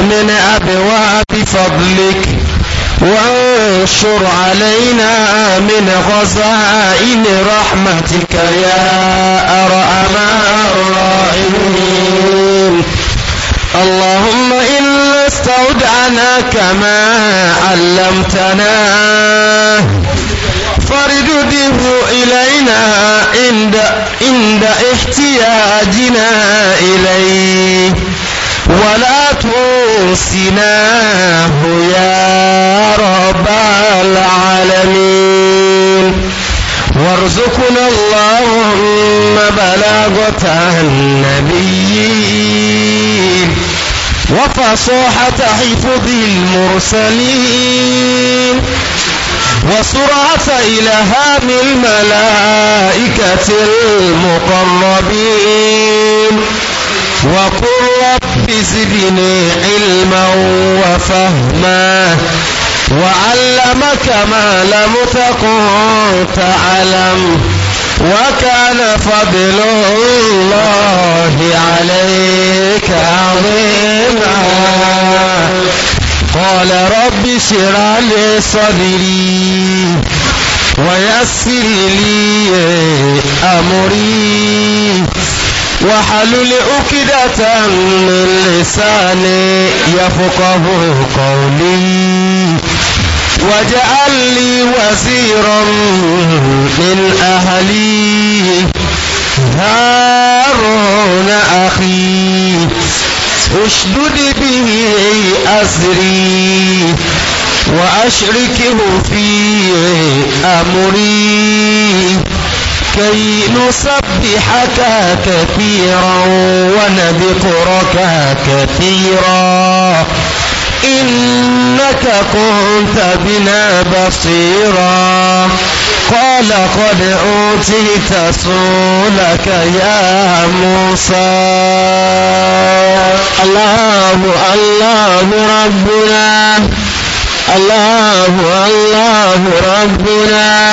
من أبواب فضلك وانشر علينا من غزائن رحمتك يا أرأم الراحمين اللهم إلا استودعناك ما علمتنا فردده إلينا عند, عند احتياجنا إليه ولا ألسناه يا رب العالمين وارزقنا اللهم بلاغة النبيين وفصاحة حفظ المرسلين وسرعة إلهام الملائكة المقربين وقل فزدني علما وفهما وعلمك ما لم تكن تعلم وكان فضل الله عليك عظيما قال رب شرع لي صدري ويسر لي أمري وحلل أكدة من لساني يفقه قولي واجعل لي وزيرا من أهلي هارون أخي اشدد به أزري وأشركه في أمري كي نسبحك كثيرا ونذكرك كثيرا إنك كنت بنا بصيرا قال قد أوتيت سؤلك يا موسى الله الله ربنا الله الله ربنا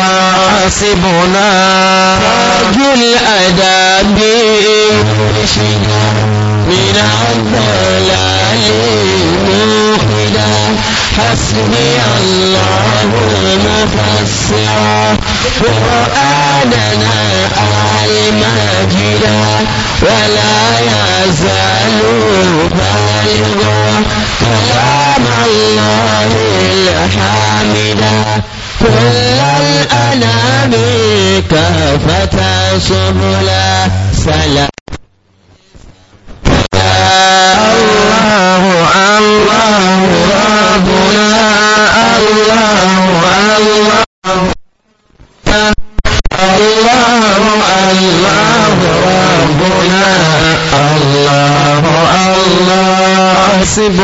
حاسبنا تاج الأداب من الضلال موحدا حسبي الله مفسرا قرآننا المجدا ولا يزال بالغا وفتى سبلا سلام الله الله ربنا الله الله الله الله ربنا الله الله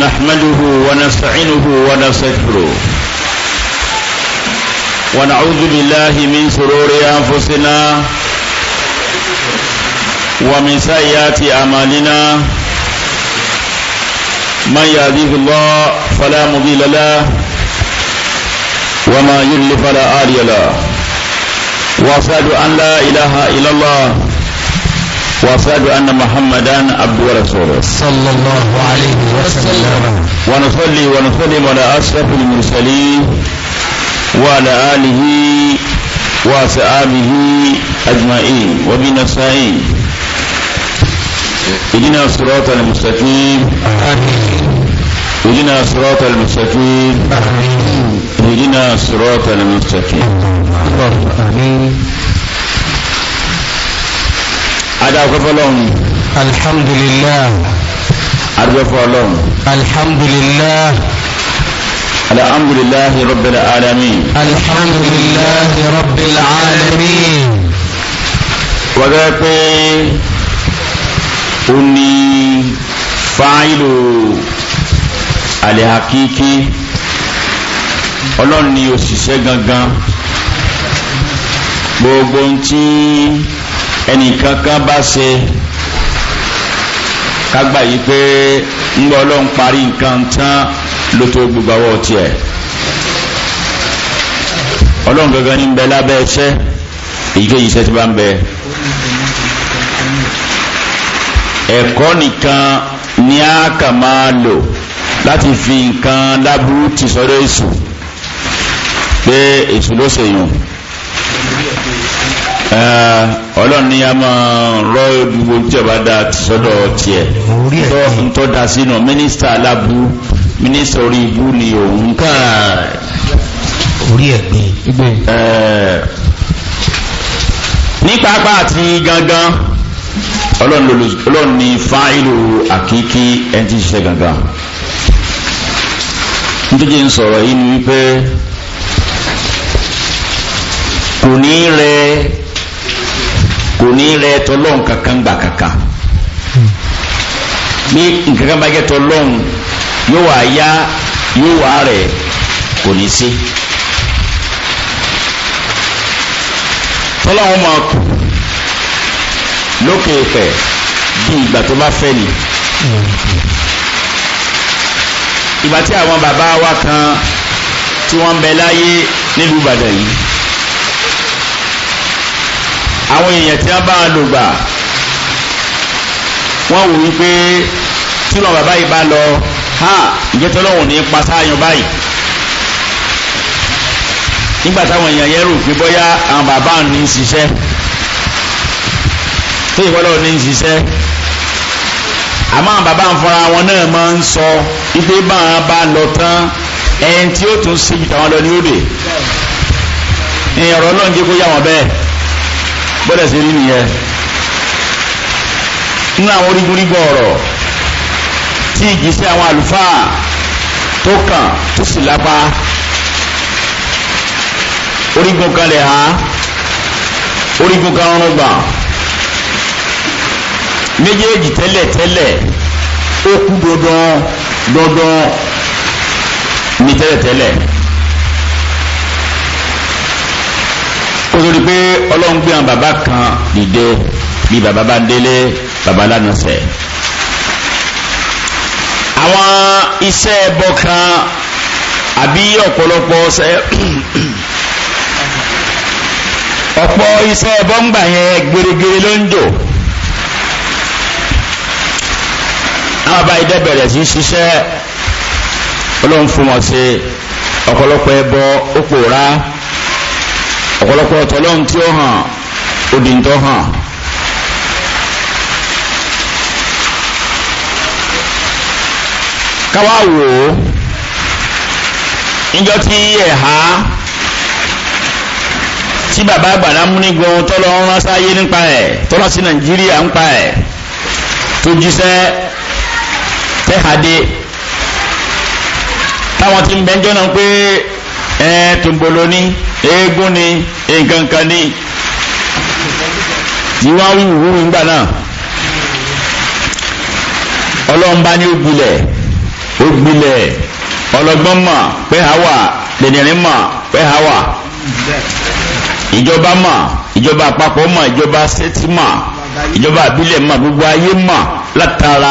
نحمده ونستعينه ونستغفره ونعوذ بالله من شرور أنفسنا ومن سيئات أعمالنا من يهديه الله فلا مضل له وما يضلل فلا هادي له واشهد ان لا اله الا الله وأشهد أن محمدا عبد ورسوله صلى الله عليه وسلم ونصلي ونسلم على أشرف المرسلين وعلى آله وأصحابه أجمعين وبنسائين اهدنا الصراط المستقيم اهدنا الصراط المستقيم اهدنا الصراط المستقيم آمين adáwọ̀kọ́ fọ́lọ́run alhamdulillah adúgbẹ́fọ́ ọlọ́run alhamdulillah alhamdulillah rabbil alamin alhamdulillah rabbil alamin wọ́gẹ́ pé ó ní fáìlò alihakiki ọlọ́run ni òṣìṣẹ́ gangan gbogbo ń tí ẹnìkankan bá ṣe kágbà yìí pé ńgbọ́ ọlọ́run parí nǹkan tán ló tó gbogbo àwọ̀ tiẹ̀ ọlọ́run gangan ní bẹ lábẹ́ iṣẹ́ èyíkéyìí iṣẹ́ tí bá ń bẹ ẹ̀kọ́ nìkan ni a kà máa lò láti fi nǹkan láburú ti sọ́dọ̀ èṣù pé èṣù ló ṣèyàn. ọlọ́run ni a máa rọ da sọ́dọ̀ tiẹ̀ tó da sínú mínísítà alábú mínísítà orí ibú ni òun kàn ní pápá àti gangan ọlọ́run ni àkíkí ẹni tí ń sọ̀rọ̀ yìí ni wípé kò ní rẹ tọlọ́hún kankan gbà kankan bí nkankan bá jẹ́ tọlọ́hún yóò wá yá yóò wá rẹ kò ní sí. tọ́láwọn máa kù lókè ìfẹ́ bí ìgbà tó bá fẹ́ ni. ìgbà tí àwọn bàbá wa kan tí wọ́n bẹ láyé nílùú Ìbàdàn yìí àwọn èèyàn tí wọ́n bá wọn lò gbà wọ́n wò wípé tí wọn bàbá yìí bá lọ ha ìjẹ́tọ́ lọ́wọ́ ní pasáyọ báyìí nígbà táwọn èèyàn yẹn rò pé bóyá àwọn bàbá ní ń ṣiṣẹ́ tó ìwọ́lọ́ ní ń ṣiṣẹ́ àmọ́ àwọn bàbá ń fọra wọn náà máa ń sọ ipe bá wọn bá lọ tán ẹni tí ó tún síbi táwọn lọ ní òde ìyẹn náà ń jẹ́ kó yà wọ́n bẹ́ẹ̀ bọ́dẹ̀ sí rí nìyẹn nínú àwọn orígunrígun ọ̀rọ̀ tí ìgbésẹ̀ àwọn àlùfáà tó kàn tó sì lápá orígun kan lè ha orígun kan rọrùn gbà méjèèjì tẹ́lẹ̀ tẹ́lẹ̀ ó kú dandan dandan ní tẹ́lẹ̀ tẹ́lẹ̀. kó tó di pé ọlọ́run gbé àwọn bàbá kan dìde bí bàbá bá délé bàbá lánàá sẹ̀. àwọn iṣẹ́ ẹbọ kan àbí ọ̀pọ̀lọpọ̀ ṣe ọ̀pọ̀ iṣẹ́ ẹbọ ń gbà yẹn gbèrègbèrè ló ń jò. àwọn bá idẹ bẹ̀rẹ̀ sí ṣiṣẹ́ ọlọ́run fún wọn ṣe ọ̀pọ̀lọpọ̀ ẹbọ ó pòórá ọ̀pọ̀lọpọ̀ ọ̀tọ̀lọ́n tí ó hàn òdì tó hàn káwá wò ó níjọ́ tí ẹ̀há tí bàbá àgbàlá múnigun tọ́lọ́ ń rán sáyé nípa ẹ̀ tọ́lọ́ sí Nàìjíríà nípa ẹ̀ tó jíṣẹ́ tẹ́hàdé táwọn ti ń bẹ́ńjọ́ náà pé ẹ̀ tó ń bolo ní. eégún ni nǹkan kan ní tí wọ́n wí ìwú nígbà náà ọlọ́run bá ní ó gbilẹ̀ ma gbilẹ̀ ọlọ́gbọ́n mọ̀ pé hawa dẹ̀dẹ̀rín mọ̀ pé ìjọba mọ̀ ìjọba àpapọ̀ ìjọba sẹ́tì ìjọba àbílẹ̀ gbogbo ayé ma látara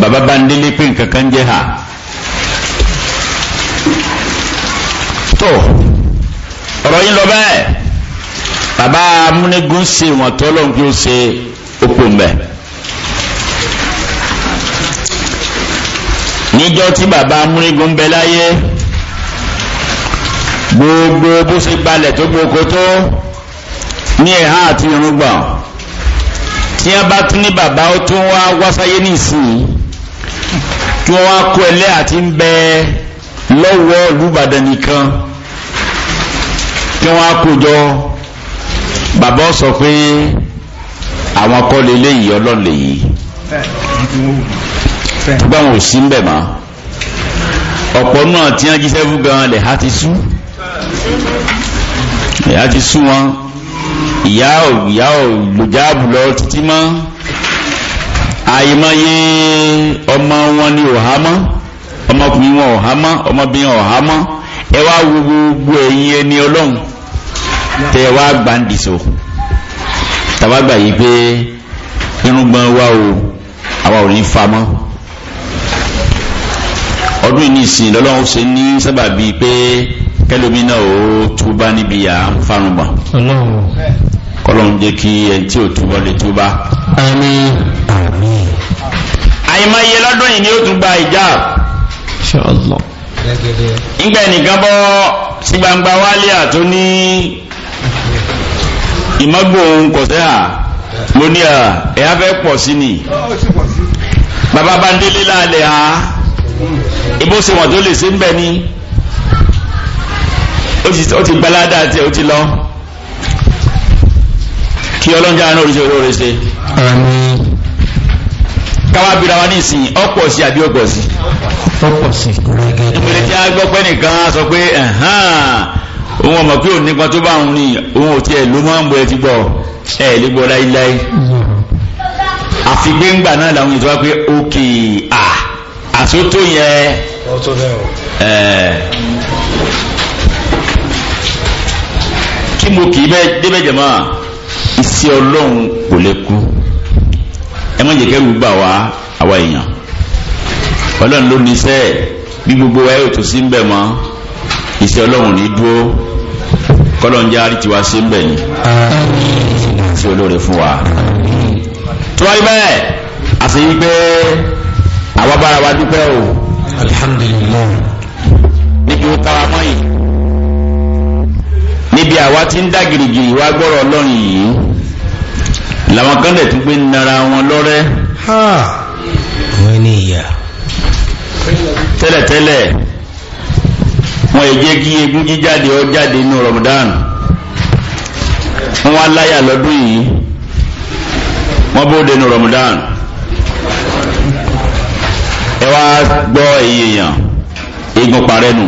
bàbá Bándélé pé nǹkan ha. tó ọ̀rọ̀ yín lọ bẹ́ẹ̀ bàbá amúnégún ṣe wọn tó lóun kí ó ṣe òpó mbẹ. níjọ́ tí bàbá amúnégún bẹ láyé gbogbo bó ṣe balẹ̀ tó gboko tó ní ẹ̀há àti irúgbọ̀n tí wọ́n bá tún ní bàbá ó tún wá wáṣáyé nìsín kí wọ́n wá kó ẹlẹ́ àti ń bẹ lọ́wọ́ olùbàdàn nìkan kí wọ́n á kójọ bàbá sọ pé àwọn kọ́ lè léyìí ọlọ́run lè yìí gbọ́n ò sí ń bẹ̀ mọ́ ọ̀pọ̀ náà tí wọ́n jíṣẹ́ fún gan lẹ̀ á ti sú lẹ̀ á ti sú wọn ìyá ò ìyá ò lòjáàbù lọ títí mọ́ àyèmáyé ọmọ wọn ni ọ̀hámọ́ ọmọkùnrin wọn ọ̀hámọ́ ọmọbìnrin ọ̀hámọ́ ẹ wá wo gbogbo ẹ̀yin ẹni ọlọ́run tẹ́ wá gbà ń dìso tàbágbà yìí pé irúgbọ́n wá o àwa ò ní fa mọ́ ọdún yìí nìsín lọ́lọ́run ṣe ní sábàbí pé kẹlómi náà ó túbá níbi à ń farunbà kọlọ́run jẹ́ kí ẹni tí ò túbọ̀ lè túbá. àmín àmín. àyèmáyé lọ́dún yìí ni ó tún gba ìjà. Insha Allah. ìgbà bọ́ sí gbangba wálé àtúní ìmọ́gbòhun kọ̀sẹ́ à mo ní à ẹ̀yà fẹ́ pọ̀ sí ni bàbá bá ń délé láàlẹ̀ à ìbò ṣe wọ́n tó lè ṣe ń bẹ̀ ni ó ti gbaládà tí ó ti lọ kí ọlọ́njà náà oríṣi olóore ṣe. káwá bira wa ní ìsìn ọ̀pọ̀ sí àbí ọ̀pọ̀ sí. ọ̀pọ̀ sí. ìpele tí a gbọ́ pé nìkan sọ pé òun ọmọ pé ò nípa tó bá ń rìn òun ò tiẹ̀ ló máa ń bọ ẹtí gbọ́ ẹ lè gbọ́ láíláí àfi gbéǹgbà náà làwọn ètò wá pé ókè à àtúntò yẹn kí mo kì í bẹ́ẹ̀ débẹ̀ jẹ̀ máa iṣẹ́ ọlọ́run kò lè kú ẹ má jẹ́ kẹ́rù bà wá àwa èèyàn ọlọ́run ló ní iṣẹ́ bí gbogbo wa yóò tó sí ń bẹ̀ mọ́ iṣẹ́ ọlọ́run ní dúró kọ́lọ́njá rí tiwa sí ń bẹ̀ ni tí olóore fún wa tó wáyé bẹ́ẹ̀ àti wípé àwa wa dúpẹ́ o alhamdulillah níbi ó kára mọ́ yìí níbi àwa ti ń dá girigiri wá gbọ́rọ̀ ọlọ́run yìí làwọn kan lẹ̀ tún gbé nara wọn lọ́rẹ́ tẹ́lẹ̀tẹ́lẹ̀ wọn ì jẹ́ kí egun jíjáde ọ jáde nínú Ramadan wọn aláyà lọ́dún yìí wọn bóde nínú Ramadan ẹ wá gbọ́ èyí èèyàn egun parẹ́ nù.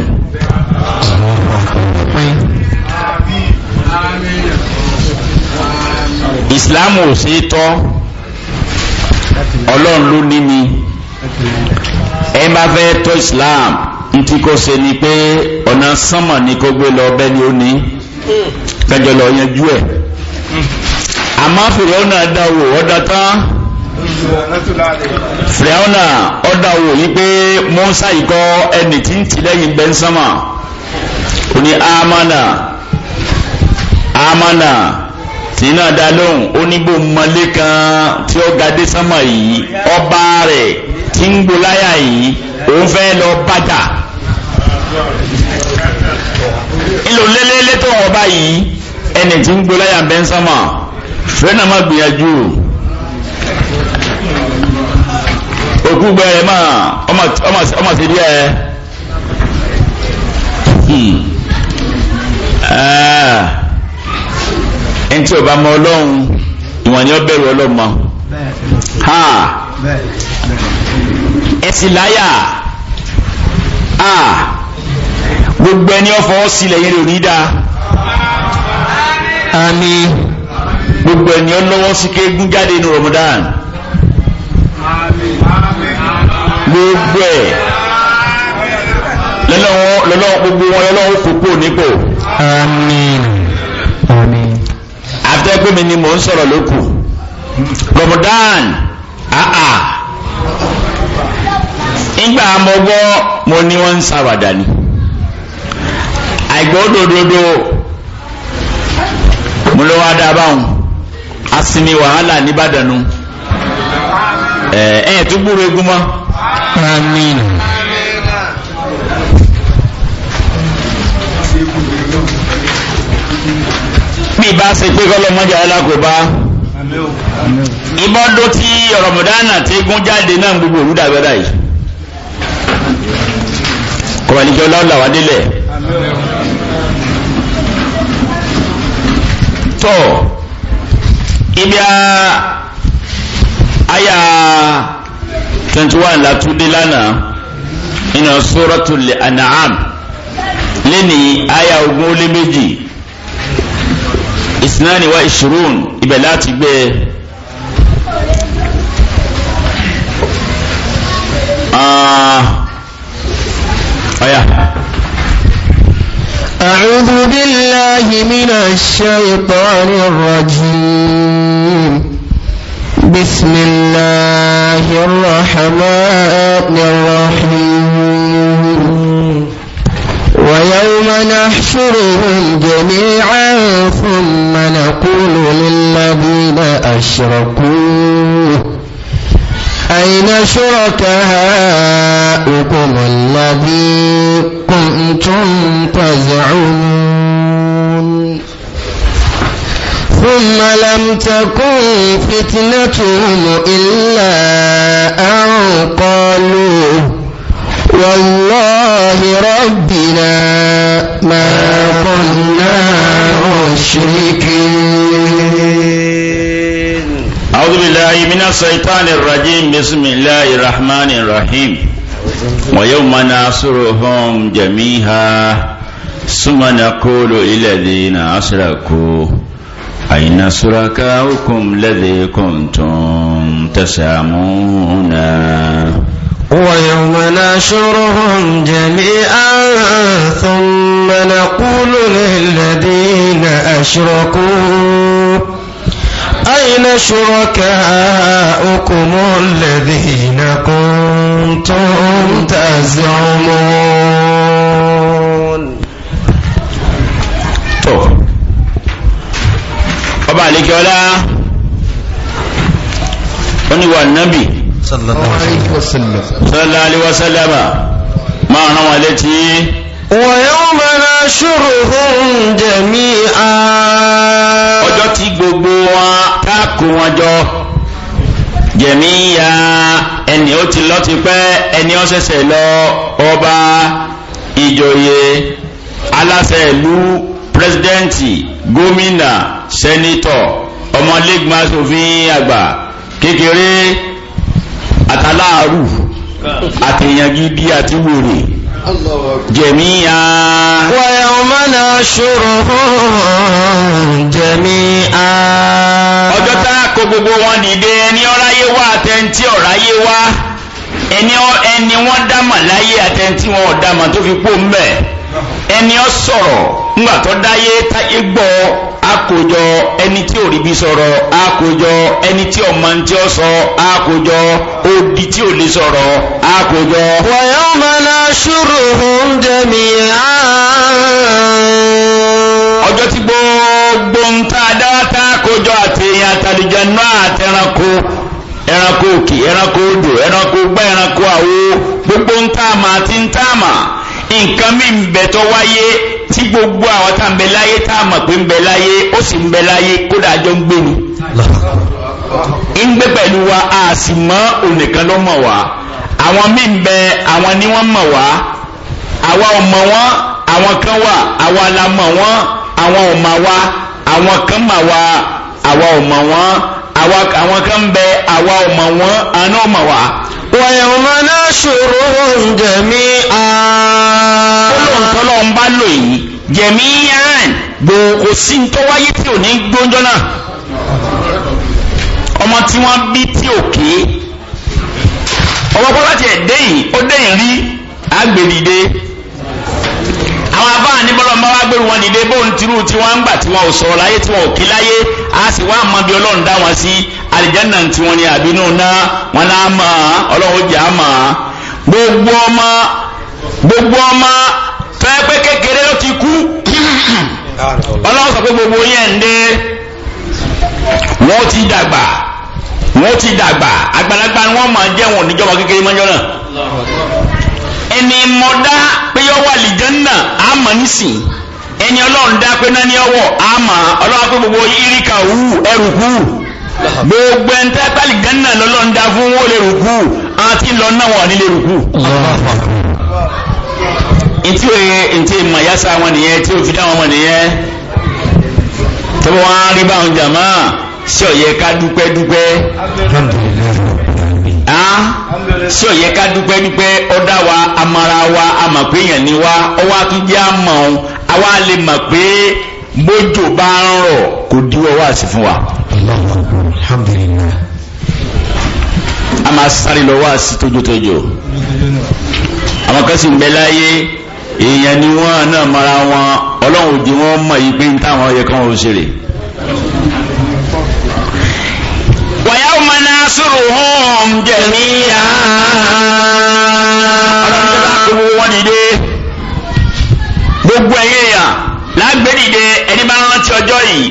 Islam ò sí tọ́ ọlọ́run ló ní mi ẹ má fẹ́ tọ́ Islam. ntí kò ni pé ọ̀nà sánmà ni kò gbé lọ bẹ́ẹ̀ ni ó ní hmm. kẹjọ lọ ẹ̀ àmọ́ ma dá wò ọ́dá tán fìrìọ́nà wò yí pé mọ́sá ẹni tí ń ti lẹ́yìn bẹ́ ń sánmà ó ní amánà amánà kan tí ó ga dé sánmà yìí ọba tí ń ńlò lélẹ́lẹ́ tó wọ́n báyìí ẹni tí ń gbóláyà bẹ́ ń sámà fẹ́nà má gbìyànjú òkú gbẹ̀rẹ̀ máa ọmọ sí díẹ̀ ẹni tí ọba mọ ọlọ́run ìwọ̀n ni ó bẹ̀rù ọlọ́mọ gbogbo ẹni ọ̀fọ̀ sílẹ̀ yẹn lè ní dáa àmín gbogbo ẹni ọlọ́wọ́ sí kéégún jáde ní Ramadan gbogbo ẹ̀ lọ́lọ́wọ́ gbogbo wọn lọ́lọ́wọ́ kókó nípò àmín àmín àtẹ́gbẹ́mi ni mò ń sọ̀rọ̀ lókù Ramadan àà ìgbà àmọ́gbọ́ mo ní wọ́n ń sáwàdà ni àìgbọ́dòdòdò mo ló wá dáa báwọn asinmi wàhálà nìbàdànù ẹ ẹ tún gbúrò egun mọ. àmín. bí bá ṣe pé kọ́lọ́mọ́jà alákòóbá ìbọ́dó tí ọ̀rọ̀mọ̀dánà tí gún jáde náà gbogbo olùdàgbẹ́dà yìí kọ̀wàlìjọ́ láwùlà wà délẹ̀. tọ́ ibi àyà 21 látúndé lánàá nínú suratul an'am lẹ́ni àyà ogun ó lé méjì ìsìnáni wa ìṣòrún ibẹ̀ láti gbé ọ̀yà. Uh, oh yeah. أعوذ بالله من الشيطان الرجيم بسم الله الرحمن الرحيم ويوم نحشرهم جميعا ثم نقول للذين أشركوا أين شركاؤكم الذي كنتم تزعمون ثم لم تكن فتنتهم إلا أن قالوا والله ربنا ما كنا مشركين أعوذ بالله من الشيطان الرجيم بسم الله الرحمن الرحيم ويوم ناصرهم جميعا ثم نقول للذين أشركوا أين شركاؤكم الذي كنتم تزعمون ويوم نشرهم جميعا ثم نقول للذين أشركوا أين شركاؤكم الذين كنتم تزعمون ọba àlejò ọlá oníwà nábì sallallahu alaihi wasallam máa rán wọn létí وَيَوْمَ نَحْشُرُهُمْ جَمِيعًا ọjọ́ tí gbogbo wa ká kó wọn jọ jẹ̀míyà ẹni ó ti lọ ti pẹ́ ẹni ó ṣẹ̀ṣẹ̀ lọ ọba ìjòyè aláṣẹ ìlú pírẹsidẹ́ǹtì gómìnà sẹ́nitọ̀ ọmọlẹ́gbọ̀n aṣòfin àgbà kékeré àtàláàrù àtẹ̀yàngídí àti wèrè. جميعا ويوم نحشرهم جميعا ọjọ́ tá a kó gbogbo wọn dìde ẹni ọ̀ráyé wá àtẹ̀ntì ọ̀ráyé wá ẹni ẹni wọ́n dámà láyé àtẹ̀ntì wọn ọ̀dámà tó fi pò ń bẹ̀ ẹni ọ sọ̀rọ̀ ńgbà tó dáyé táyé gbọ́ àkójọ ẹni tí ò rí bí sọ̀rọ̀ àkójọ ẹni tí ọmọ tí ó sọ àkójọ odi tí ò lè sọ̀rọ̀ àkójọ. wa yawma nashuruhum jami'a. ọjọ́ tí gbogbo ń ta dáta àkójọ àti èèyàn àtàlìjẹ náà àti ẹranko ẹranko òkè ẹranko odò ẹranko gbá ẹranko àwo gbogbo ń tá a àti ń tá a nǹkan mi ń bẹ̀ wáyé tí gbogbo àwọn tá ń bẹ láyé tá a mọ̀ pé ń bẹ láyé ó sì ń bẹ láyé kódà jọ ń gbèrú ń gbé pẹ̀lú wa a sì mọ́ ònìkan ló mọ̀ wá àwọn míì ń bẹ àwọn ni wọ́n mọ̀ wá àwa ò mọ̀ wọ́n àwọn kan wà àwa la mọ̀ wọ́n àwọn ò mọ̀ wá àwọn kan mọ̀ wá àwa ò mọ̀ wọ́n àwọn kan bẹ àwa ọmọ wọn aná ọmọ wa. wàyọ̀mọ́ náà ṣòro oúnjẹ mi àá. olóòótọ́ ló ń bá lò yìí jẹ̀mí yán gbòòkò sí tó wáyé tí ò ní gbóúnjọ́ náà. ọmọ tí wọ́n bí tí ò ké ọmọ kọ́ láti ẹ̀ dẹ́yìn ó dẹ́yìn rí àgbèrè dé àwọn abáà ní bọ́lọ̀ bá wá gbèrú wọn dìde bóun tirú tí wọ́n ń gbà tí wọ́n ò sọ̀rọ̀ láyé tí wọ́n ò kí láyé a sì wá mọ bí ọlọ́run dá wọn sí àlìjánà tí wọ́n ní àbínú náà wọn náà mọ̀ ọlọ́run jà á gbogbo ọmọ gbogbo ọmọ fẹ́ pé kékeré ló ti kú ọlọ́run sọ pé gbogbo yẹn ń dé wọ́n ti dàgbà wọ́n ti dàgbà àgbàlagbà ni wọ́n máa jẹ́ wọn ò ẹni mọ̀dá pé yọ wà lìjánná àmọ́ nísìn ẹni ọlọ́run dá pé náà ní ọwọ́ àmọ́ ọlọ́run pé gbogbo iríkà wù ẹrù kù gbogbo ẹni tẹ́ pálí gánà lọ́lọ́run dá fún wọn lè rù kù àti lọ náà wà nílé rù kù. ntí ntí wọn nìyẹn tí dá wọn nìyẹn sí ọ̀yẹ́ ká dúpẹ́ dúpẹ́ ọ̀dá wa amara wa amàpéyàn ni wa ọwọ́ àtúnjẹ́ àmọ̀ àwa lè mọ̀ pé bójò bá ń rọ̀ kò díwọ́ wá sí fún wa. a máa sáré lọ wá sí tójótójó àwọn kan sì ń bẹ láyé èèyàn ni wọ́n náà mara wọn ọlọ́run ò di wọ́n mọ̀ yìí pé ń táwọn ọ̀yẹ́ kan ò ṣeré. dúrùhùn jẹ̀míyà gbogbo ẹ̀yẹ yà lágbèdìde ẹni bá rántí ọjọ́ yìí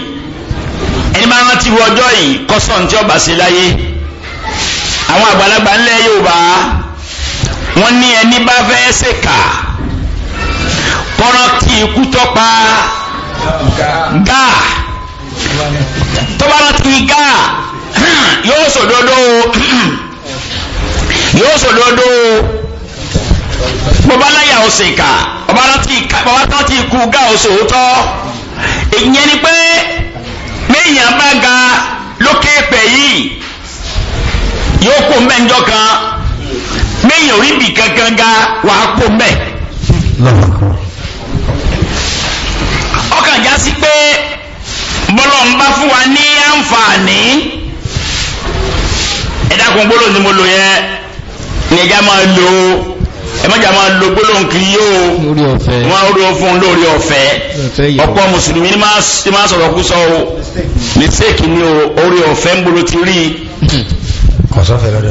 ẹni bá rántí ọjọ́ yìí kọ́sọ̀n tí ọba sí láyé àwọn àgbàlagbà ńlẹ̀ Yorùbá wọ́n ní ẹni bá fẹ́ ṣèkà kọ́rọ́ kí ikú tọ́pa gáà tọ́ba rántí gáà Hmm, yóò sòdodo yóò sòdodo bọ́bá láyà òsìkà bọ́bá láti ikú gá òótọ́ ìyẹn ni pé léèyàn bá ga lókè pẹ̀ yìí yóò kó kan léèyàn oríbi kankan ga á kó mẹ́ ọkàn já sí pé bọ́lọ̀ ń bá fún wa ẹ dákun gbólóhùn tí mo lò yẹn ní ẹja máa lò ó ẹ mọ̀jà máa lo gbólóhùn kiri yóò wọ́n orí ọ̀fun lórí ọ̀fẹ́ ọ̀pọ̀ mùsùlùmí ni máa sọ̀rọ̀ kú sọ o mistake ni o orí ọ̀fẹ́ ń bolo ti rí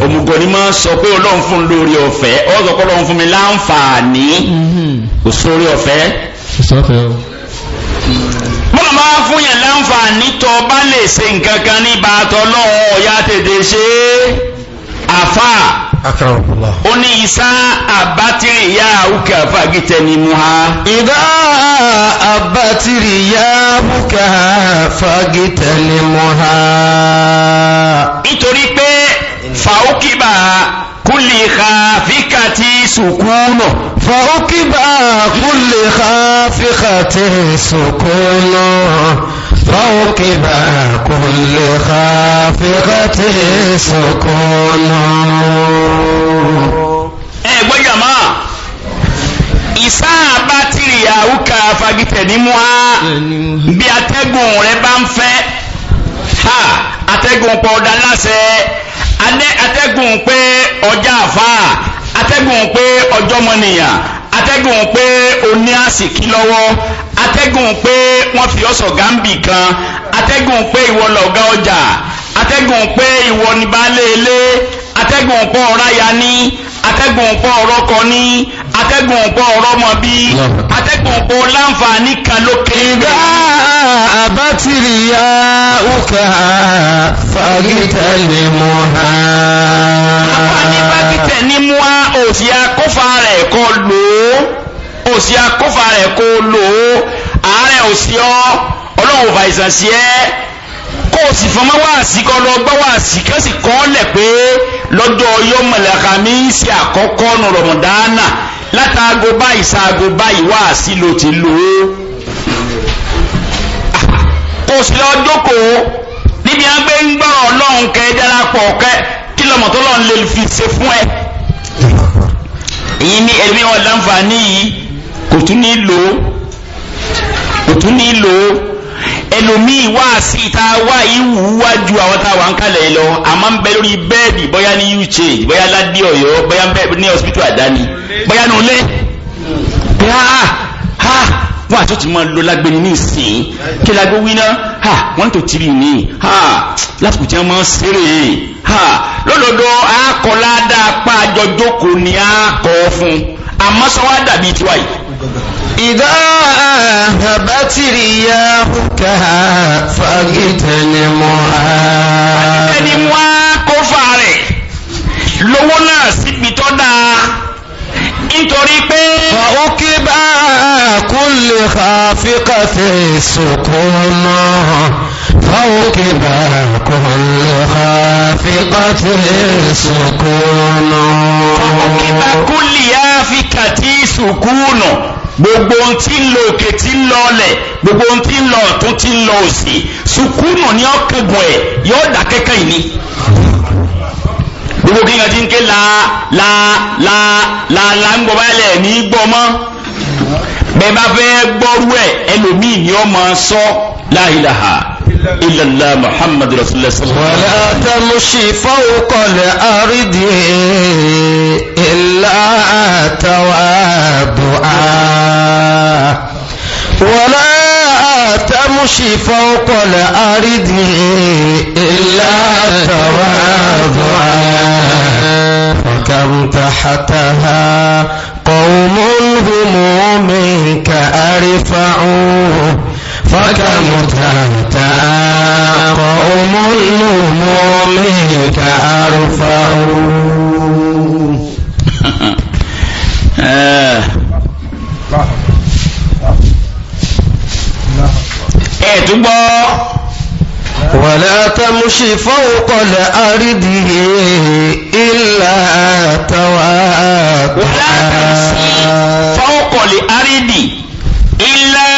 òmùgọ̀ ni máa sọ pé ọlọ́run fún lórí ọ̀fẹ́ ọ̀sọ̀kọ́ ọlọ́run fún mi láǹfààní mm-hmm. kò sórí ọ̀fẹ́ bá fún yẹn láǹfààní tó bá lè ṣe nǹkan kan ní bàtọ́ lọ́wọ́ ọ̀yá tètè ṣe àfà ó ní isá àbátìrì yá àwùkà fàgìtẹ̀ ni mu ha. ìdá àbátìrì yá àwùkà fàgìtẹ̀ ni mu ha. nítorí pé fàókìbà kúlì kàfíkà tí sùkúnà fọ́ọ̀kíbà kúlì kàfíkà tí sùkúnà fọ́ọ̀kíbà kúlì kàfíkà tí sùkúnà ẹgbẹ́ jama ìsáàbá tìrì àwúkà fagitẹ̀ ní mú á bí atẹ́gùn rẹ bá ń fẹ́ ha atẹ́gùn pọ̀ dá láṣẹ atẹ́gùn pé ọjà àfáà atẹ́gùn pé ọjọ́mọnìyàn atẹ́gùn pé oní àsìkí lọ́wọ́ atẹ́gùn pé wọ́n fi ọ̀sọ̀ gámbì kan atẹ́gùn pé ìwọ lọ̀gá ọjà atẹ́gùn pé ìwọ ní baálé ilé atẹ́gùn pọ̀ ọ̀ráyà ní atẹ́gùn pọ̀ ọ̀rọ̀kọ ní atẹ́gùn pọ̀ ọ̀rọ̀mọ bí atẹ́gùn pọ̀ láǹfààní kan lókè. ìgbà àbátìrì ركعا فاجتنبوها àfààní bá títẹ̀ ní mú a òsì akófà rẹ̀ kọ́ lò ó òsì akófà rẹ̀ kọ́ lò ó àárẹ̀ òsì ọ́ ọlọ́run ọba ìsànsì ẹ́ kó o sì fọmọ́ wá sí kọ́ lọ gbọ́ wá sí kí wọ́n sì kọ́ lẹ̀ pé lọ́jọ́ ọyọ́ mọ̀lẹ́ka mi ń ṣe àkọ́kọ́ nù rọ̀mọ̀dánà látàgọ́ báyìí ṣàgọ́ báyìí wá sí lo ti lò ó kó sì lọ níbi agbẹ́ ń gbọ́rọ̀ ọlọ́run kẹ darapọ̀ kẹ kí lọ́mọ tó lọ́n lè fi ṣe fún ẹ. èyí ni ẹ̀mí wọn láǹfààní yìí kò tún ní lò ó kò tún ní lò ó ẹlòmíì wá sí ìta wá ìwú wá ju àwọn tá a wà ń kalẹ̀ lọ àmọ́ ń bẹ lórí bẹ́ẹ̀dì bóyá ní uch bóyá ládìí ọ̀yọ́ bóyá ní hospital àdáni bóyá ní olé wọ́n àti ó ti máa lọ lágbé ní ìsìn kí lágbó wí ha wọ́n tó tìrì ní ha lásìkò tí wọ́n máa ń ṣeré ha lódodo akọ ládàá pa àjọ jókòó ni a kọ fún àmọ́ sọ wá dàbí tiwa yìí. إذا أهبت رياحك فاغتنمها. Ẹni wá kó fa rẹ̀ lówó náà síbi tó dáa nítorí pé ọkí bá kú lè fàáfíkàfẹ́ ìsòkó náà fọ́ọ̀kí bá kú lè fàáfíkàfẹ́ ìsòkó náà fọ́ọ̀kí bá kú lè fàáfíkàtí ìsòkó náà gbogbo ohun tí ń lọ òkè tí ń lọ ọlẹ̀ gbogbo ohun tí ń lọ ọ̀tún tí ń lọ òsì sùkúnù ní ọkẹgùn ẹ yóò dà kẹkẹ yìí gbogbo kí yẹn ti ń ké la la la la la ń gbọ́ báyìí ní gbọ́ mọ́ bá fẹ́ gbọ́rú ẹ̀ ẹlòmíì ni ó máa sọ la ilaha muhammadu rasulullah sallallahu alaihi wasallam. wala tamshi fawqal ardi illa tawabu'a wala yamshi fawqa al-ardi illa tawadhu'a fakam tahataha qawmun hum minka arfa'u fakam tahataha qawmun hum minka arfa'u eh ẹ̀ tún gbọ́ wàlá tamṣí fọ́wọ́kọ̀lẹ̀ àrídìí ìlà tàwà fọ́wọ́kọ̀lẹ̀ àrídì ìlà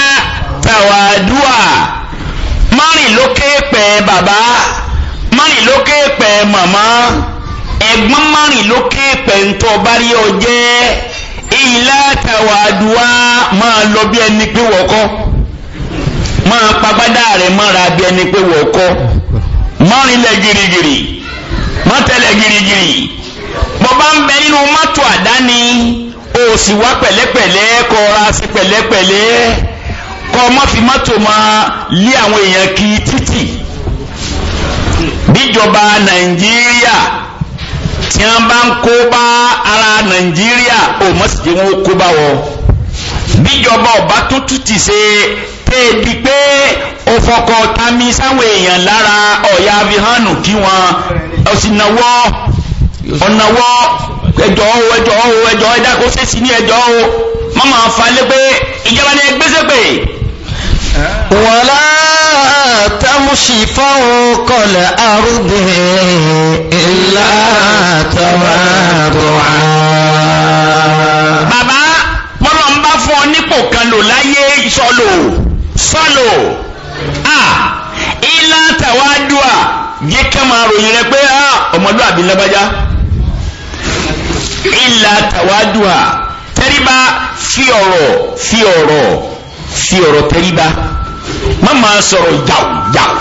tàwàdúà márìn lókè pẹ̀ bàbá márìn lókè pẹ̀ màmá ẹ̀gbọ́n márìn lókè pẹ̀ ń tọ́ bá rí ọjẹ́ ìlà tàwàdúà máa lọ bí ẹni pé wọ́kọ́. fagbádá rẹ̀ mọ́ra bí ẹni pé wọ́n kọ́ mọ́rinlẹ̀ girigiri mọ́tẹ́lẹ̀ girigiri bọ́ ń bẹ nínú mọ́tò àdáni o sì wá pẹ̀lẹ́pẹ̀lẹ́ kọ́ ra sí pẹ̀lẹ́pẹ̀lẹ́ kọ́ mọ́ fi mọ́tò máa lé àwọn èèyàn kí títì bíjọba nàìjíríà tí bá ń o mọ̀ sí jẹ́ wọn kó bá tẹ́ ẹ di pé o fọkọ̀ tami sáwọn èèyàn lára ọ̀yà avihánù kí wọn ọ̀sìnàwọ́ ọ̀nàwọ́ ẹjọ́ o ẹjọ́ o ẹjọ́ ẹ̀dá kó sẹ́sì ní ẹjọ́ o mọ́mọ́ àǹfààní pé ìjọba ni ẹgbẹ́sẹ̀ pé. wàlá tamshi fawqa al-ardi illa tawadu'a. bàbá bọ́lọ̀ ń bá fún ọ nípò kan lò láyé ìṣọ́lò fálò a ilá tàwádùá jẹ́ ká máa ròyìn rẹ pé a ọmọdún àbí lágbájá ilá tàwádùá tẹríba fi ọ̀rọ̀ fi ọ̀rọ̀ fi ọ̀rọ̀ tẹríba má máa sọ̀rọ̀ jàùjàù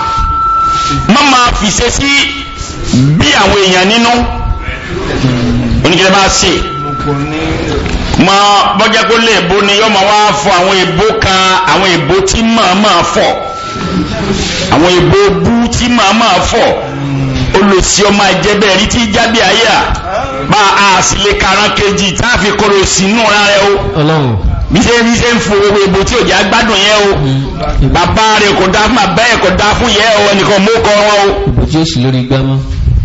má máa fìṣe sí bí àwọn èèyàn nínú oníkẹ́lẹ́ bá ṣe mọ bọ́jẹ́ kó lè bo ni yọ́mọ wá fọ àwọn èbó kan àwọn èbó tí màá máa fọ àwọn èbó bú tí màá máa fọ olùsí ọmọ ìjẹbẹ rí tí jábẹ ayé à bá a sì lè karan kejì tá a fi kọrọ sínú ọ̀rá rẹ o bí ṣe ṣe ń fo owó èbò tí òjá gbádùn yẹ o mm. bàbá rẹ kò dá fún abẹ́ kò dá fún yẹ o ẹnìkan mú kọ wọn o. èbò tí ó sì lórí gbámọ́.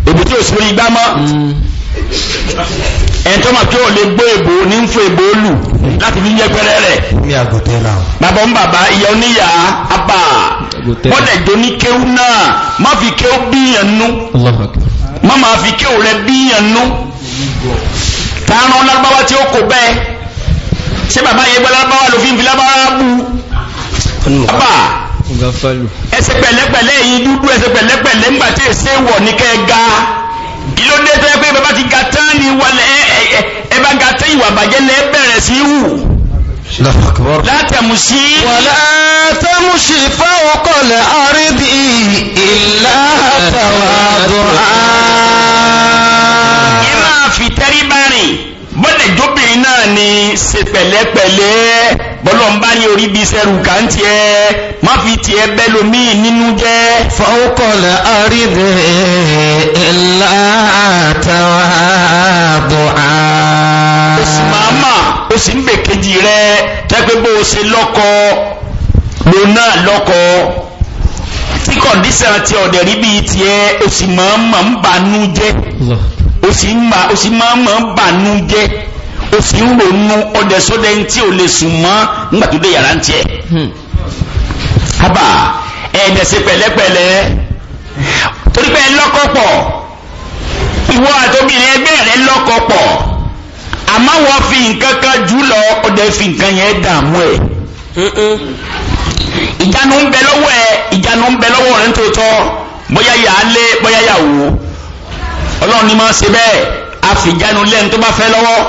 èbò tí ó sì lórí gbámọ́. Mm ẹ̀tọ́ ma kí o lè gbé èbò ní ń fò èbò lù láti fi yẹ pẹ́rẹ́ rẹ̀ bàbá ń bàbá ìyá oníyà apá bọ́dẹ̀ jọ ní kéwú náà má fi kéwú bíyàn nú má máa fi kéwú rẹ bíyàn nú tààrán lágbáwá tí ó kò bẹ́ẹ̀ ṣé bàbá yẹ gbọ́ lágbáwá ló fi ń fi lágbáwá bú apá ẹsẹ̀ pẹ̀lẹ́pẹ̀lẹ́ yìí dúdú ẹsẹ̀ pẹ̀lẹ́pẹ̀lẹ́ ńgbà tí èsè wọ̀ ní kẹ́ ga ìlódé tó yẹ pé bàbá ti ga tán wàlẹ̀ ẹ bá ìwà bàjẹ́ lẹ́ bẹ̀rẹ̀ sí í wù. látẹ̀mùsí. wàlá tẹ̀mùsí fáwọn kọlẹ̀ àrídì ìlà ìmáà fi tẹ́rí bá rìn bọ́dẹ̀jọ́bìnrin náà ni ṣe pẹ̀lẹ́pẹ̀lẹ́ bọ́lọ̀mbá ní orí bí sẹ́rù ká ń tiẹ́ má fi tiẹ́ bẹ́lómi nínú jẹ́ fọ́ọ́kọ̀lẹ̀ àrídẹ̀ ìlàtàwàbọ̀ oṣù màmá oṣù ń bèkejì rẹ jẹ́ pé bó o kọ̀ǹdíṣàn ti ọ̀dẹ̀ rí bíi tiẹ̀ o sì máa ń máa ń banú jẹ́ o sì máa ń máa ń banú jẹ́ o sì ń ronú ọ̀dẹ̀ sódẹ tí o lè sùn mọ́ nígbà tó dé yàrá ń tiẹ̀. haba hmm. ẹ̀ẹ́dẹ̀ ṣe pẹ̀lẹ́pẹ̀lẹ́ torí pé lọ́kọ̀ pọ̀ ìwọ àtòbìnrin ẹgbẹ́ rẹ lọ́kọ̀ pọ̀ àmọ́ wọ́n fi nǹkan kan jù lọ ọ̀dẹ̀ fi nǹkan yẹn dààmú ẹ̀ ìjánu ń bẹ lọ́wọ́ ẹ ìjánu ń bẹ lọ́wọ́ rẹ nítòótọ́ bóyá yà á lé bóyá yà wò ọlọ́run ni máa ṣe bẹ́ẹ̀ a fi ìjánu lẹ́nu tó bá fẹ́ lọ́wọ́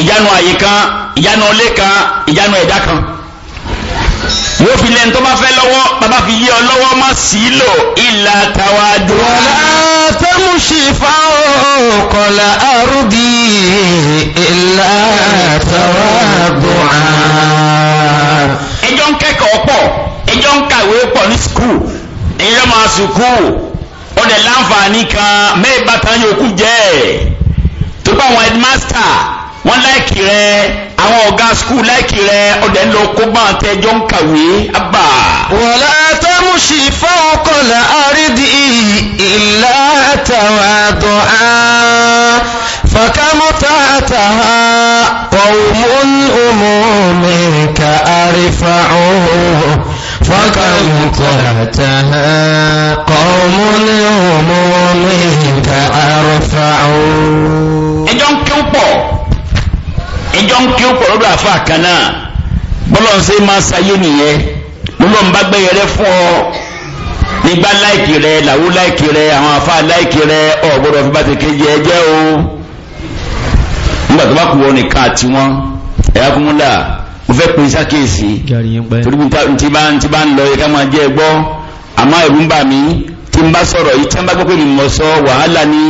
ìjánu àyè kan ìjánu ọlé kan ìjánu ẹ̀dá kan yóò fi lẹ́nu tó bá fẹ́ lọ́wọ́ bàbá fi yí ọ lọ́wọ́ má sí lò ìlà tàwa dùn. wàlá tẹ́mùsì fáwọn kọlà àrùdí ìlà tàwa dùn. ẹjọ́ ń kẹ́kọ̀ọ́ pọ̀ ẹjọ́ ń kàwé pọ̀ ní skul ẹjọ́ máa sùkúù ọ̀dẹ̀ láǹfààní kan mẹ́ẹ̀bá tán yòókù jẹ́ tó bá wọn headmaster wọ́n láìkì rẹ̀ àwọn ọ̀gá skul láìkì rẹ̀ ọ̀dẹ̀ lọ kó bá àtẹjọ́ ń kàwé àbà. wọ̀lá tẹ́mùsì fọ́ọ̀kọ̀lá àrídì ìlà àtàwà dọ̀á fàkámọ́ta àtàwà ọ̀hún ọmọ mẹ́ka àrífà ọ̀hún fàkámọ́ta àtàwà ọ̀hún ọmọ mẹ́ka àrífà ọ̀hún. ẹjọ́ ń kí pọ̀ ìjọ ń kí ó pọ̀ lọ́dọ̀ àfa kan náà bọ́lọ̀ ń ṣe máa ṣayé nìyẹn lọ́lọ́ ń bá gbẹ́yẹ rẹ fún ọ nígbà láìkì rẹ làwú láìkì rẹ àwọn àfa láìkì rẹ ọ̀gbọ́dọ̀ fi bá ti kéjì ẹ jẹ́ o nígbà tó bá kú wọn nìkan àti wọn ẹ̀yà kúmúlà mo fẹ́ é sákèsì torí ti bá ń ti bá ń lọ yẹ ká máa jẹ́ gbọ́ àmọ́ ẹ̀rù ń bà mí tí n bá sọ̀rọ̀ yìí tí n bá gbọ́ pé mi mọ̀ sọ wàhálà ni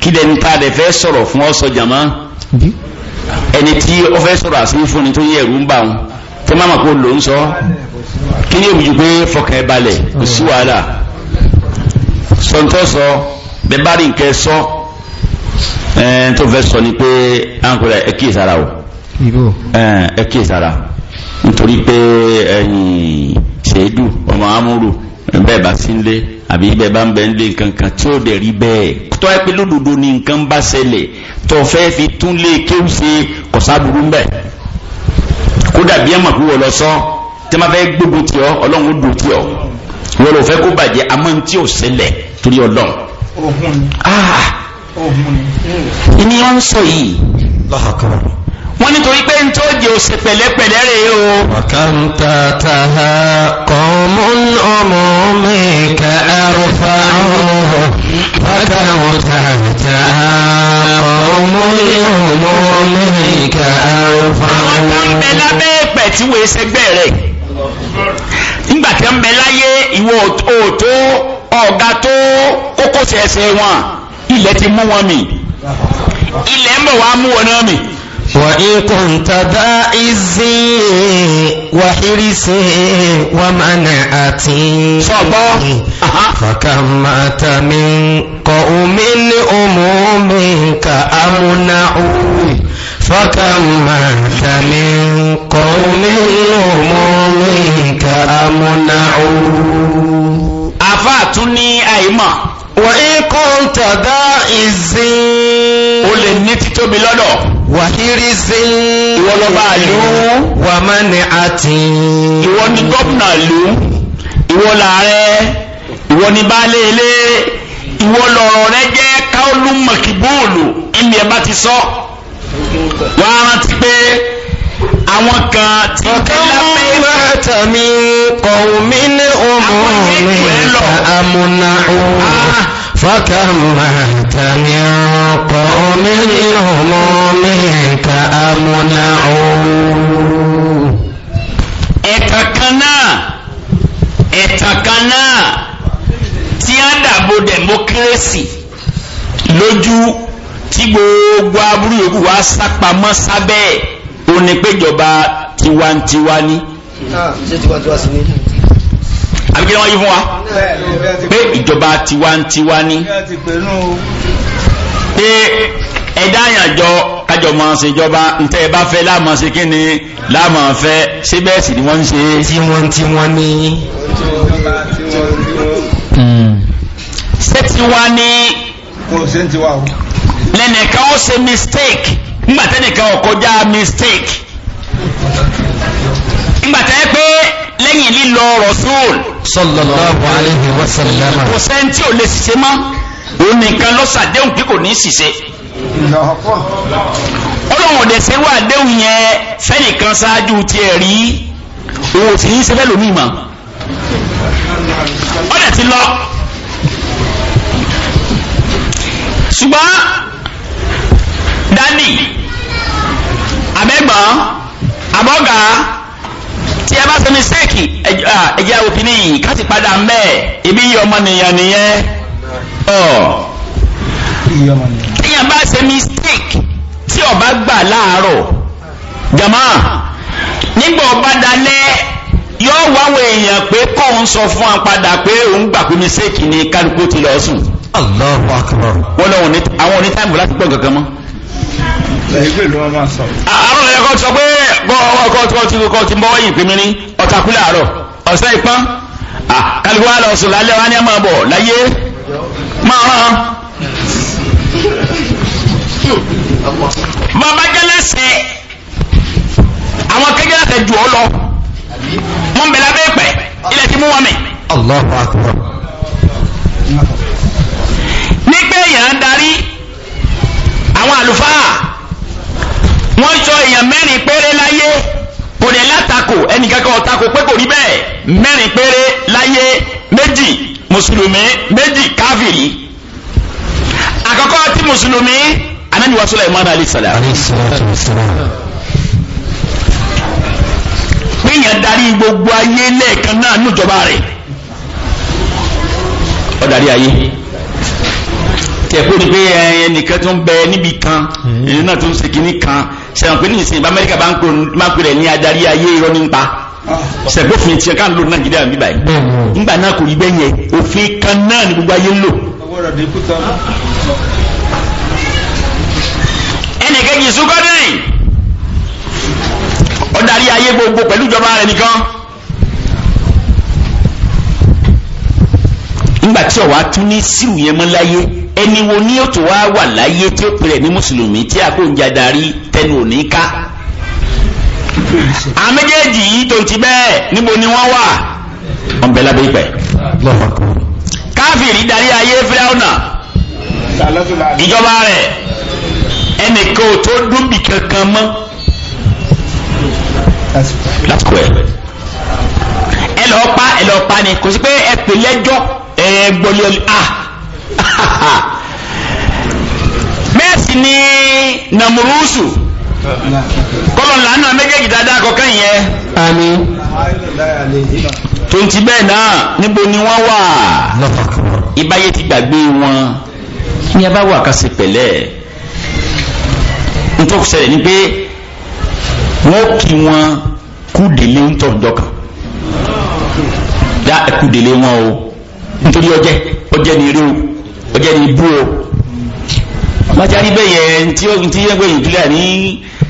kí lẹ́ni tá a fẹ́ sọ̀rọ̀ fún ọ sọ jàmá ẹni tí ó fẹ́ sọ̀rọ̀ àsìlẹ̀ fún ni tó yẹ ẹ̀rù ń bà wọn tó má mà kó lò ń sọ kí ni òbíjú pé fọkàn ẹ balẹ̀ kò sí wàhálà sọ̀ntọ́ sọ bẹ́ẹ̀ bá rí nǹkan sọ ẹn tó fẹ́ sọ ni pé àǹkọ̀rẹ́ ẹ kíyè sára o ẹ kíyè sára nítorí pé ẹ̀yìn ṣèédù ọmọ amúrù bẹ́ẹ̀ bá sí nílé àbí bẹ́ẹ̀ bá ń bẹ nílé nǹkan kan tí ó dẹ̀ rí bẹ́ẹ̀ tó ẹ pé lódodo ni nǹkan bá ṣẹlẹ̀ tó fẹ́ fi tún lé kéwù ṣe kọ̀sáburú ń bẹ̀ kódà bí ẹ mọ̀ pé wọ́n lọ sọ tí wọ́n fẹ́ gbógun tì ọ́ ọlọ́run ó dùn tì ọ́ wọ́n lọ fẹ́ kó bàjẹ́ amọ́ ò ṣẹlẹ̀ torí ọlọ́run. ìní ah! wọn ń sọ yìí. lọ́hàkọ́rọ̀ wọ́n nítorí pé ń tó jẹ́ òsè pẹ̀lẹ́pẹ̀lẹ́ rẹ̀ o ọ̀kántà tàà kọmún ọmọ mẹ́ka arúfà ọ̀rọ̀ ọ̀kántà tàà kọmún ọmọ mẹ́ka arúfà ọ̀rọ̀ àwọn tó ń bẹ lábẹ́ ẹ̀pẹ̀ tí wọ́n ṣẹgbẹ́ rẹ̀ nígbàtí ń bẹ láyé ilẹ̀ ń bọ̀ wá mú wọn náà mì وإن كنت ذا عز وحرص ومنعة فكم مات من قوم أموم كأمنع فكم مات من قوم أموم كأمنع أفاتني أيما وإن كنت ذا عز ó lè wàhírísí ìwọlọ́bà ìlú wà máa ní àti ìwọ ni gọ́pùnà ìlú ìwọ lààrẹ ìwọ ni baálé ilé ìwọ lọ̀rọ̀ rẹ jẹ́ káólú mọ̀kìbóòlù ẹni ẹ bá ti sọ wà á rántí pé àwọn kan ti kẹ́lá pé tàmí kọ̀ọ̀mí ní òun mi àmúnà òun. Ah, فكم أنت من قوم هم منك أمنعون ẹ̀kàkánná ẹ̀kàkánná tí a dàbò democracy lójú tí gbogbo aburú yòókù wá sápamọ́ sábẹ́ òní péjọba ah, tiwantiwa ni àbíkí wọ́n yí fún wa pé ìjọba tiwantiwa ni pé ẹ̀dá àyànjọ kájọ máa ṣe ìjọba ntẹ́ ẹ bá fẹ́ láàmọ́ ṣe kí ni láàmọ́ fẹ́ síbẹ̀ sì ni wọ́n ń ṣe. tí wọ́n tí wọ́n lẹ́nìkan ó ṣe mistake ńgbà tẹ́nìkan mistake ńgbà pé lẹ́yìn lílọ Rasul sallallahu alaihi wasallam kò sẹ́ni tí ò lè ṣiṣẹ́ mọ́ òun nìkan lọ́sàdéhùn pé kò ní ṣiṣẹ́ ọlọ́run ọ̀dẹ̀ ṣe wà déhùn yẹn fẹ́nìkan ṣáájú tiẹ̀ rí òun ò sì ṣe fẹ́ lómi mọ́ ọ̀dẹ̀ ti lọ ṣùgbọ́n dani abẹ́gbọ́n abọ́gàá tí ẹ bá ṣe mistake ẹjẹ́ òkìní yìí ká sì padà ibi ibi yìí ọmọnìyàn nìyẹn ọ̀ tíyàn bá se mistake tí ọba gbà láàárọ̀ jama nígbà ọba dalẹ́ yóò wáwọ èèyàn pé kọ́hún sọ fún apadà pé òun gbà pé mistake ni kálukú ti lọ sùn. Allahu akbar. wọ́n lọ àwọn onítàìmù láti gbọ́ kankan mọ́. àwọn ẹ̀kọ́ sọ pé bọ́ọ̀wọ́ ọkọ̀ tí wọ́n ti kọ́ ti ń bọ́wọ́ yìí pèmí ní ọ̀tàkú làárọ̀ ọ̀sẹ̀ ìpọ́n kálíwá lọ sùn lálẹ́ wa ní ẹ̀ máa bọ̀ láyé máa hàn. bàbá jẹ́lẹ́sẹ̀ àwọn kẹ́kẹ́ láti jù ọ lọ wọ́n bẹ̀rẹ̀ abẹ́ pẹ̀ ilẹ̀ ti mú wọn mi. nígbẹ̀yàn darí àwọn àlùfáà wọ́n sọ èèyàn mẹ́rin péré láyé kò dẹ̀ látakò ẹnìkankan ọ̀takò pé kò rí bẹ́ẹ̀ mẹ́rin péré láyé méjì mùsùlùmí méjì káfìrí àkọ́kọ́ ti mùsùlùmí anáni wàásù Sulaiman alayhi salam. péyàn darí gbogbo ayé lẹ́ẹ̀kan náà níjọba rẹ̀ ọ̀darí ayé tẹ̀kọ́ ni pé eh, ẹnìkan tó ń bẹ níbi kan hmm. ẹni náà tó ń ṣe kínní kan sẹ̀wọ̀n pé ní ìsìn ìbá amẹ́ríkà bá ń pè rẹ̀ ní adarí ayé irọ́ nípa sẹ̀gbófin tiẹ̀ ká ń lo nàìjíríà bíbá yìí ńgbà náà kò rí bẹ́ẹ̀ yẹn òfin kan náà ni gbogbo ayé ń lò. ẹnì kejì sukọ́dìrín ọ̀darí ayé gbogbo pẹ̀lú ìjọba rẹ̀ nìkan. nígbà tí ọ̀wá tún ní sírù yẹn mọ́ láyé ẹni wo ni ó tó wá wà láyé tí ó pèrè ní mùsùlùmí tí a kò ń jà darí tẹnu òní ká àwọn yìí tó ti bẹ́ẹ̀ níbo ni wọ́n wà ọ̀bẹ lábẹ́ ìpẹ́ káfíìrì darí ayé fíráúnà ìjọba rẹ̀ ẹnìkan ò tó dúnbì kankan mọ́ ẹ lọ́ọ́ pa ẹ lọ́ọ́ pa ni kò sí pé ẹ pè lẹ́jọ́ ẹ̀yẹ gbọ́lé ọlẹ́ ah mẹ́ẹ̀sì ni nàmúrúsù kọ́lọ̀ lánàá méjèèjì dáadáa kọ̀ọ̀kan yẹn àmín tó ń ti bẹ́ẹ̀ náà níbo ni wọ́n wà ìbáyé ti gbàgbé wọn ní a bá wà ká ṣe pẹ̀lẹ́ nítorí ṣẹlẹ̀ ni pé wọ́n kí wọn kú délé ń tọ̀ dọ́kàn dá ẹ̀kú délé wọn o nítorí ọjẹ́ ọjẹ́ ni eré ọjẹ́ ni ibú o májárí bẹ́ẹ̀ yẹn tí ó ti yẹ pé ìkílà ní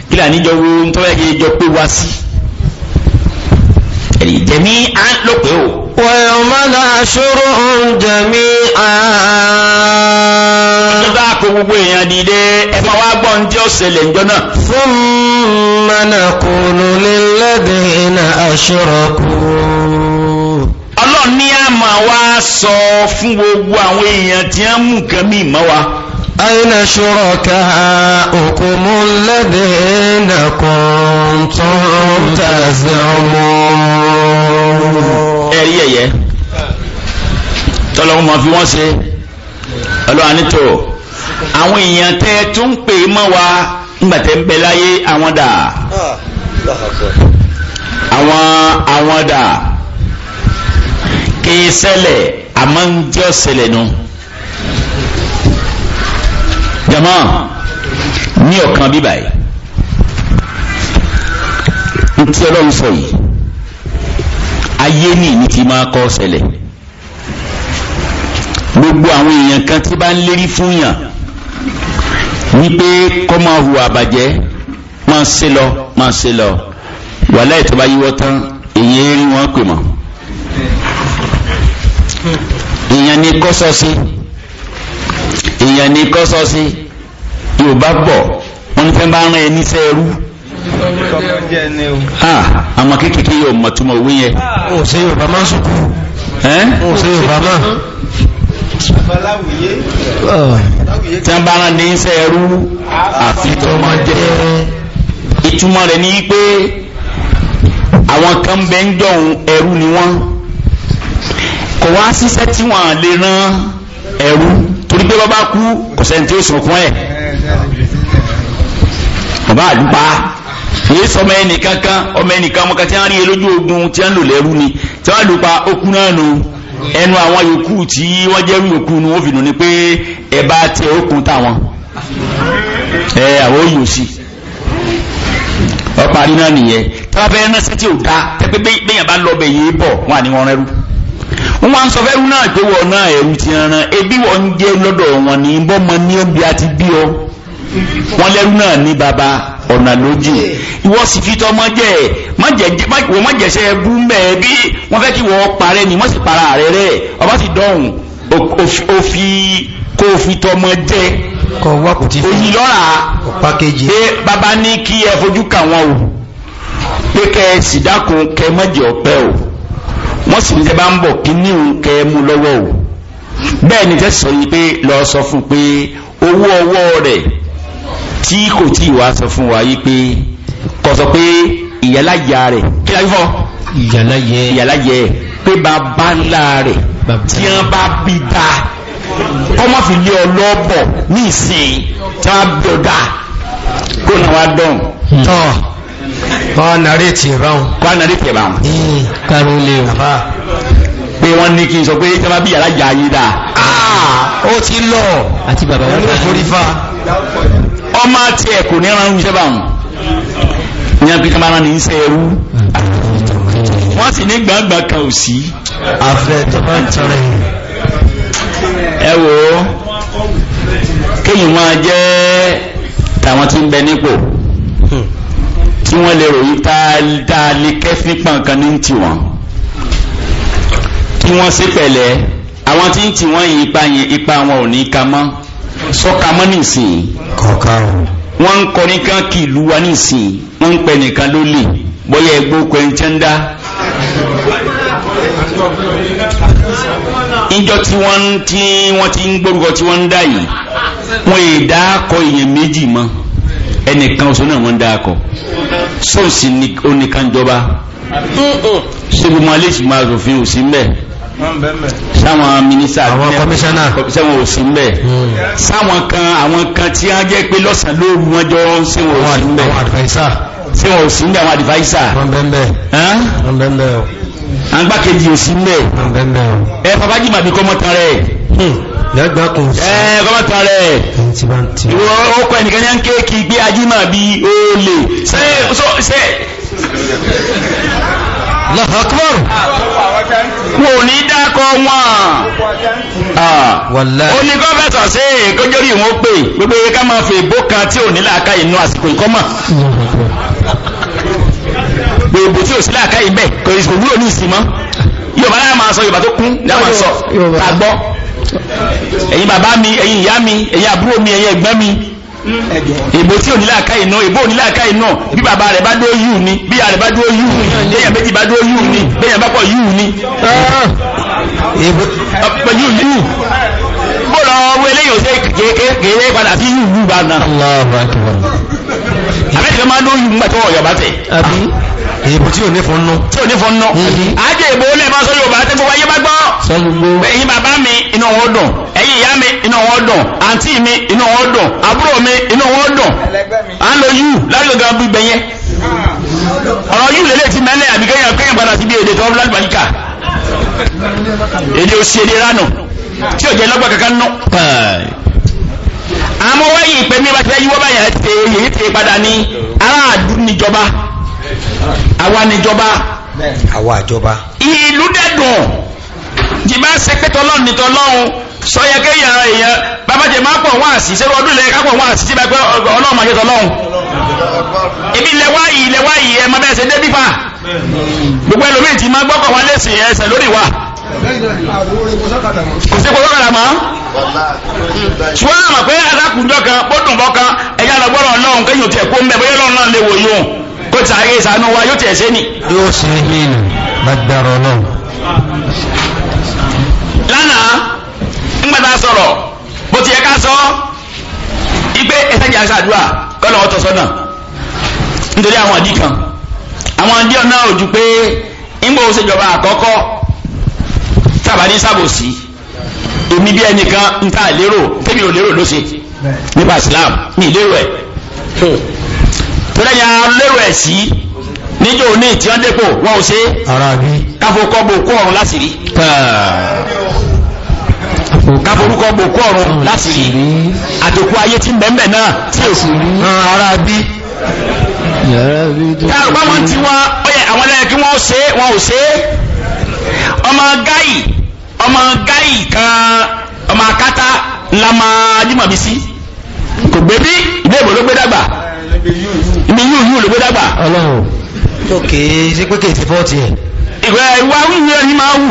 kílà níjọ wo ntọ́wẹ́jẹ jọ pé wá sí ẹ̀rí jẹ̀mí á lópe o. ويوم نحشرهم جميعا ọjọ́ bá kó gbogbo èèyàn dìde ẹ̀fà wá gbọ́n tí ó ṣẹlẹ̀ ìjọ náà. ثم نقول للذين أشركوا. ọlọ́run ní ma wá sọ fún gbogbo àwọn èèyàn tí wọ́n mú nǹkan mí mọ́ wa. aina shurakaukumul ladhina kuntum tazumun. ẹ̀rí ẹ̀yẹ́ tọ́lọ́mọ fi wọ́n ṣe ọlọ́wà nítò àwọn èèyàn tẹ́ tó ń pè mọ́ wa nígbàtẹ́ ń bẹ láyé àwọn dà ah, àwọn àwọn dà kìí ṣẹlẹ̀ àmọ́ ń jẹ́ ọ̀sẹ̀lẹ̀ nu jàmọ́ ní ọ̀kan bíbà yìí ntí ọlọ́run sọ yìí ayé ní ìní ti máa kọ́ ṣẹlẹ̀ gbogbo àwọn èèyàn kan tí bá ń lérí fún yàn wípé kọ́ máa hùwà àbàjẹ́ máa ń ṣe lọ máa ń ṣe lọ wàhálà ìtọ́ba yíwọ́ tán èyí rí wọn pè mọ́ ìyẹn ni kó sọ sí ìyẹn ni kó sọ sí yorùbá pọ̀ wọ́n ní fẹ́ bá rán ẹ níṣẹ́ ẹrú àmọ́ kékeré yóò mọ̀ túmọ̀ owó yẹn. o ṣe yorùbá máa ń sùn kú. o ṣe yorùbá máa. Ah, tí wọ́n bá rán ní iṣẹ́ ẹrú àfi tó máa jẹ́ ìtumọ̀ rẹ̀ ní pé àwọn kan bẹ́ẹ̀ ń dọ̀hún ẹrú ni wọ́n kò wá síṣẹ́ tí wọ́n lè rán ẹ̀rú torí pé bá bá kú kò sẹ́ni tí ó sọ̀kún ẹ̀ bàbá àlúpa èyí sọmọ ẹnìkan kan ọmọ ẹnìkan ọmọ kan tí wọ́n rí lójú ogun tí wọ́n lò lẹ́rú ni tí wọ́n lùpa okú náà nù ẹnu àwọn yòókù tí wọ́n jẹ́ rú yòókù ni wọ́n fi nù ni pé ẹ bá tẹ okùn táwọn ẹ àwọn ò yòó sí ọparí náà nìyẹn tí wọ́n fẹ́ ránṣẹ́ tí ò dá tẹ́pẹ́ bẹ́yàn bá lọ bẹ̀ yìí bọ̀ wọ́n à wọ́n wá ń sọ fẹ́rú náà pé wọ́n náà ẹ̀rù ti rán ebi wọ́n ń jẹ́ lọ́dọ̀ wọn ní bọ́mọ ní ẹbí àti bí ọ wọ́n lẹ́rú náà ní baba ọ̀nà lójì ìwọ sì fi tọ́ mọ́jẹ́ wọ́n mọ́jẹ̀ṣẹ́ bú mẹ́ bí wọ́n fẹ́ kí wọ́n parẹ́ ni wọ́n sì para rẹ̀ rẹ̀ ọba sì dọ̀hùn òfi kó fi tọmọ jẹ kọ wá kò ti fi òyìn lọ́ra pé baba ní kí ẹ fojú kà wọn o pé kẹ ẹ sì dákun kẹ mọ́jẹ̀ ọ̀pẹ́ o wọ́n sì ní tẹ́ bá ń bọ̀ kí ní òǹkẹ́ mú lọ́wọ́ o bẹ́ẹ̀ ni tẹ́ sọ yìí pé lọ sọ fún pé owó ọwọ́ rẹ̀ tí kò tí wá sọ fún wa yìí pé kò sọ pé ìyálàyà rẹ̀ kí láyé fọ́ ìyálàyà ẹ̀ pé bàbá ńlá rẹ̀ tí wọ́n bá bí dá kọ́mọ́ fi lé ọlọ́bọ̀ ní ìsìn tí wọ́n bí ọ̀dà kó náà wá dán hmm. tán wọ́n nàrétì ìbáhùn wọ́n nàrétì ìbáhùn kàrò lè bá pé wọ́n ní kí n sọ pé tẹ́lá bí yàrá jà yìí dáa ah, ó ti lọ àti bàbá wọn lè forí fa ọmọ àti ẹ̀kù ní ẹran iṣẹ́ báhùn ní àbí kan bára ní ń sẹ́ ẹrú wọ́n sì ní gbàgbà kan ò sí àfẹ́ tó ń tọrẹ ẹ wò kéyìn wọn jẹ́ tàwọn tí ń bẹ nípò hmm tí wọ́n lè ròyìn dáadáa ní kẹ́fípà nǹkan ní ti wọ́n kí wọ́n sí pẹ̀lẹ́ àwọn tí ń tì wọ́n yìí ipa yẹn ipa wọn ò ní ka mọ́ sọ́ka mọ́ nísìnyí wọ́n ń kọ nìkan kì í lu wa nísìnyí wọ́n ń pẹ nìkan ló bóyá ẹgbẹ́ okùn ẹni tẹ́ ń dá ìjọ tí wọ́n ti ń gbórúkọ tí wọ́n ń dá yìí wọ́n èdè akọ èèyàn méjì mọ́ ẹnìkan oṣù náà wọ́n dá akọ̀ sọ́ọ̀sì ni ó ní ká ń jọba ṣébù mọ́ alẹ́ ìṣìmọ̀ àròfin òsì ń bẹ̀ sáwọn mínísà àwọn kọmíṣánná sẹ́wọ̀n òsì ń bẹ̀ mm. sáwọn kan àwọn kan tí wọ́n jẹ́ pé lọ́sàn lóru wọn jọ ń sẹ́wọ̀n òsì ń bẹ̀ sẹ́wọ̀n òsì ń bẹ̀ àwọn àdìváísà àgbákejì òsì ń ẹ babaji màbí kọ́mọ́tàn rẹ̀ hmm lẹ́gbàkùn sí eh, ẹ̀ kọ́mọ̀tà rẹ̀ ìwọ ọkọ̀ ẹnìkan ní à ń kéèkì gbé ajímà bí ah, ah. ó lè ṣe lọ́hàkùnmọ́rù kò ní dákọ̀ wọn ó ní kọ́ fẹ́sọ̀ sí ìkójórí ìwọ̀n pè gbogbo ká máa fi ìbò kan tí ò ní làákà inú àsìkò ìkọ́mọ̀ gbogbo tí ò sí làákà ibẹ̀ kò ìṣòwúrò ní ìsìnmọ́ yóò bá láyà máa sọ Yorùbá tó kún láwọn sọ àgbọ́ ẹ̀yin bàbá mi ẹ̀yin ìyá mi ẹ̀yin àbúrò mi ẹ̀yin ẹ̀gbọ́n mi ìbò tí onílàáká iná ìbò onílàáká iná bí bàbá rẹ̀ bá dúró yìí ni bí ìyá rẹ̀ bá dúró yìí ni bẹ́yàn méjì bá dúró yìí ni bẹ́yàn bá pọ̀ yìí ni. ọ̀pọ̀ yìí ni bọ́lá ọwọ́ eléyìí ò kékeré padà sí yìí wù bá náà. abẹ́tẹ̀kẹ́ máa ń lóyún nígbà ọ̀yọ́ bá tẹ̀ èbò tí ò ní fún nú tí ò ní fún nú ajé èbò olè máa sọ Yorùbá tẹ́ fún wáyé bá gbọ́ ẹ̀yin bàbá mi inú wọn dùn ẹ̀yin ìyá mi inú wọn dùn àǹtí mi inú wọn dùn àbúrò mi inú wọn dùn à ń lo yù lálùgà bí gbẹ̀yẹ ọ̀rọ̀ yù lélẹ̀ ti mẹ́lẹ̀ àbí kẹ́yìn kẹ́yìn padà sí bí èdè tó ń lálùbáríkà èdè òsì èdè ránù tí ò jẹ́ lọ́gbà kankan nú àmọ́ wáyé ìpè mi bá ti fẹ́ yíwọ́ àwa níjọba àwa àjọba ìlú dẹ́dùn jìbá ṣe pẹ́tọ́ lọ́run nìtọ́ lọ́run sọ́yẹ kéèyàn èèyàn bàbá jẹ máa pọ̀ wá sí ṣé ọdún ilẹ̀ kápọ̀ wá sí tí bá pẹ́ ọlọ́run àjẹsọ lọ́run ibi ilẹ̀ wá yìí ilẹ̀ wá yìí ẹ máa bẹ́ẹ̀ ṣe dé bífà gbogbo ẹlòmíì ti máa gbọ́kọ̀ wá lẹ́sìn ẹsẹ̀ lórí wa kò sí kòtò kàdà mọ́ ṣùgbọ́n àmọ̀ pé adákùnjọ́ kan bó dùn bọ́ kan ẹ̀yà lọ́gbọ́rọ̀ ọlọ́run kéèyàn tiẹ̀ ó sàárè ìsànú wa yóò tẹ̀ẹ́sẹ́ nì yóò ṣe hìlù lágbàrọ̀ náà lánàá ńgbàtà sọ̀rọ̀ bó ti yẹ ká sọ ipé ẹsẹ́jà sàdúrà kọ́nà ọ̀tọ̀ sọ́nà nítorí àwọn àdí kan àwọn àdí ọ̀nà òjú pé ńgbà ó ṣèjọba àkọ́kọ́ tàbá sàbòsí èmi bí ẹnìkan ń ta lérò tèmi ò lérò ló ṣe nípa Islam mi lérò ẹ̀ hmm tó lẹ́yìn alérò ẹ̀ sí níjó ní tí wọ́n dépò wọ́n ò ṣe káfọ́kọ́ bò kó ọ̀run láti rí káforúkọ bò kó ọ̀run láti rí àtòkú ayé tí bẹ̀m̀bẹ̀ náà tí ò sì rí ara bí káàkpá wọn tí wọ́n ọyẹ àwọn ẹlẹ́yìn wọ́n ṣe wọ́n ò ṣe ọmọ gáì ọmọ gáì kan ọmọ akátá la máa dìmọ̀ bí sí kò gbé bí ilé ìbò gbé dàgbà ìmì yíò yíò ló gbódàgbà ọlọ́run tókè sí pé kèsì fọ́ọ̀tì ẹ̀ ìwẹ̀ ìwà wíwẹ̀ ní máa wù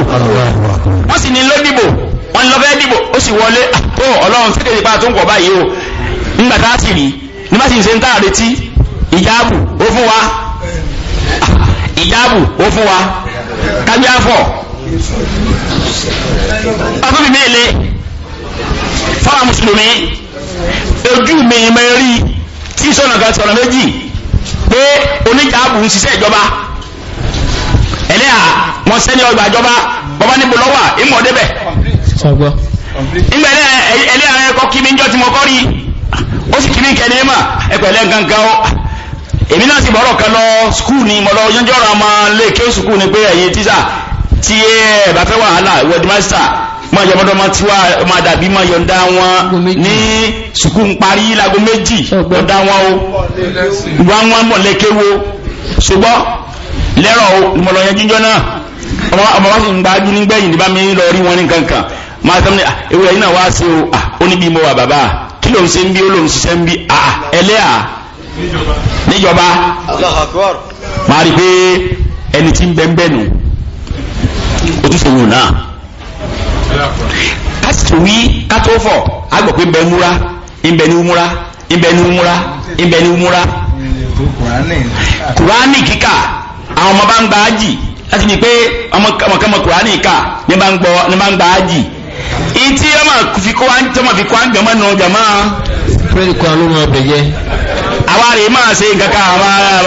wọ́n sì ní ló dìbò wọ́n ní lọ́fẹ́ dìbò ó sì wọlé àpò ọlọ́run sí kèsì pa tó ń pọ̀ báyìí o nígbà tá a sì rí ní bá sì ń ṣe ń tá àretí ìjáàbù ó fún wa ìjáàbù ó fún wa kájú àfọ̀ afọ́bìmẹ́lẹ̀ fáwọn mùsùlùmí ojú mi mẹ́rin tí sọ̀nà kan sọ̀rọ̀ méjì pé oníjàábù ń ṣiṣẹ́ ìjọba ẹlẹ́yà wọn sẹ́ni ọgbà ìjọba bọ́bá níbo lọ́wà ìmọ̀ débẹ̀ ìgbà ẹlẹ́yà ẹ̀kọ́ kí mi ń jọ ti mọ́ kọ́ rí ó sì kí mi kẹ́ ní mà ẹ̀pẹ̀lẹ́ gangan ó èmi náà sì bọ́rọ̀ kan lọ skul ni mo lọ yánjọ́ ra ọmọ lè kí ó sùkúl ni pé ẹ̀yin tíṣà tí ẹ bá fẹ́ wàhálà wẹ́dí ma yọ ọmọdé ọmọ tiwa ọmọ àdàbí ma yọ̀ǹda wọn ní sùkú ń parí lágo méjì ọ̀dá wọn o ìwà wọn mọ̀lẹ́kẹ́ wo ṣùgbọ́n lẹ́rọ̀ o ìmọ̀lọ́ yẹn jíjọ́ náà ọmọ wa ń gbájú nígbẹ̀yìn níbà mi lọ rí wọn ní kankan máa tán ní ewúrẹ́ yìí náà wá sí o ó níbi mo wà bàbá kí ló ń ṣe ń bí ó ló ń ṣiṣẹ́ ń bí ẹlẹ́à níjọba máa rí pé ẹni tí ń bẹ́ńbẹ́nu ó tún wù náà. kásìtì wí kátó fọ̀ agbọ̀ pé bẹ múra ibẹ̀ ni múra ibẹ̀ ni múra ibẹ̀ ni àwọn ọmọ bá ń gba láti pé kà ní bá ń gba ọmọ fi kó fi kó jọmọ nù jọmọ. ló máa bẹ̀ yẹ. àwa máa ṣe nǹkan kan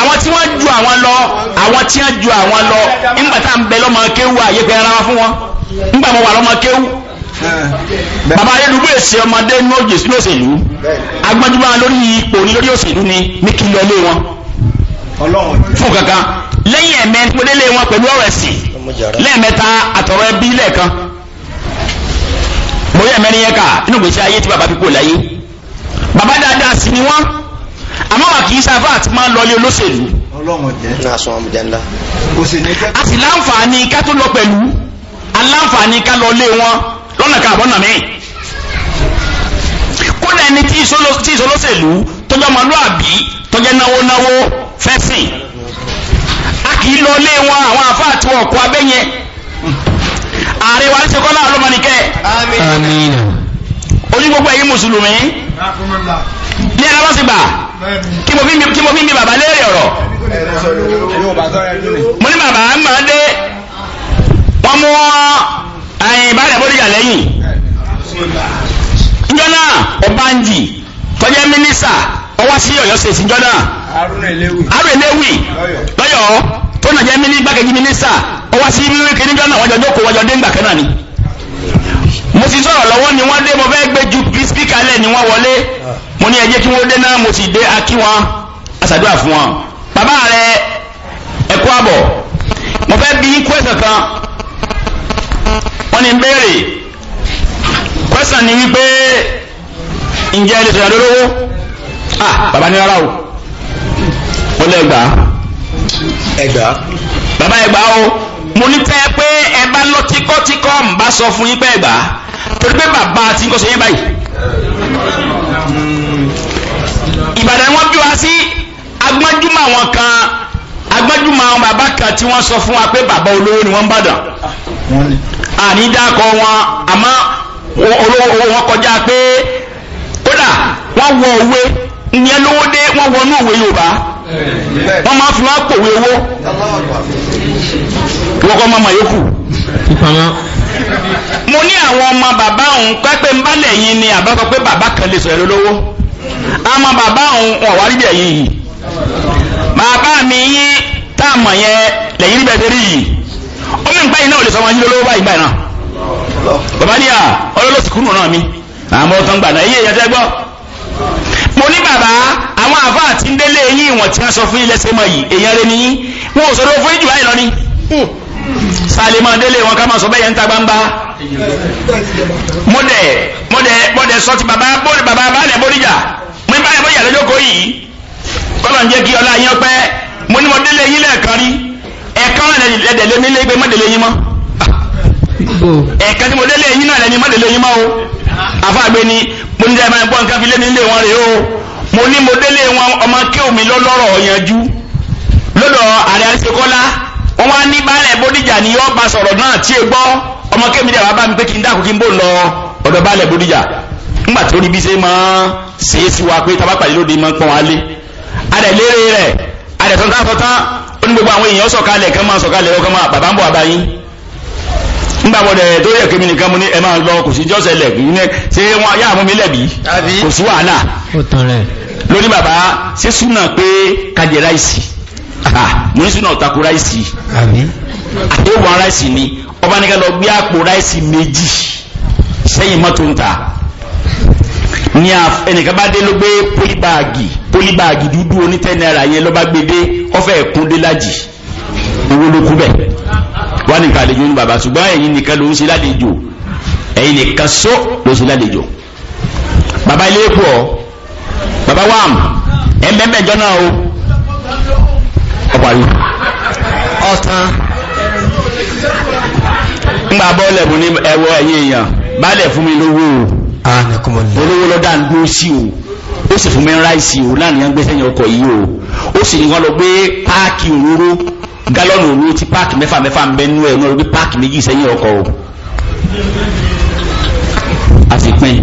àwọn tí wọ́n ju àwọn lọ àwọn tí wọ́n ju àwọn lọ nígbà tá à ń bẹ lọ́mọ àyè pé ara fún wọn. nígbà mo bàbá Arẹ́dùgbò èsì ọmọdé ní òjò sínú lórí ipò ní lórí ni ní kí lọ lé wọn fún kankan lẹ́yìn ẹ̀mẹ́ nípòdélé wọn pẹ̀lú ọ̀rọ̀ lẹ́ẹ̀mẹ́ta àtọrọ ẹbí mo ní inú gbèsè ayé tí bàbá fi láyé bàbá dáadáa sí ni wà kì í sáfà àti máa ń a aláǹfààní ká lọ lé wọn lọ́nà kan àbọ̀nà mi kódà ẹni tí ìṣolóṣèlú tọjọ́ ọmọlúàbí tọjọ́ náwó náwó fẹ́sìn a kì í lọ lé wọn àwọn àfáà tí wọn kó abẹ́yẹn ààrẹ wa ṣe kọ́lá ọlọ́mọnìkẹ́ àmín orí gbogbo ẹ̀yin mùsùlùmí ní ẹ̀rọ bá sì gbà kí mo fi ń bí bàbá léèrè ọ̀rọ̀ mo ní bàbá ń bá dé wọ́n mú ẹ̀yìn ìbálẹ̀ bóríjà lẹ́yìn níjọ́ náà ọbànjì tọ́jẹ́ mínísà ọwá sí ọ̀yọ́ sèṣì níjọ́ náà arúgbó eléwì lọ́yọ̀ọ́ tó nàjẹ́ míní gbákejì mínísà ọwá sí mímíkì níjọ́ náà wọ́n jọ jókòó wọ́n jọ dé ńgbà kẹ́nà ni mo ti sọ̀rọ̀ lọ́wọ́ ni wọ́n dé mo fẹ́ gbé ju spíkà lẹ̀ ni wọ́n wọlé mo ní ẹjẹ́ kí wọ́n dé náà mo sì dé akí wọn aṣàdúrà fún wọn bàbá rẹ ẹ̀kọ́ àbọ̀ mo fẹ́ bí kú ẹ̀sẹ̀ kan wọ́n ní béèrè kwẹ́sàn ni wípé ǹjẹ́ ilé tẹ̀yà lólówó ah bàbá ní rárá o ó lẹ́gbàá ẹgbàá bàbá ẹgbàá o mo ní tẹ́ pé ẹ bá lọ tíkọ́tíkọ́ ń bá sọ fún yín pé ẹgbàá torí pé bàbá ti ń kọ́ sọ yín báyìí ìbàdàn wọn bí wá sí agbájúmọ̀ àwọn kan agbájúmọ̀ àwọn bàbá kan tí wọ́n sọ fún wa pé bàbá olówó ni wọ́n ń bàdàn ànídàkọ wọn àmọ́ olówó wọn kọjá pé kódà wọ́n wọ òwe ìyẹn lówó dé wọ́n wọnú òwe Yorùbá wọn máa fi wọ́n pòwe owó wọ́n kọ́ máa yókù. mo ní àwọn ọmọ bàbá òun pẹ́pẹ́ ń bálẹ̀ yín ni àbá sọ pé bàbá kan lè sọ̀rọ̀ lówó bàbá òun mi yín yẹn lẹ́yìn omi nǹkan yìí náà lè sọ wọn yí lọ́wọ́ báyìí báyìí náà bàbá ní à ọlọ́lọ́ sùkúrù náà mi àmọ́ ah, tó ń gbà náà iye ìyàtẹ́ gbọ́ mo ní bàbá àwọn àfa àti ndélé yín ìwọ̀n tí wọ́n sọ fún ilẹ̀ṣẹ̀ mọ̀ yìí èèyàn rẹ nìyí wọn ò sọ̀rọ̀ fún ìjùlá ìlọ sàlẹ̀ máa délé wọn ká máa sọ bẹ́ẹ̀ yẹn ń ta gbangba mo dẹ̀ mo dẹ̀ mo dẹ̀ sọ ti bàbá bóde bàbá báyẹ̀ bódìjà mo ní báyẹ̀ bódìjà lọ́jọ́ kó yìí kọ́lọ̀ ń jẹ́ kí ọlá yín ọpẹ́ mo ní mo délé yín lẹ́ẹ̀kan rí ẹ̀kan náà ẹ̀dẹ̀ lé mi lé yín mọ́ ẹ̀kan tí mo délé yín náà lẹ́ni mọ́dẹ̀lé yín mọ́ o àfàgbé ni mo ní dáa máa nǹkan fi lé nílé wọn rèé o mo ní mo délé wọn ọmọ kí omi lọ́lọ́rọ̀ yanjú lọ́dọ̀ àrẹ àṣekọ́lá wọn wá ní balẹ̀ bódìjà ni yóò bá sọ̀rọ̀ náà tí e gbọ́ ọmọ kémi dẹ̀ wá bá mi pé kí n kí n bò lọ ọ̀dọ̀ balẹ̀ bódìjà tó bí ṣe máa ṣe é sí wa pé tabapàdé máa ń wá lé rẹ̀ ní gbogbo àwọn èèyàn sọ̀kalẹ̀ kan máa sọ̀kalẹ̀ ọkọ̀ máa bàbá ń bọ̀ àbáyí nígbà wọ́n dẹ̀ tó yẹ kémi nìkan mú ní ẹ máa lọ kò sí jọ́sẹ̀ lẹ̀kùn ní ṣé wọn yá àmú mi lẹ̀bi kò sí wàhálà lórí bàbá ṣé súnà pé kájẹ ráìsì mo ní súnà ọ̀tàkù ráìsì àtẹ̀wọ̀n ráìsì ni ọba nìkan lọ gbé àpò ráìsì méjì sẹ́yìn mọ́tò ń ta ní ẹnìkan bá dé ló gbé pólíbáàgì pólíbáàgì dúdú onítẹ́ náírà yẹn ló bá gbé dé ọfẹ́ ẹ̀kún dé lájì owó ló kú bẹ̀ wá nìkan àlejò ní bàbá ṣùgbọ́n ẹ̀yin nìkan ló ń ṣe lálejò ẹ̀yin nìkan só ló ṣe lálejò bàbá ilé epo ọ bàbá wàm ẹ̀mẹ́mẹ́jọ náà o ọ̀parí ọ̀tán ń gbà bọ́ọ̀lẹ̀ mú ẹwọ ẹ̀yin èèyàn bá fún mi lówó o. olówó lọ́dá ń dúró sí o ó sì fún o láàrin yẹn ń ọkọ̀ yìí o ó sì ní wọ́n lọ gbé páàkì òróró gálọ́nù òróró tí páàkì mẹ́fà mẹ́fà ń bẹ ẹ̀ gbé páàkì méjì sẹ́yìn ọkọ̀ o àfikún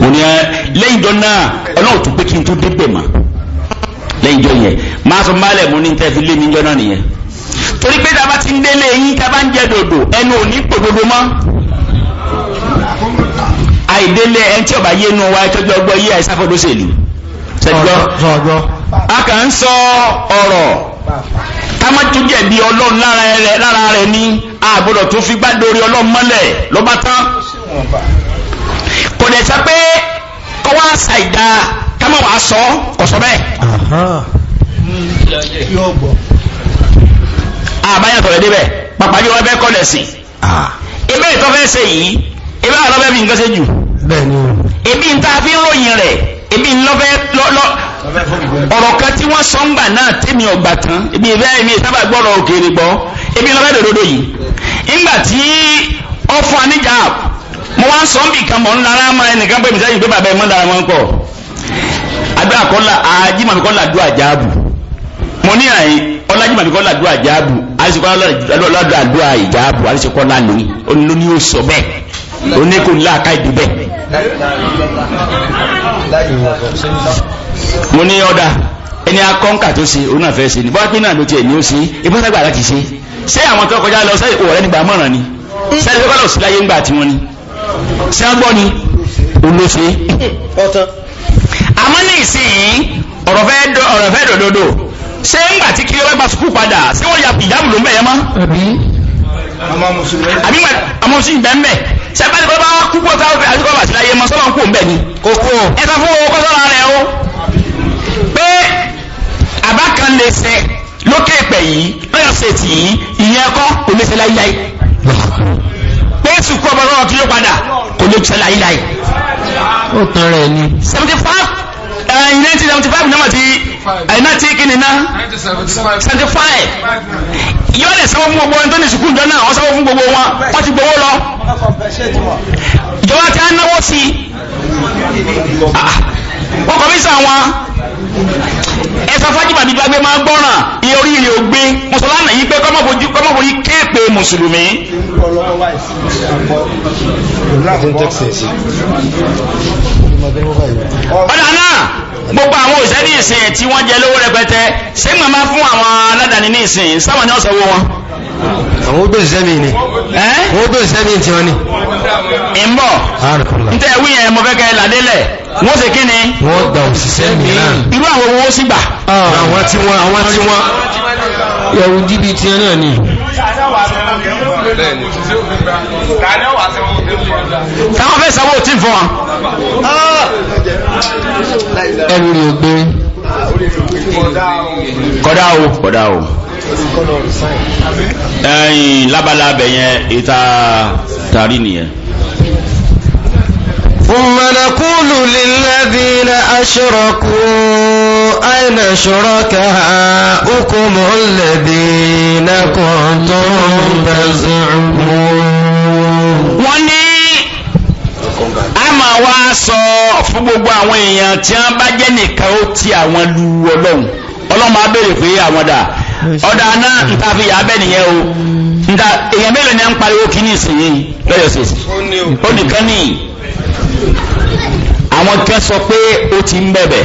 ní eh, lẹ́yìn náà ọlọ́run tún pé kí n débẹ̀ lẹ́yìn a bá ti ń délé yín a bá ń dòdò ẹnu àìdélé ẹni tí ọba yénu wa tọ́jú ọgbọ́ yí àìsáfọ́dọ́sẹ̀lú ṣẹ̀gbọ́ a kà ń sọ ọ̀rọ̀ támájú jẹ̀bi ọlọ́run lára rẹ̀ ní àgbọ̀dọ̀ tó fi gbádórí ọlọ́run mọ́lẹ̀ lọ́ba tán kò dẹ̀ sọ pé kọ́ wá ṣàìdá kámọ́ wàá sọ kò sọ bẹ́ẹ̀. àbáyọ̀ tọ̀rẹ́ débẹ̀ pàpàjọ́ ẹbẹ̀ kọ́lẹ̀ sí. ibẹ̀ ah. ìtọ́fẹ́ ṣe yìí ebe àwọn ọlọ́fẹ́ fi nǹkan ṣe jù ebi ń ta fi ròyìn rẹ̀ ebi ń lọ́fẹ́ ọ̀rọ̀ kan tí wọ́n sọ ń gbà náà tèmi ọ̀gbà tán ebi ìfẹ́ èmi sábà gbọ́rọ̀ òkèèrè gbọ́ ebi ń lọ́fẹ́ dòdòdò yìí ńgbà tí ọ̀fọ̀ aníjà mo wá ń sọ ń bì kan mọ̀ ńlára máa ẹnìkan pé mi sẹ́yìn pé bàbá ẹ̀ mọ́ dára wọn pọ̀ àdúrà kọ́lá ajímọ̀mí kọ́lá àdúrà jáàbù mo ní àyè ọlájímọ̀mí kọ́lá àdúrà jáàbù àìsíkọ́ àdúrà ìjáàbù àìsíkọ́ lánàá ó ní ló ó sọ bẹ́ẹ̀ oníkò láàká ìdúbẹ̀ mo ní ọ̀dà ẹni akọ́ǹkà tó ṣe òun náà fẹ́ ṣe ní bọ́ọ̀pì náà ló tiẹ̀ ní ó ṣe ìbọ́dàgbà láti ṣe ṣé àwọn tó kọjá lọ sẹ́yìn òwòrẹ́ nígbà mọ̀ràn ni sẹ́yìn lọ́kọ́ lọ sí láyé ńgbà tí wọ́n ni ṣé wọ́n gbọ́ ni òun ló ṣe. àmọ́ ní ìsìn ọ̀rọ̀ fẹ́ dòdòdò ṣé ńgbà tí kiri ọlọ́gbà sukú padà ṣé wọ́n ya ìdáàbò ló ń bẹ̀yẹ mọ́ àwọn mùsùlùmí àwọn mùsùlùmí bẹ́ẹ̀ bẹ́ẹ̀ sẹ́pẹ́lì kọ́ bá wá kúkú tá àdúgbò bàtí láyé mọ́ sọ́lọ́n kò ń bẹ̀ ni kókó ẹ fún owó sọ́lọ́ rẹ̀ o pé àbá kan lè sẹ lókè pẹ̀ yìí lọ́yọ̀ sètì yìí ìyẹn kọ́ kò lè sẹ láyíláyí pé sùkú ọmọ náà tún yóò padà kò lè sẹ láyíláyí. ó tan rẹ̀ ni. seventy five ẹ̀yìn eh, 1975 eh, náà ti ẹ̀yìnà tí kí 75 yóò lè sanwó fún gbogbo ẹni tó ní sùkúù jọ náà wọ́n sanwó fún gbogbo wọn wọ́n ti gbowó lọ ìjọba ti á náwó sí ah, ah. wọ́n kọ̀ mísà wọn ẹsà fájìmà bí gbàgbé máa gbọ́ràn iye orí ilé ògbé mùsùlùmí yìí pé kọ́mọ̀bòjú kọ́mọ̀bòjú kéèpé mùsùlùmí ọ̀dà náà gbogbo àwọn òṣìṣẹ́ ní ìsìn tí wọ́n jẹ lówó rẹpẹtẹ ṣé màmá fún àwọn aládàáni ní ìsìn sáwọn ni ọ̀sẹ̀ wo wọn. àwọn ogbó ìṣẹ́ mi ni wọ́n ogbó ìṣẹ́ mi ti wọn ni. ìmọ̀ ntẹ̀ wí yẹn mo fẹ́ kẹ́ làdélẹ̀ wọ́n ṣe kí ni. wọ́n gba òṣìṣẹ́ mi náà. irú àwọn owó sì gbà. àwọn tí wọ́n àwọn tí wọ́n yọ̀wù jìbìtì náà ni táwọn fẹ́ sanwó tí fún wa ẹrù rí o gbé kọ́dá o kọ́dá o ẹ̀yìn lábala bẹ̀yẹn ìta tàrí nìyẹn ثم نقول للذين أشركوا أين شركاؤكم الذين كنتم تزعمون wọ́n ní a máa wá sọ fún gbogbo àwọn èèyàn tí wọ́n bá jẹ́ nìkan ó ti àwọn lu ọlọ́run ọlọ́run máa béèrè àwọn dà ọ̀dà náà ń ta fi yàgbẹ́ nìyẹn o nta èèyàn mélòó ni à ń pariwo kí ní ìsìn yìí lọ́yọ̀ sí ó nìkan nìyí àwọn kan sọ pé ó ti ń bẹ̀bẹ̀.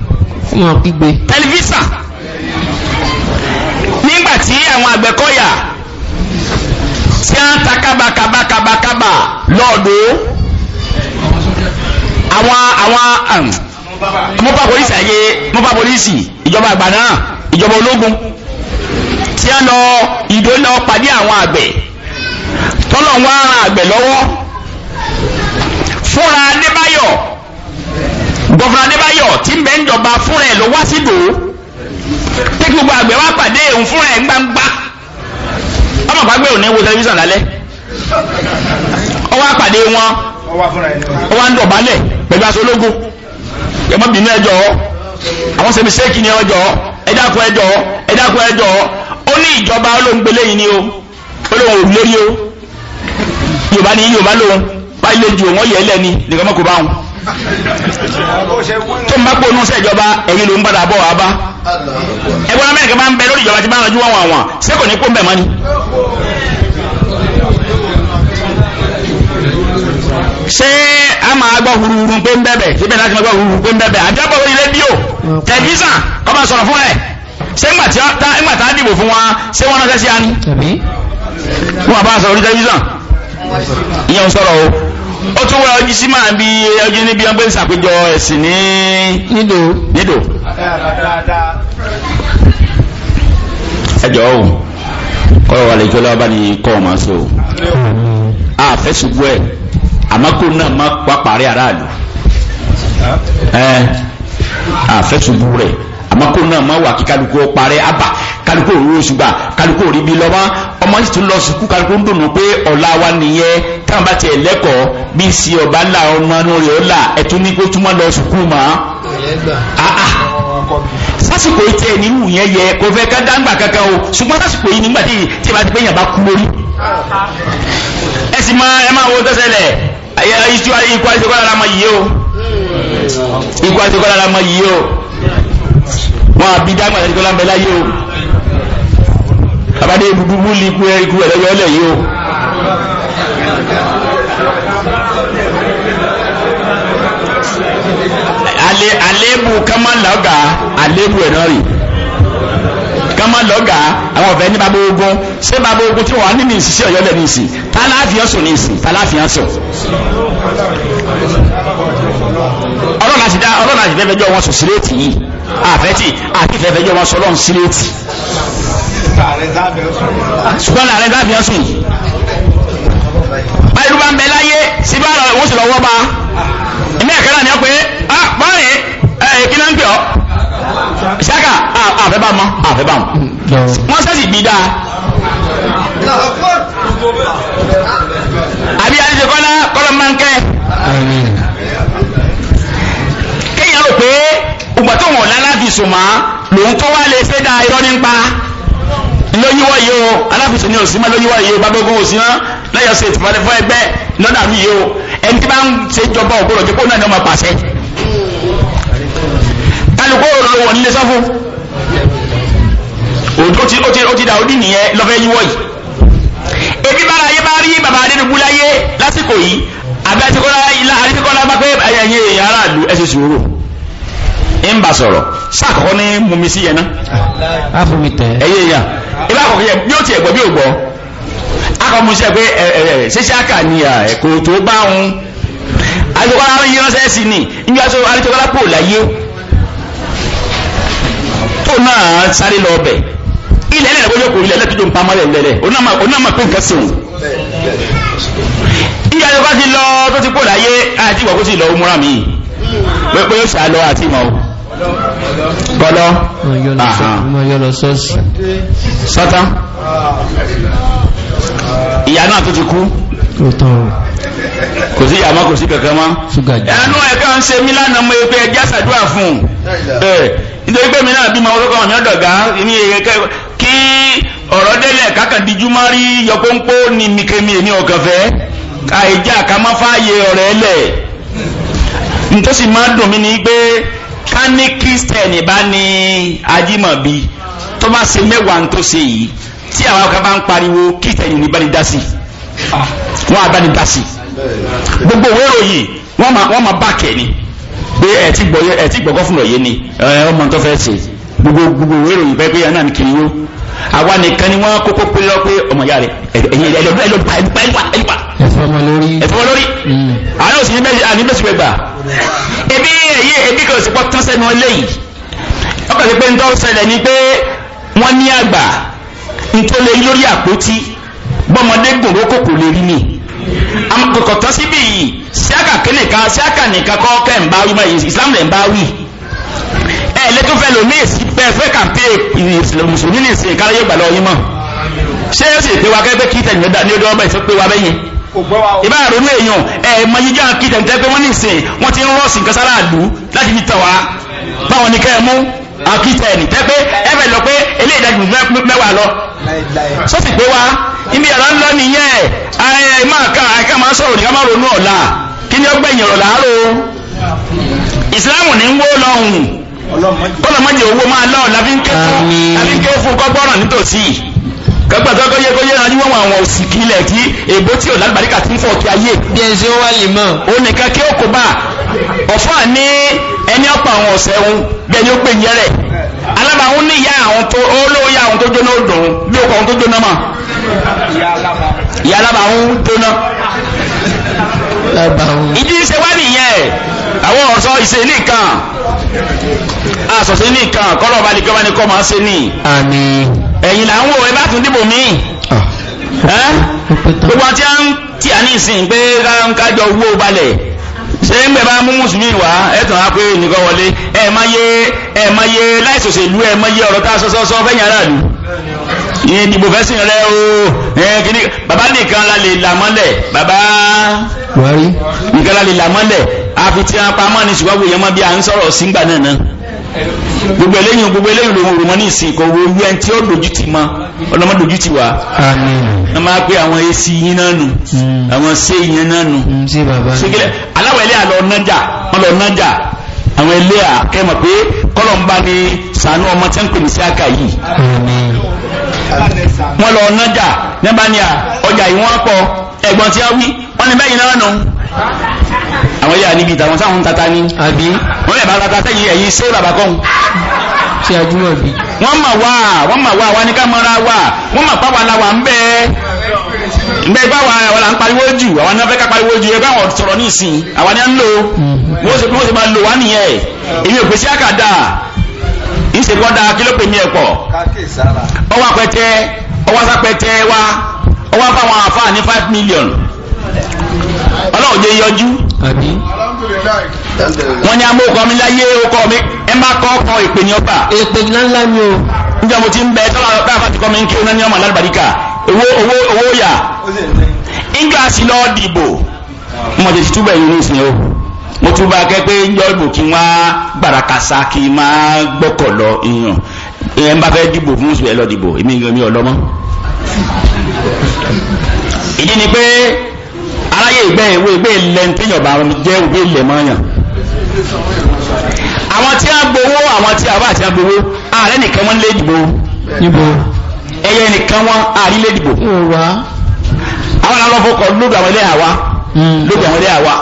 wọn kígbe tẹlifísà nígbàtí àwọn àgbẹ̀kọ́yà tí a ń ta kábàkábàkábàkábà lọ́ọ̀dọ́ àwọn àwọn mọ́pá um, polisi ayé mọ́pá polisi ìjọba àgbà náà ìjọba ológun tí a lọ ìdó lọ pàdé àwọn àgbẹ̀ tọ́lọ̀ ń wá ara àgbẹ̀ lọ́wọ́ fúnra Adébáyọ̀ gọ́fúnra adébáyọ̀ tí ń bẹ́ ń jọba fúnra ẹ̀ ló wá sí dò tí gbogbo àgbẹ̀ wá pàdé òun fúnra ẹ̀ gbangba ọmọ pàgbé òní wo tẹlifíṣàn àpàdé wọn ń aṣọ ológun bínú àwọn ní ọjọ́ ẹ̀dáko ẹjọ́ ẹ̀dáko ẹjọ́ ó ní ìjọba olóńgbélé yìí ni o olóhùn lórí o yorùbá yorùbá báyìí lè ju òun nìkan kó bá wọn. tó ń bá gbóònú sí ìjọba ẹ̀yìn ló ń padà bọ̀ wá bá ẹgbẹ́ náà mẹ́rin bá ń bẹ lórí ìjọba tí bá ń rọjú wọn wọn ṣé kò ní kó ń bẹ̀ mọ́ ni. ṣé a máa gbọ́ huruhuru pé ń bẹ̀bẹ̀ síbẹ̀ láti máa gbọ́ huruhuru pé ń bẹ̀bẹ̀ àjábọ̀ orí rédíò tẹlifíṣàn kọ́ máa sọ̀rọ̀ fún ẹ̀ ṣé ńgbà tá a dìbò fún wa ṣé wọ́n ránṣẹ́ sí ó tún wá ọjí sí máa bí ọjí níbi ọgbẹ́ ìsàpéjọ ẹ̀sìn ní nídò nídò ẹjọ́ ohun kọ́rọ̀ wà lè jọ lọ́wọ́ bá ní kọ́ ọmọ so àfẹ́ ṣubú ẹ̀ àmọ́kò náà má pàparí aráàlú àfẹ́ ṣubú rẹ̀ àmọ́ kó náà má wà kí kálukú ó parẹ́ àbà kálukú òru oṣù gbà kálukú òrí bí lọ́wọ́ ọmọ sì tún lọ sùkú kálukú ń dùnnú pé ọ̀la wa nìyẹn táwọn bá tiẹ̀ lẹ́kọ̀ọ́ bí si ọ̀bá là ọmọ inú rẹ̀ ó là ẹ̀tún ní kó túmọ̀ lọ sùkú mọ́. sásìkò yìí tiẹ̀ nínú yẹn yẹ kò fẹ́ ká dáńgbà kankan o ṣùgbọ́n sásìkò yìí nígbà tí tí ìbá bá kú lórí wọn àbí dágbà tẹ́lẹ̀ tó lámbẹ́ láyé o àbádé gbogbo lè kú ẹ ikú ẹ̀lẹ́yọ ọlẹ̀ yìí o àlébù kama lọ́gà àlébù awo rì kama lọ́gà se ọ̀fẹ́ ní bàbá wa ni ni ogun tí wọ́n á nínú ìsìsí ọ̀yọ́lẹ̀ ní ìsìn tàláàfíà sùn ní ìsìn tàláàfíà sùn ọlọ́run àti dá ọlọ́run àti dẹ́fẹ́jọ́ wọn sùn síréètì yìí àfẹ́tì àti ìfẹ́fẹ́jọ́ wọn sọlọ́n síléètì ṣùgbọ́n ààrẹ dábìá sùn báyìí ló bá ń bẹ láyé sí bá ara rẹ̀ wọ́n sì lọ́wọ́ bá ilé ẹ̀kẹ́ náà ni ọ pé ah bọ́ọ̀rì ẹ̀ kí náà ń pè ọ́ ṣáka àfẹ́ bá mọ́ àfẹ́ bá mọ́ wọ́n sẹ́sì bí dáa àbí àdìsẹ́kọ́lá kọ́lọ́ máa ń kẹ́ ìgbà tó wọn lálàfíìsù mọ́ lòun tó wá lè ṣe dá irọ́ nípa lóyíwọ́ yìí o aláfíìsù ni òsínmọ́ lóyíwọ́ yìí o babógun òsínmọ́ lẹ́yọ̀ ṣe ìtìmọ́lẹ̀ fún ẹgbẹ́ lọ́dà mí yìí o ẹni tí bá ń ṣe jọba ògbóró jẹ́ kó náà ni wọ́n máa pàṣẹ. kálukó òrò wọ̀ nílé sọ́fù ó ti dà ó dì nìyẹn lọ́fẹ́ yíwọ́ yìí ebi bára ayé bá rí bàbá adédùgbù láyé lásìkò yìí àbí àtikọ́lá bá pé ẹ̀yìn aráàlú ẹ̀ ṣe sùúrù ń bà sọ̀rọ̀ sáàkọ́kọ́ ní mumi sí yẹn náà ẹ̀yẹ ìyá ilá àkọ́kọ́ yẹ bí ó ti ẹ̀gbọ́ bí ó gbọ́ akọ̀mùsẹ̀ pé ṣíṣe àkà ni ẹ̀kọ́ tó bá ń àjọkọ́lá ń yíránṣẹ́ sí ni nígbà tó àríjọkọ́lá pò láyé tó náà sáré lọ ọbẹ̀ ilẹ̀ ilẹ̀ ìgbójọ́ kò ilẹ̀ lẹ́tọ́jọ́ ìyá àjọkọ́lá ti lọ tó ti pò láyé àti ìwà kó lọ ó mi pé ó ṣàlọ àti ìmọ̀ kọ́lọ́ sọ́tá ìyá náà tó ti kú kò sí ìyàmọ́ kò sí kẹ̀kẹ́ mọ́ ẹnu ẹ̀kẹ́ ń ṣe mí lánàá mọ́ ẹgbẹ́ ẹjá ṣàdúrà fún un nítorí pé mi náà bímọ olókọ́ ọ̀nà ọ̀dọ̀gá ní ẹ̀kẹ́ kí ọ̀rọ̀ délẹ̀ kákàndíjú má rí yọpọ́npọ́ ní mikemi èmi ọ̀kan fẹ́ àìjà ká má fààyè ọ̀rẹ́ lẹ̀ nítòsí má dùn mí ni pé ká ní kírísítẹ̀nì bá ní ajímọ̀bí tó bá ṣe mẹ́wàá tó ṣe yìí tí àwọn kan bá ń pariwo kírísítẹ̀nì ní báni dá sí wọ́n á báni dá sí gbogbo òwe ròyìn wọ́n máa bá kẹ̀ ni pé ẹ̀ tí gbọ́gọ́ fún ọ̀yẹ́ ni ọmọ tó fẹ́ ṣe gbogbo gbogbo òwe ròyìn bẹ́ẹ̀ pé yẹn náà ní kiri yó àwa nìkan ni wọ́n kókó pé lọ pé ọmọ ìyá rẹ̀ ẹ̀yìn ẹ̀yìn ẹ̀yìn ẹ̀yìn yóò sì ní bẹ́sì gbẹgbà ebi ẹ̀yẹ ebi kò sí pọ́ tán sẹ́nu eléyìí ọkọ̀ sí pé ń tọ́ ṣẹlẹ̀ ni pé wọ́n ní àgbà ntọ́lẹ̀ lórí àpótí bọ́mọdé gòrò kòkò lè rí ni àmọ̀kòkò tán síbí yìí síákà kínìkan síákà nìkan kọ́ kẹ́ ń bá wí mọ́ ìsìlámù lẹ̀ ń bá wí ẹ̀ lẹ́tọ́ fẹ́ lòmí èsì pẹ́ fẹ́ kàmpé mùsùlùmí nìsín ìkárayé gbà lọ́ọ́ yín mọ́ ṣé ó sì pé wa kẹ́ pé kí tẹ̀yìn ní ọdún ọmọ ìsọ́pẹ́ wa bẹ́yìn ìbá àrònú èèyàn ẹ̀ẹ̀mọ yíjá kìtẹ̀ǹtẹ́ pé wọ́n ní ìsìn wọ́n ti ń rọ́ọ̀sì nǹkan sára àlú láti fi tàwá báwọn ní kẹ́ mú àkìtẹ̀ẹ̀nì tẹ́ pé ẹ̀fẹ̀ lọ pé ilé ìdájú mẹ́wàá lọ sọ́sì pé wá ibi àrá ńlọ nìyẹn ẹ̀ máa ká àìká máa sọ̀rọ̀ nìkan máa ni ó gbẹ̀yìn ọ̀rọ̀ láàárọ̀ ìsìláàmù ní ń wó lọ́hùn kọ́lọ́mọ́jì owó máa lọ́ọ̀ kọ́gbàtọ́ kọ́ yẹ kó yẹ rájú wọn àwọn òsìkí ilẹ̀ tí èbó tí ò lálùbáríkà tí ń fọ́ kí ayé. bí ẹ ṣe wá lè mọ̀. ó nìkan kí ó kó bá ọ̀fọ́ ní ẹni ọ̀pọ̀ àwọn ọ̀sẹ̀ òun bẹ́ẹ̀ ni ó pè yẹrẹ̀ alábàáhùn ní ìyá àwọn tó olówó ìyá àwọn tó jóná ó bí ó kọ àwọn tó jóná mọ̀. ìyá alábàáhùn jóná. ìdí ṣe wá nìyẹn àwọn ọ̀sọ́ ìṣe nìkan àṣọ̀ṣe nìkan kọ́lọ̀ ọba lè gọ́bá ní kọ́ máa ṣe ní àmín ẹ̀yìn là ń wò ẹ bá tún dìbò mí gbogbo àti à ń tí a ní ìsìn pé kájọ owó balẹ̀ ṣe ń gbẹ̀ bá mú mùsùlùmí wá ẹ̀tàn á pé nìkan wọlé ẹ̀ máa yé ẹ̀ máa yé láìsòṣèlú ẹ̀ máa yé ọ̀rọ̀ tá a sọ́sọ́sọ́ fẹ́yìn aráàlú ìdìbò fẹ́sìn rẹ̀ o kìíní bàbá nìkan la lè là mọ́lẹ̀ bàbá nìkan la lè là mọ́lẹ̀ àfi tí a pa mọ́ ní ṣùgbọ́n yẹn mọ́ bí a ń sọ̀rọ̀ sígbà náà náà gbogbo eléyìn gbogbo eléyìn lòun rò mọ́ ní ìsìn kò wo orí ẹni tí ó dojú ti mọ́ ọlọ́mọ dojú ti wà á máa pé àwọn esi yín náà nù hmm. àwọn sé yín náà nù hmm, aláwọ̀ ilé àlọ́ nájà àwọn ilé àkẹ́mọ̀ pé kọ́lọ̀ ń sànú ọmọ tí ń pè ní sí àkà yìí wọ́n lọ nájà nígbà ní ọjà ìwọ̀n pọ̀ ẹ̀gbọ́n tí a wí wọ́n ní bẹ́yìn náà nù àwọn yà níbi ìtàwọn sáwọn tata ní àbí wọ́n lè bá tata sẹ́yìn ẹ̀yìn ṣé bàbá tí a júmọ̀ bí wọ́n mà wá wọ́n mà wá wá ní kámọ́ra wà wọ́n mà pàwà láwà ń bẹ́ ẹ̀ gbá wa àwọn là ń pariwo jù àwọn náà fẹ́ ká pariwo jù ẹgbẹ́ àwọn sọ̀rọ̀ ní ìsìn àwọn ni à ń lò mhm. wọ́n ṣe bí wọ́n ṣe máa nìyẹn èmi ò pèsè àkàdà ìṣe kọ́ da kí ló pè mí ẹ̀ pọ̀ ọwọ́ apẹtẹ ọwọ́ sápẹtẹ wa ọwọ́ fáwọn àfáà ní five million ọlọ́run jẹ́ yọjú wọ́n ní amó a mi láyé ọkọ̀ mi ẹ má kọ́ ọkọ̀ ìpè ní ọba ìpè ńláńlá ni o níjọ́ mo ti ń bẹ tọ́lá mi ń kí ní ọmọ owó owó owó yà ingilasi lọ dìbò mo ti túbọ̀ yìí nísìnyí o mo túbọ̀ akẹ́ pé ń kí wọ́n á kí n máa gbọ́kọ̀ lọ bá fẹ́ dìbò fún dìbò èmi ìdí ni láyé ìgbẹ́ ìwé ìgbẹ́ ilẹ̀ tíyàn bá jẹ́ òbí ilẹ̀ mọ́yàn àwọn tí a gbowó àwọn tí a bá àti a gbowó ààrẹ nìkan wọ́n lé dìbò ẹyẹ nìkan wọ́n ààrí lé dìbò àwọn alọ́fọ́kọ̀ lóbi àwọn ilé àwa hmm. lóbi àwọn ilé àwa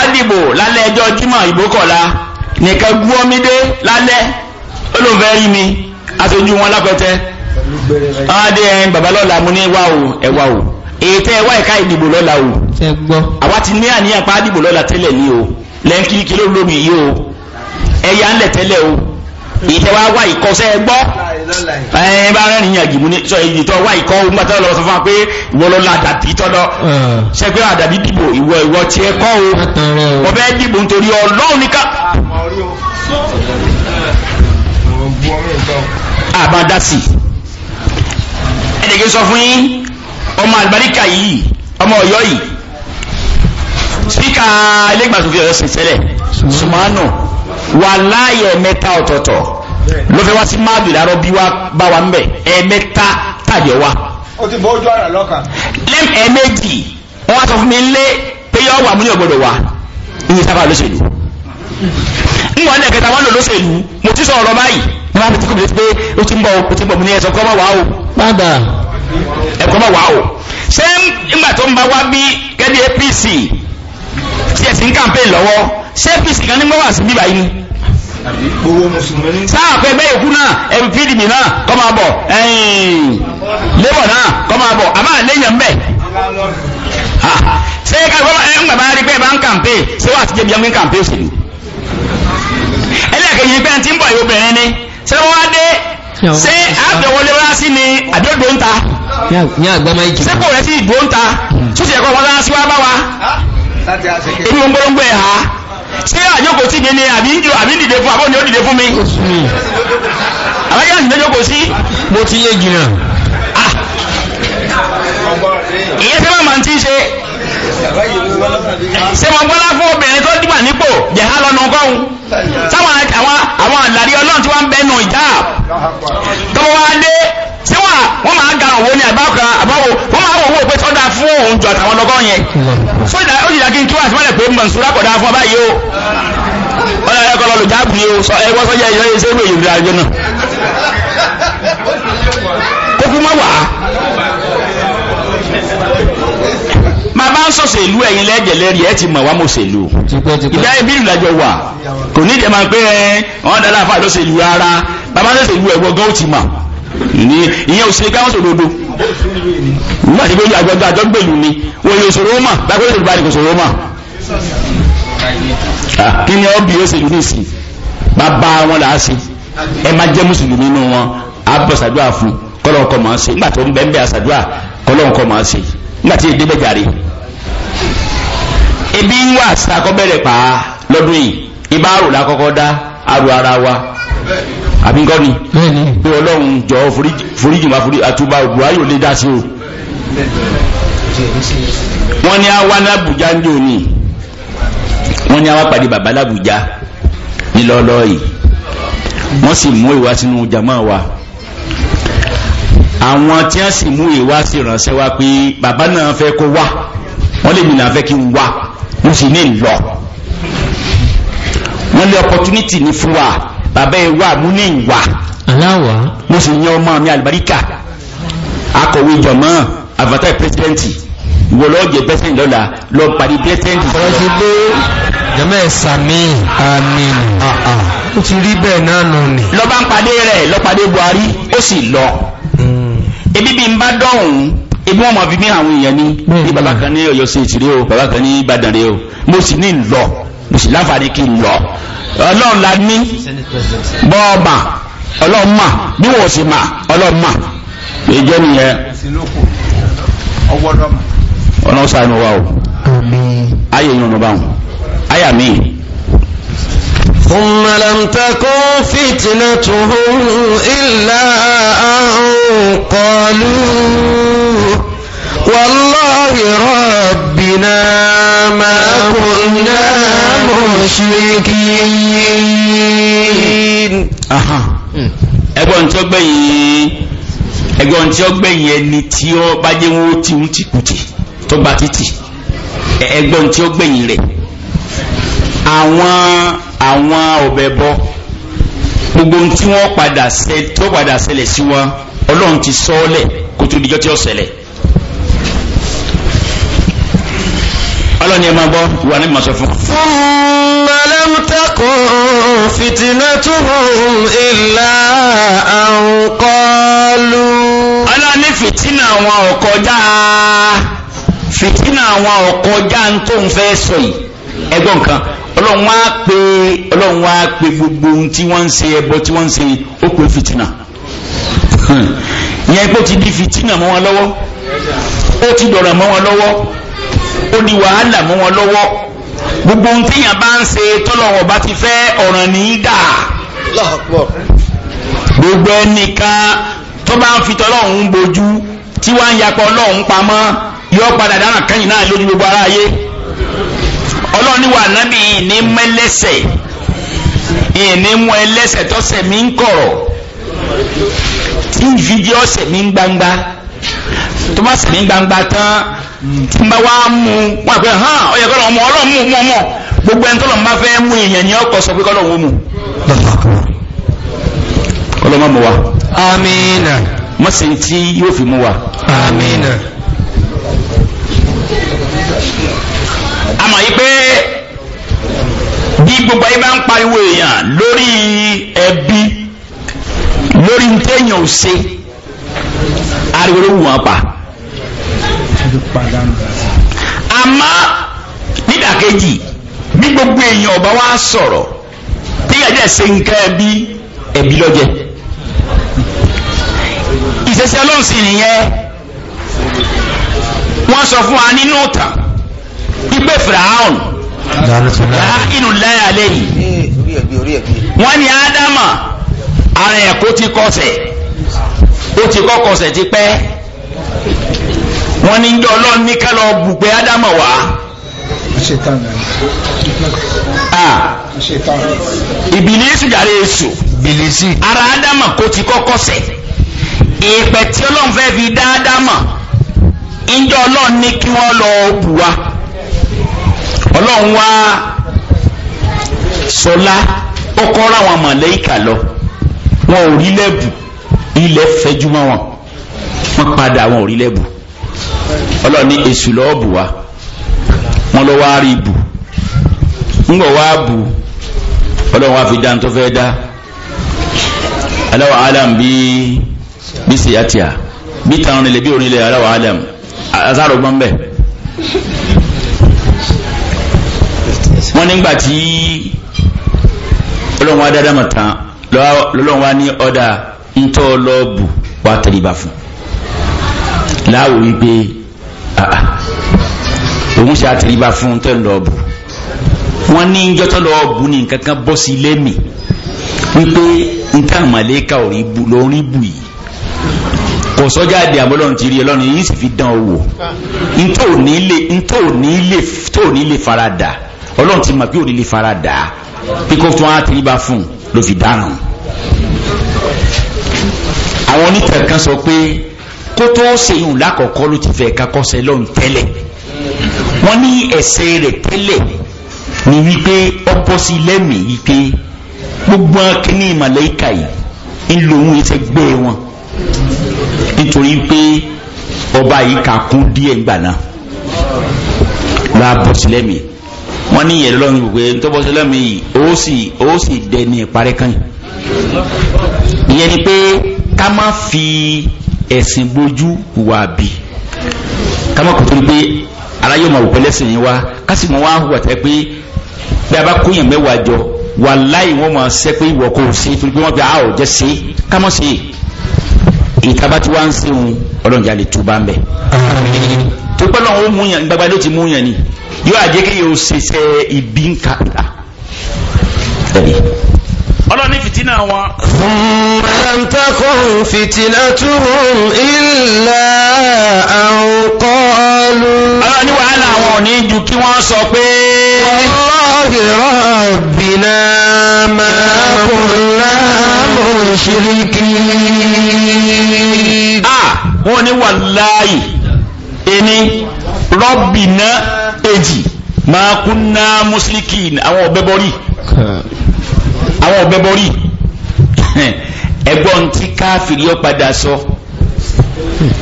àdìbò lálẹ́ ẹjọ́ jímọ̀ ìbókọ̀lá nìkan gúọ́mídé lálẹ́ olóòfẹ́ rí mi aṣojú wọn lápẹtẹ ọdẹ babalọ́la mú ní wà ó ẹ̀wà ó ètẹ́ ẹwà ẹ̀ka ìdìbò lọ́la o àwa ti ní àníyàn pa dìbò lọ́la tẹ́lẹ̀ ní o lẹ́ńkìlìkì ló lómi yìí o ẹ̀yà ńlẹ̀ tẹ́lẹ̀ o ìtẹ́ wa wá ìkọsẹ́ gbọ́ ẹ̀ bá rẹ̀ nìyàn jìbù ní sọ èyí tó ìkọ́ ogun wa pé ìwọ ló la àdàbí tọ́lọ ṣe pé àdàbí dìbò ìwọ ìwọ ti ẹ kọ́ o wọ́n fẹ́ dìbò nítorí sọ fún yín ọmọ àlùbáríkà yìí ọmọ ọ̀yọ́ yìí spíkà ilégbàsófin ọ̀yọ́ sì tẹ́lẹ̀ sùmánù wà láàyè ẹ̀mẹ́ta ọ̀tọ̀ọ̀tọ̀ ló fẹ́ wá sí máàlù ìdárọ́ bí wá bá wa ń bẹ̀ ẹ̀mẹ́ta tàjọ wa. ó ti bọ́ ojú ọ̀rà lọ́kà. lẹ́m ẹ̀mẹ́jì wọ́n wá sọ fún mi lé pé yọ wà mú ní ọ̀gbọ̀dọ̀ wa ìyẹn sábà lóṣèlú. ń wọ́n ní ẹ̀kẹta wọn lò lóṣèlú mo ti sọ ọ̀rọ̀ báyìí ní wọ́n fi tí kò bí pé ó ti ń bọ̀ ó ti ń bọ̀ mí ní ẹ̀sọ́ kọ́ mọ́ wàá o. padà ẹ̀kọ́ mọ̀ wá o ṣé nígbà tó ń bá wá bí kẹ́dí APC tí ẹ̀sìn campaign lọ́wọ́ ṣé APC kan ní mọ́wá sí bíbá yìí sáà pé ẹgbẹ́ ìkú náà MPDP náà kọ́ máa bọ̀ labour náà kọ́ máa bọ̀ àmà lẹ́yìn bẹ́ẹ̀ ṣé ká gbọ́ ẹ ń gbàgbá rí pé bá ń campaign ṣé wà á ti jẹ́ bí ọmọ ń campaign òṣèlú ẹlẹ́kẹ̀yìn pé ti ń bọ̀ ìwé obìnrin ni ṣé wọ́n wá dé ṣé àbẹ̀wọlé wá sí ni àbí odò ń ta ní àgbámá ìjì sẹ́pọ̀ rẹ̀ sí ìdó ń ta tó ti ẹ̀kọ́ wọn lára síwá bá wa èmi ń gbọ́ngbọ́ ẹ̀ ha ṣé àjókòó sí mi àbí dìde fún àbọ̀ ni ó dìde fún mi àbájá sì sí. mo ti yé jìnnà. Ah! ìyẹn sẹ́wọ̀n máa ti ṣe ṣé wọ́n gbọ́lá fún obìnrin tó dìgbà nípò jẹ̀há lọ́nà ọgọ́rùn sáwọn àwọn àlàrí ọlọ́run tí wọ́n ń bẹnu ìjà tọ́wọ́ wá dé tí wọ́n wọ́n máa ga òwò ní àbáwọ̀ àbáwọ̀ wọ́n máa wọ̀ owó pé tọ́da fún òun jọ àtàwọn ọlọ́gọ́rùn yẹn fún ìdá ó yìí kí n kí wọ́n àti pé ma bá ń sọ̀sẹ̀ ìlú ẹ̀yìn lẹ́jẹ̀ lẹ́rí ẹ̀ ti mọ̀ wá mọ̀ sèlú ìdá ibi ìlàjọ wà kò ní ìdẹ̀mà pé ẹ ọ̀n dára àfà ló sèlú ara bàbá ló sèlú ẹ̀wọ̀ gan ó ti mọ̀ ní ìyẹn òsèlú káwọn sòdodo nígbà tí gbẹ́lú àgbẹ̀gbẹ̀ àjọgbèlú ni wọ́n yóò sòrò mà bákan yóò bá ní kò sòrò mà. kí ni ọ́bì yóò sèlú nìsí bàbá wọn là á sí ẹ má jẹ́ mùsùlùmí nínú wọn àbọ̀sàdúrà fún kọ́lọ́ọ̀kọ́ máa ń ṣe nígbà tó ń bẹ́ẹ̀ bẹ́ẹ̀ àsàdúrà kọ́lọ́ọ̀kọ́ máa ń ṣe yìí nígbàtí èdè bẹ̀jàre ibi ń wà sàkọ́ bẹ̀rẹ̀ pa lọ́dún yìí ibà àrò lákọ́kọ́ dá àrò ara wa àbí nǹkan ni pé ọlọ́run jọ foríjì máa forí àtúbà buhari ò lè dá sí o wọ́n ní àwa lábùjá ń jò ní wọ́n ní àwa pàdé bàbá lábùjá ńlọ́lọ́ yìí wọ́n sì mú ìwà sínú jàmáà wa àwọn tí wọ́n sì mú ìwá sí ìrànṣẹ́ wa pé bàbá náà fẹ́ kó wá wọ́n lè mìíràn fẹ́ kí n wá mo sì ní lọ wọ́n lé opportunity ní fún wa bàbá ẹ wà mú ní ìwà aláwà mo sì yan ọmọ mi àlùbáríkà akọ̀wé jọ̀mọ́ avatar president wọ́n lọ́ọ́ jẹ president lọ́la lọ́ọ́ parí president lọ́la jẹ́mẹ́ sàmì àmìn ah, ah. ó ti rí bẹ́ẹ̀ náà nù ní lọ́bá ń padé rẹ̀ lọ́padé Buhari ó sì lọ ebi bí n bá dọ̀hún ebi wọn máa fi mí àwọn èèyàn ni ní hmm. bàbá kan ní Ọ̀yọ́ sí ìtìrí o bàbá kan ní Ìbàdàn rẹ o mo sì ní lọ mo sì láǹfààní kí n lọ Ọlọ́run la ní bọ́ọ̀mà Ọlọ́run mà bí wọ́n sì mà Ọlọ́run mà ìjọ nìyẹn Ọlọ́run ṣàánú wa o ayé yìí ọ̀nà báwọn ayà míì. ثم لم تكن فتنتهم إلا أن قالوا والله ربنا ما كنا مشركين hmm. ẹgbọ́n tí ó gbẹ̀yìn ẹgbọ́n tí ó gbẹ̀yìn ẹni tí ó bá jẹ́ wọ́n tí ó ti kùtì tó gba títì ẹgbọ́n tí ó gbẹ̀yìn rẹ̀ àwọn àwọn ọ̀bẹ bọ́ gbogbo tí wọ́n padà ṣe sí wọn ọlọ́run ti sọ ọ́ tó dijọ́ tí ó ṣẹlẹ̀ ọlọ́run yẹn máa gbọ́ wà ní màsán fún. thumma lam takun fitnatuhum illa an qalu. ọlọ́ni fìtínà àwọn ọ̀kọ́jà fìtínà àwọn ọ̀kọ́jà ń tó ń fẹ́ sọ yìí ẹgbọ́n kan ọlọ́run wá pé ọlọ́run wá pé gbogbo ohun tí wọ́n ń ṣe ẹbọ tí wọ́n ń ṣe ó pé fìtínà ìyẹn pé ó ti di fìtínà mọ́ wọn lọ́wọ́ ó ti dọ̀rọ̀ mọ́ wọn lọ́wọ́ ó di wàhálà mọ́ wọn lọ́wọ́ gbogbo ohun tí yàn bá ń ṣe tọ́lọ̀wọ̀ bá ti fẹ́ ọ̀ràn ní í dà gbogbo ẹnìkan tó bá ń fi tọ́lọ́hún bojú tí wọ́n ń yapọ̀ ọlọ́hún pamọ́ yóò padà dáhùn kẹ́yìn náà lójú gbogbo aráyé ọlọ́run wà nábì ìní mẹ́lẹ́sẹ̀ ìní mú ẹlẹ́sẹ̀ tọ́sẹ̀ mi ń kọ̀rọ̀ tí ń fi jẹ́ ọ̀sẹ̀ mi ń gbangba tó bá sẹ̀ mi ń gbangba tán tí ń bá wá mú wọn àpẹ hàn ọyẹ kọ́ lọ́wọ́ mú ọlọ́run mú mú ọmọ gbogbo ẹni tó lọ́n bá fẹ́ mú èèyàn ní ọkọ̀ sọ pé kọ́ lọ́wọ́ mú ọlọ́mọ mú wa. amina. mọ̀sẹ̀ tí yóò fi mú wa. amina. àmọ́ yìí pé bí gbogbo ayé bá ń pariwo èèyàn lórí ẹbí lórí ntẹ́yìn ò ṣe ariwo ló wù wọ́n pa àmọ́ nídàkejì bí gbogbo èèyàn ọba wa sọ̀rọ̀ tíyẹ̀dẹ̀ ṣe nǹkan ẹbí ẹbí lọ́jẹ́ ìṣẹ̀ṣẹ̀ ọlọ́run sì nìyẹn wọ́n sọ fún wa nínú ìtàn pípé fìràhùn inú láyà lẹ́yìn wọ́n ní ádámà ara ẹ̀kọ́ ti kọsẹ̀ ó ti kọ́ kọsẹ̀ ti pẹ́ wọ́n ní jọ ọlọ́run ní kálọ̀ bùgbé ádámà wá ìbìlísì jàre èṣù ara ádámà kó ti kọ́ kọsẹ̀ ìpẹ̀ tí ọlọ́run fẹ́ fi dá ádámà ìjọ ọlọ́run ní kí wọ́n lọ bù ọlọ́run wá sọlá ó kọ́ ráwọn mọ̀lẹ́ìkà lọ wọn ò rí lẹ́bù ilẹ̀ fẹjú mọ́ wọn wọn padà wọn ò rí lẹ́bù ọlọ́run ní èṣù lọ́ọ́ bù wá wọn lọ́ wá rí bù ńgbọ̀ wá bù ọlọ́run wá fi dá tó fẹ́ dá aláwọ̀ alam bí bí sèyátìá bí tàn orin bí orin aláwọ̀ alam azáró gbọ́n bẹ́ẹ̀ wọ́n nígbà tí ọlọ́run adádámọ̀ tán lọ́lọ́run wá ní ọ̀dà ntọ́ lọ́ọ̀bù wá tẹ̀lébà fún láàwò wípé òun ṣe àtẹ̀lébà fún tẹ̀ lọ́ọ̀bù wọ́n ní njọ́tọ́ lọ́ọ̀bù ní nǹkan kan bọ́ sí lẹ́mì wípé nta àmàlẹ́kà lórí bù yìí kò sọ́jà àdè àmọ́lọ́run ti rí ọlọ́run yìí sì fi dán owó ntò ní lè farada ọlọ́run ti mọ̀ pé òní lè fara dà á kíkọ́ tí wọ́n á tẹríba fún un ló fi dáràn. àwọn onítẹ̀ kan sọ pé kó tó ṣèyún lákọ̀ọ́kọ́ ló ti fẹ́ kakọ́sẹ́ lọ́run tẹ́lẹ̀ wọ́n ní ẹ̀sẹ̀ rẹ̀ tẹ́lẹ̀ ni wípé ọpọ́sí lẹ́mìí wípé gbogbo akíní màláíkà yìí ń lo ohun iṣẹ́ gbé wọn nítorí pé ọba yìí kà kún díẹ̀ gbà náà láàbọ̀sí lẹ́mìí wọ́n ní ìyẹ̀lẹ́ lọ́nà gbogbo ẹni tó bọ́ sí lọ́mọ yìí ó sì ó sì dẹni ìparẹ́ kan ìyẹn ni pé ká má fi ẹ̀sìn bójú wà bí ká má kò tó ní pé aráyé ọmọ òpẹ́ lẹ́sìn yìí wá ká sì mọ wá hùwà tẹ́ pé bí a bá kóyàn mẹ́wàá jọ wà láì wọ́n máa ṣẹ́ pé ìwọ̀ kò sí torí pé wọ́n fi àá ò jẹ́ sí ká mọ̀ sí ìtaba tí wọ́n ń sẹ́wọ̀n ọlọ́njà lè túbà ń bẹ̀ tó pẹ́ lọ́wọ́ ó mú yàn gbàgbà ti mú yàn ni yóò àjẹ́ kí yóò ṣiṣẹ́ ibi ń kàkà ọlọ́ni fìtínà wọn. Mọ̀lántàkùn fìtínà túhùn ilẹ̀ àwòkọ́ọ̀lù. Ọlọ́ni wàhálà wọn ní ju kí wọ́n sọ pé. Ọlọ́gìrọ̀ bìnà máa rọ́bìnà èjì máa kú ná mùsùlùkì àwọn ọ̀bẹ bọ́rí àwọn ọ̀bẹ bọ́rí ẹgbọ́n tí káfìrí ọ̀padà sọ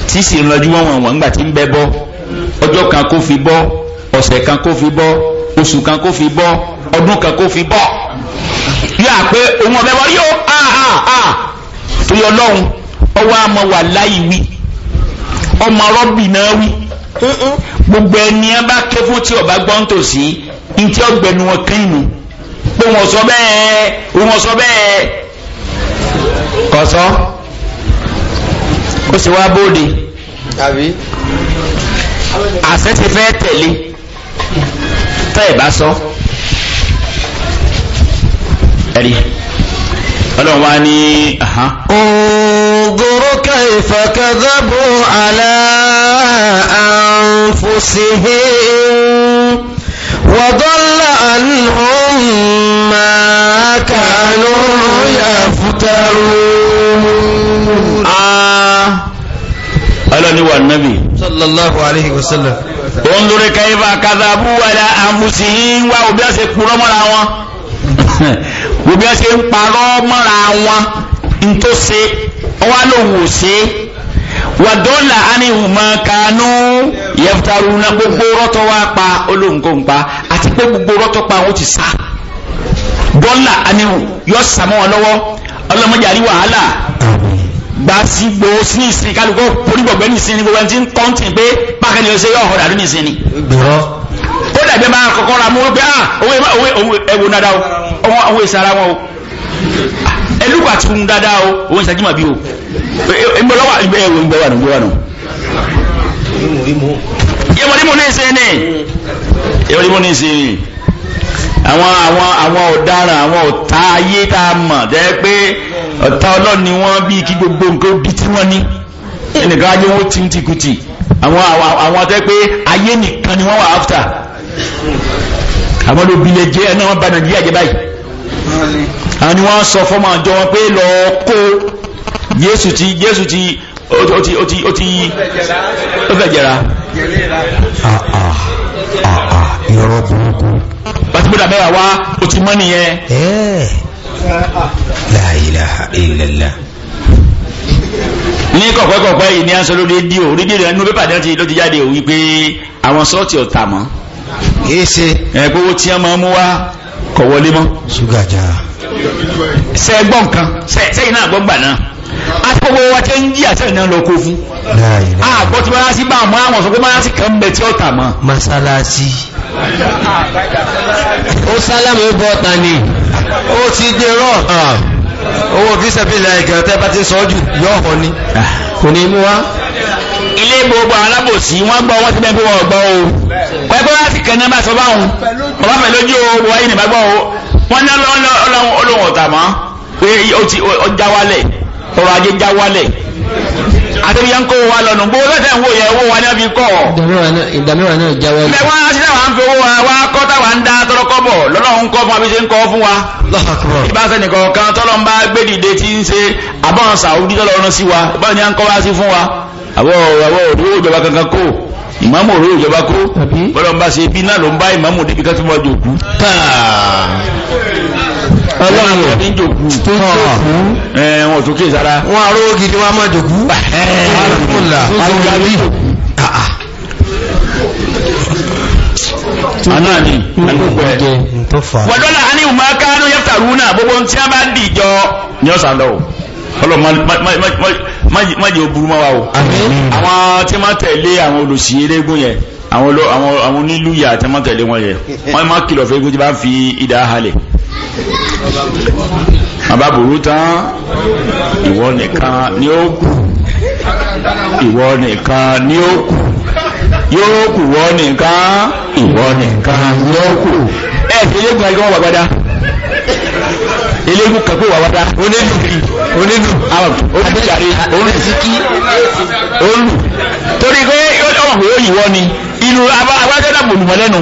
tí sì ń lọ́jú wọn wọ̀n nígbà tí ń bẹ bọ́ ọjọ́ kan kó fi bọ́ ọ̀sẹ̀ kan kó fi bọ́ oṣù kan kó fi bọ́ ọdún kan kó fi bọ́ a àpé òun ọ̀bẹ bọ́rí ó tó yọ lọ́hùn ọwọ́ àmọ́ wà láì wí ọmọ rọ́bì náà wí gbogbo ẹni ẹ bá ké fún tí ọba gbọ́n tò sí ntí ọgbẹnu wọn kàn ní pé wọn sọ bẹ́ẹ̀ wọn sọ bẹ́ẹ̀ kọ̀sọ́ ó sì wá bóde àṣẹ ti fẹ́ tẹ̀lé tẹ́ ẹ̀ bá sọ ẹ̀rí ọlọ́run wá ní. كيف كذبوا على أنفسهم وضل عنهم ما كانوا يفترون ọlọ́ni wà náàbì sallallahu alaihi wasallam o ń lórí kaifa kàzàbú wàlá àmúsí wá òbí àṣẹ kúrọ mọ́ra wọn òbí àṣẹ ń parọ́ mọ́ra wọn ń tó ṣe ọwá lòun ò ṣe wà dọ́là ánìhùn máa kanú na gbogbo rọ́tọ́ wá pa olóńgbò ń pa àti pé gbogbo rọ́tọ́ pa ó ti sá dọ́là ánìhùn yọ sàmọ́ ọ lọ́wọ́ ọlọ́mọdé àrí wàhálà gbàsí gbòó sí ìsìn kálukọ́ onígbọ̀gbẹ́ nìsín ni gbogbo ẹni tí ń kọ́ńtì pé bákan ni ó ṣe yọ ọ̀hún dàdú nìsín ni. ó dàgbé máa kọ́kọ́ ra mú pé ah owó ẹ̀wò nàdá o òun ìsara wọn o ẹlúgbà tí ń dáadáa o òun ìṣàjúmọ̀ bí o ìgbọ́lọ́wà ìgbẹ́wò ìgbẹ́wà nù ìgbẹ́wà nù. ìmọ̀lẹ́mọ̀ ní ìṣe ni ìmọ̀lẹ́mọ̀ ní ìṣe ni àwọn àwọn àwọn ọ̀daràn àwọn ọ̀tá ayé tá a mọ̀ jẹ́ pé ọ̀tá ọlọ́run ni wọ́n bí kí gbogbo nǹkan bí tí wọ́n ní ẹnìkan ayé wọn ti ń ti kùtì àwọn àwọn tẹ́ pé ayé nìkan ni wọ́n wà áfítà àwọn olóbi lè jẹ́ ẹ̀ náà wọ́n Nàìjíríà jẹ́ báyìí àni wọ́n sọ fọ́mọ àjọ wọn pé lọ kó Jésù ti Jésù ti ó ti ó ti ó ti ó fẹ́ jẹra ìrọ̀ ah, ah, ah, burúkú bàtíbùdà mẹ́wàá wá ó ti mọ́ nìyẹn eh. la ilaha illallah ní kọ̀pẹ́kọ̀pẹ́ yìí ní aṣọ lórí díò rídíò rẹ̀ nínú pépà dẹ́rẹ́ ló ti jáde wípé àwọn sọ́ọ̀tì ọ̀tà mọ́. kìí ṣe. ẹ̀ pé owó tí wọ́n máa ń mú wá kọ̀ wọlé mọ́ ṣúgàjá ṣe gbọ́ nǹkan sẹ́yìn náà gbọ́gbà náà akọwọ́ wa tẹ́ ń jí àtẹ́yìn náà lọ kó fún àgbọ́ ti máa sí bá àmọ́ àwọn sọ pé máa sí kan bẹ tí ó tà mọ́ masalasi ó sálámù bọ́ta ni ó ti dé owó fíṣẹ̀bílẹ̀ ìgbẹ̀rẹ̀ tẹ́ bá ti sọ jù yọ́ ọ̀họ́ ah, kò ní mú wá ilé gbogbo alábòsí wọ́n gbọ́ wọ́n ti bẹ́ẹ̀ bí wọ́n gbọ́ o pẹ́pẹ́ wá sí kẹ́nẹ́ bá sọ báwọn ọba pẹ̀lú ojú o wọ́n yìí nìbá gbọ́ o wọ́n ní ọlọ́run ọ̀tà mọ́ pé ọjà wálẹ̀ ọrọ̀ ajé já àtẹ́bíyà ń kó wa lọ́nà gbogbo lọ́tẹ̀ ń wò yẹ owó wa ní ọbí kọ́ ìdámẹ́wà náà jáwẹ́ ilẹ̀ wọn sí táwa ń fi owó wa kọ́ táwa ń dá tọ́rọ kọ́bọ̀ lọ́nà ń kọ́ fún abíṣe ń kọ́ fún wa ìbáṣẹ́ nìkan kan tọ́lọ́ ń bá gbé dìde tí ń ṣe àbọ̀n sàwùdí tọ́lọ́ rán sí wa báwo ni à ń kọ́ wá sí fún wa àwọ̀ àwọ̀ òdúró ìjọba kankan kó ìmáàmù òróró ìjọba kó bọ́lọ́ ń bá ṣe bí náà ló ń bá ìmáàmù débi ká tó mọ́ jòkú ọlọ́run ọ̀bí ń jòkú tó jòkú wọn tó kéè sára wọn aró gidi wọn mọ́ jòkú anáàni alúgbẹ́ wọ́dọ́là á ní ìmọ̀ akánú yẹ́fẹ̀rúnà gbogbo tí a bá ń dìjọ ní ọ̀sán lọ́wọ́ ọlọ́run má jẹ́ òbúrú mọ́ wa o àwọn tí wọ́n tẹ̀lé àwọn olùsí eléégún yẹn àwọn onílùyà àti mọ́tẹ̀lé wọn yẹ wọ́n má kìlọ̀ fẹ́ gbójú bá ń fi ìdá halẹ̀ bàbá burú tán ìwọ nìkan ni ó kù ìwọ nìkan ni ó kù yóò kù wọ́ nìkan ìwọ nìkan ni ó kù ẹ̀ fi ilé gbọ́n ẹgbẹ́ wọn gbàgbádá eléegun kan pé wà wádá onílù onílù onílù torí pé ọmọ òyìnbó ni ìlú agbájọ́dá bòlùmọ́ lẹ́nu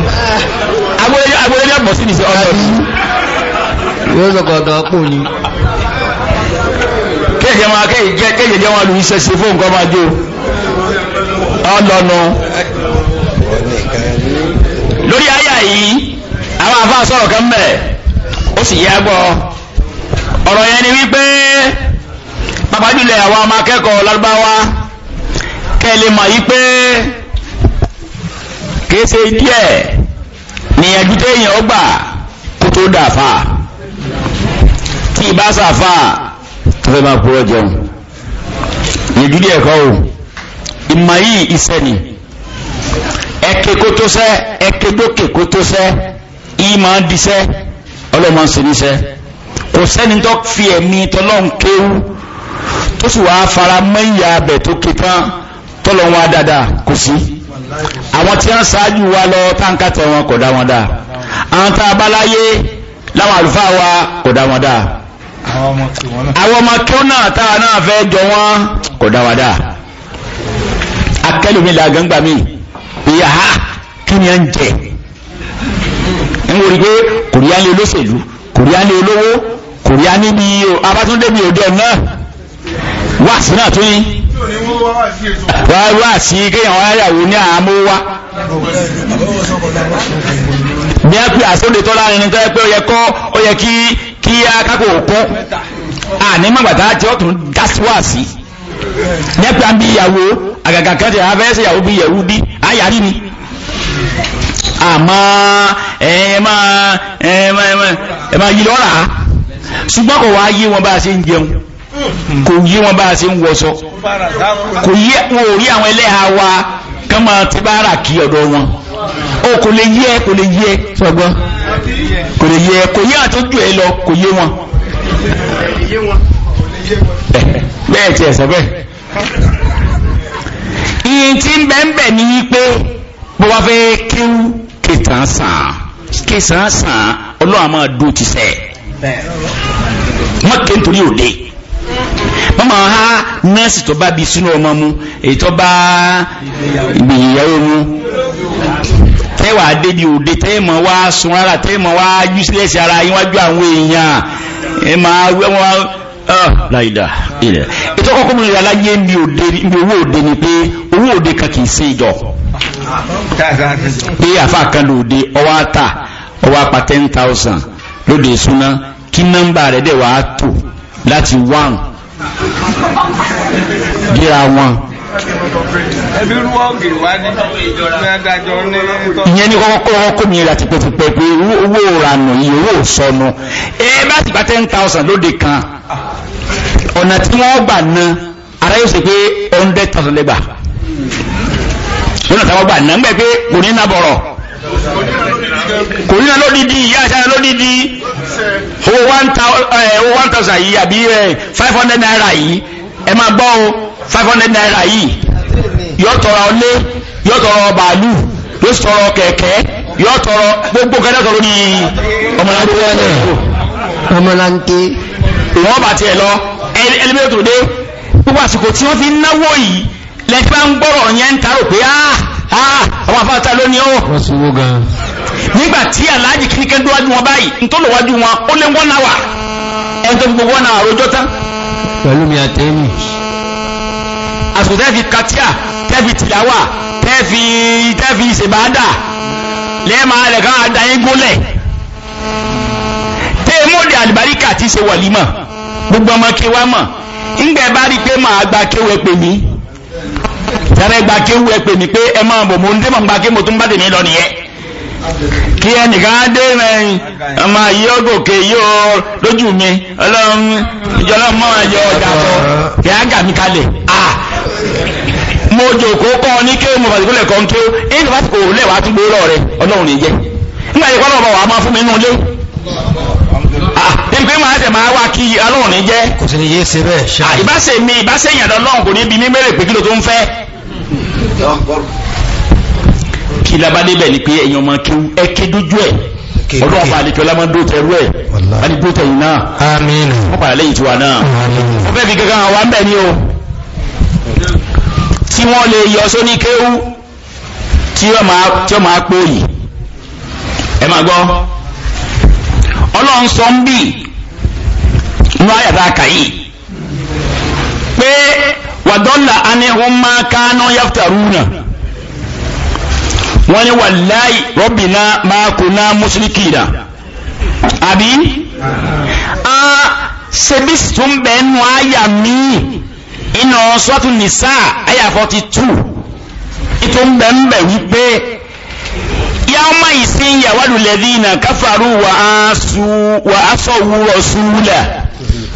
agbóyẹ́lẹ́ àpọ̀ sí nìsẹ́ ọjọ́ yóò sọ̀kọ̀ ọ̀dọ̀ pò ní kéèkéè wọn kéèkéè jẹ́ wọn lù iṣẹ́ sí fún nǹkan máa jó ọlọ́nu lórí àyà yìí àwọn àfáà sọ̀rọ̀ kan bẹ̀ ó sì yá gbọ́ ọ̀rọ̀ yẹn ni wípé pàpàjùlẹ̀ àwọn ọmọ akẹ́kọ̀ọ́ lárúbáwá kẹ́lẹ̀ mọ̀ yí pé kéèsè díẹ̀ níyànjú téèyàn ó gbà kó tó dà fà tí ì bá sàfà tó fẹ́ máa kúrò jẹun níyànjú díẹ̀ kọ́ o ìmọ̀ yìí iṣẹ́ ni ẹ̀kẹ́ kó tó sẹ́ ẹ̀kẹ́ gbókè kó tó sẹ́ ìmọ̀ díṣẹ́ ọlọ́mọ sí níṣẹ́ kò sẹ́ni tó fi ẹ̀mí tọ́lọ́n kéwú tó sì wàá fara mọ́ ìyá abẹ̀ tó ké tán tọ́lọ́ wọn dáadáa kò sí àwọn tí wọ́n ṣáájú wa lọ táǹkàtẹ̀ wọn kò dá wọn dá àwọn tá a bá láyé láwọn àlùfáà wa kò dá wọn dá àwọn ọmọ tó náà tá a náà fẹ́ jọ wọn kò dá wọn dá akẹ́lùmí làgàngbà mi ìyá kí ni à ń jẹ ń wòrí pé kò rí á lé olóṣèlú kò rí á lé olówó kò rí á abátúndébi òde ọ̀nà wáàsí náà tún ní wá wá sí kéèyàn wáyàwó ní àmó wá bí a pè àsóde tọ́lá ẹni tó yẹ pé ó yẹ kọ́ ó yẹ kí kí akákò kún àní mọ̀gbàtà tí ó tún dá wá sí nípa bí ìyàwó àgàgà kan tí a fẹ́ sí ìyàwó bí ìyẹ̀wú bí ayàrí ni àmọ́ ẹ̀ẹ́mà ẹ̀ẹ́mà ẹ̀ẹ́mà yìí lọ́ra ṣùgbọ́n kò wá yí wọn bá ṣe ń jẹun kò yí wọn bá a ṣe ń wọṣọ kò yí wọn ò rí àwọn ẹlẹ́ha wa kán máa ti bá rà kí ọ̀dọ̀ wọn o kò lè yí ẹ kò lè yí ẹ sọgbọ́ kò lè yí ẹ kò yí àtúntò ẹ lọ kò yé wọn bẹ́ẹ̀ tí ẹ sọ bẹ́ẹ̀ iye tí ń bẹ́ẹ̀ ni wípé bó wá fẹ́ kíw kìtàn sàn kìtàn sàn ọlọ́run máa dùn ti sẹ́ẹ̀ mọ́kè nítorí òde máa há nọ́ọ̀sì tó bá bí súnú ọmọ mu èyí bá ìgbìyàwó mu tẹ́wàá débi òde tẹ́ẹ̀mọ̀ wá sun ara tẹ́ẹ̀mọ̀ wá yú sílẹ̀ sí ara yín àwọn èèyàn ẹ máa wẹ́ láìdá ilẹ̀ ètò ọkọ̀ mú ìrìnlá mi owó òde ni pé owó òde kan kìí sí ìjọ pé àfà kan lòde ọwọ́ àtà ọwọ́ apá 10,000 lóde súná kí nọ́mbà rẹ̀ dẹ̀ wàá tò láti 1 jíra wọn ìyẹn ní kọ́kọ́ kó mi láti pẹ̀pẹ̀ pé owó ìrànà yìí owó ìsọnù ẹ bá sì gba ten thousand lóde kan ọ̀nà tí wọ́n gbà ná ara yóò ṣe pé hundred thousand lẹ́gbà wọ́n náà táwọn gbà ná ń gbẹ́ pé kò ní náà bọ̀rọ̀ kò rí náà lódìdí ìyá àṣà lódìdí owó 1000 eh, yìí àbí 500 eh, naira yìí ẹ máa gbọ́ o 500 naira yìí yóò tọrọ ọlé yóò tọrọ bàálù yóò tọrọ kẹ̀kẹ́ yóò tọrọ gbogbo kẹ́lẹ́ tọrọ ní ọmọlanke wọ́n bá tiẹ̀ lọ ẹlẹ́mẹ́tò dé gbogbo àsìkò tí wọ́n fi náwó yìí lẹ́tí bá ń gbọ́rọ̀ yẹn ń tarò pé áà ah, Ah, àwọn afáta ló ní ó nígbàtí aláàjì kíníkẹ́ dúwájú wọn báyìí tó lọ wájú wọn ó lé wọ́n náwà ẹni tó gbogbo wọn náà rojọ́ tán pẹ̀lú mi àtẹ́mì àsìkò tẹ́fì katia tẹ́fì tìláwà tẹ́fì tẹ́fì ìsèbáadà lẹ́ẹ̀mà rẹ̀ kan àdáyín gúnlẹ̀ tẹ́ mọ́dé àlìbáríkà ti ṣe wàlímọ̀ gbogbo ọmọ kéwàá mọ̀ ń gbẹ̀ bá rí pé màá tẹ́rẹ́ gba kéwú ẹ pè mí pé ẹ máa bọ̀ mo ń dé mọ̀ gba ké mo tún bá tèmi lọ nìyẹn kí ẹnìkan dé rẹ̀yìn ọmọ yí ó gòkè yóò lójú mi ọlọ́run ìjọlọ́run mọ́ ẹ̀yọ ọ̀dà lọ kí á gà mí kalẹ̀ ah mo jòkó kọ́ ọ ní kí mo fàtí kúlẹ̀ kọ́ ń tó èyí tó bá ti kò lẹ̀ wá tún gbóòrọ̀ ọlọ́run nìyẹn nígbà yìí kọ́ lọ́wọ́ bá wà á máa fún mi nínú ilé pínpín máa tẹ̀ máa wá kí Ọlọ́run ní jẹ́ kò sí ní yé ṣe bẹ́ẹ̀ ṣe ìbáṣe mi ìbáṣe èèyàn lọ́lọ́run kò ní bí mímẹ́rẹ̀ pé kí ló tó ń fẹ́ kí labadé bẹ̀ ni pé ẹ̀yàn ọmọ kí ẹ ké dójú ẹ̀ ọlọ́run bá àlejò ọlá máa ń dóòtẹ̀ rú ẹ̀ wá ní dóòtẹ̀ yìí náà àmín padà lẹ́yìn tiwa náà wọ́n fẹ́ fi kankan àwọn ń bẹ̀ ni o tí wọ́n lè yọ sóní kéwú tí wọ́n máa pòyì ẹ máa gbọ́ ọlọ́run sọ ń bì inú àyàtà kàyí pé wàdọ́là anihun máa kánú yaftaruna wọ́n ní wàláì rọ́bìnà máa kò ná mushrikina àbí a sebisi tún bẹ́ẹ̀ nù àyà míì iná sọ́tún nìsá àyà 42 ìtún bẹ́ẹ̀ ń bẹ̀ wípé yawma isin yawalu ladhina kafaru wa asu wa asawu rasula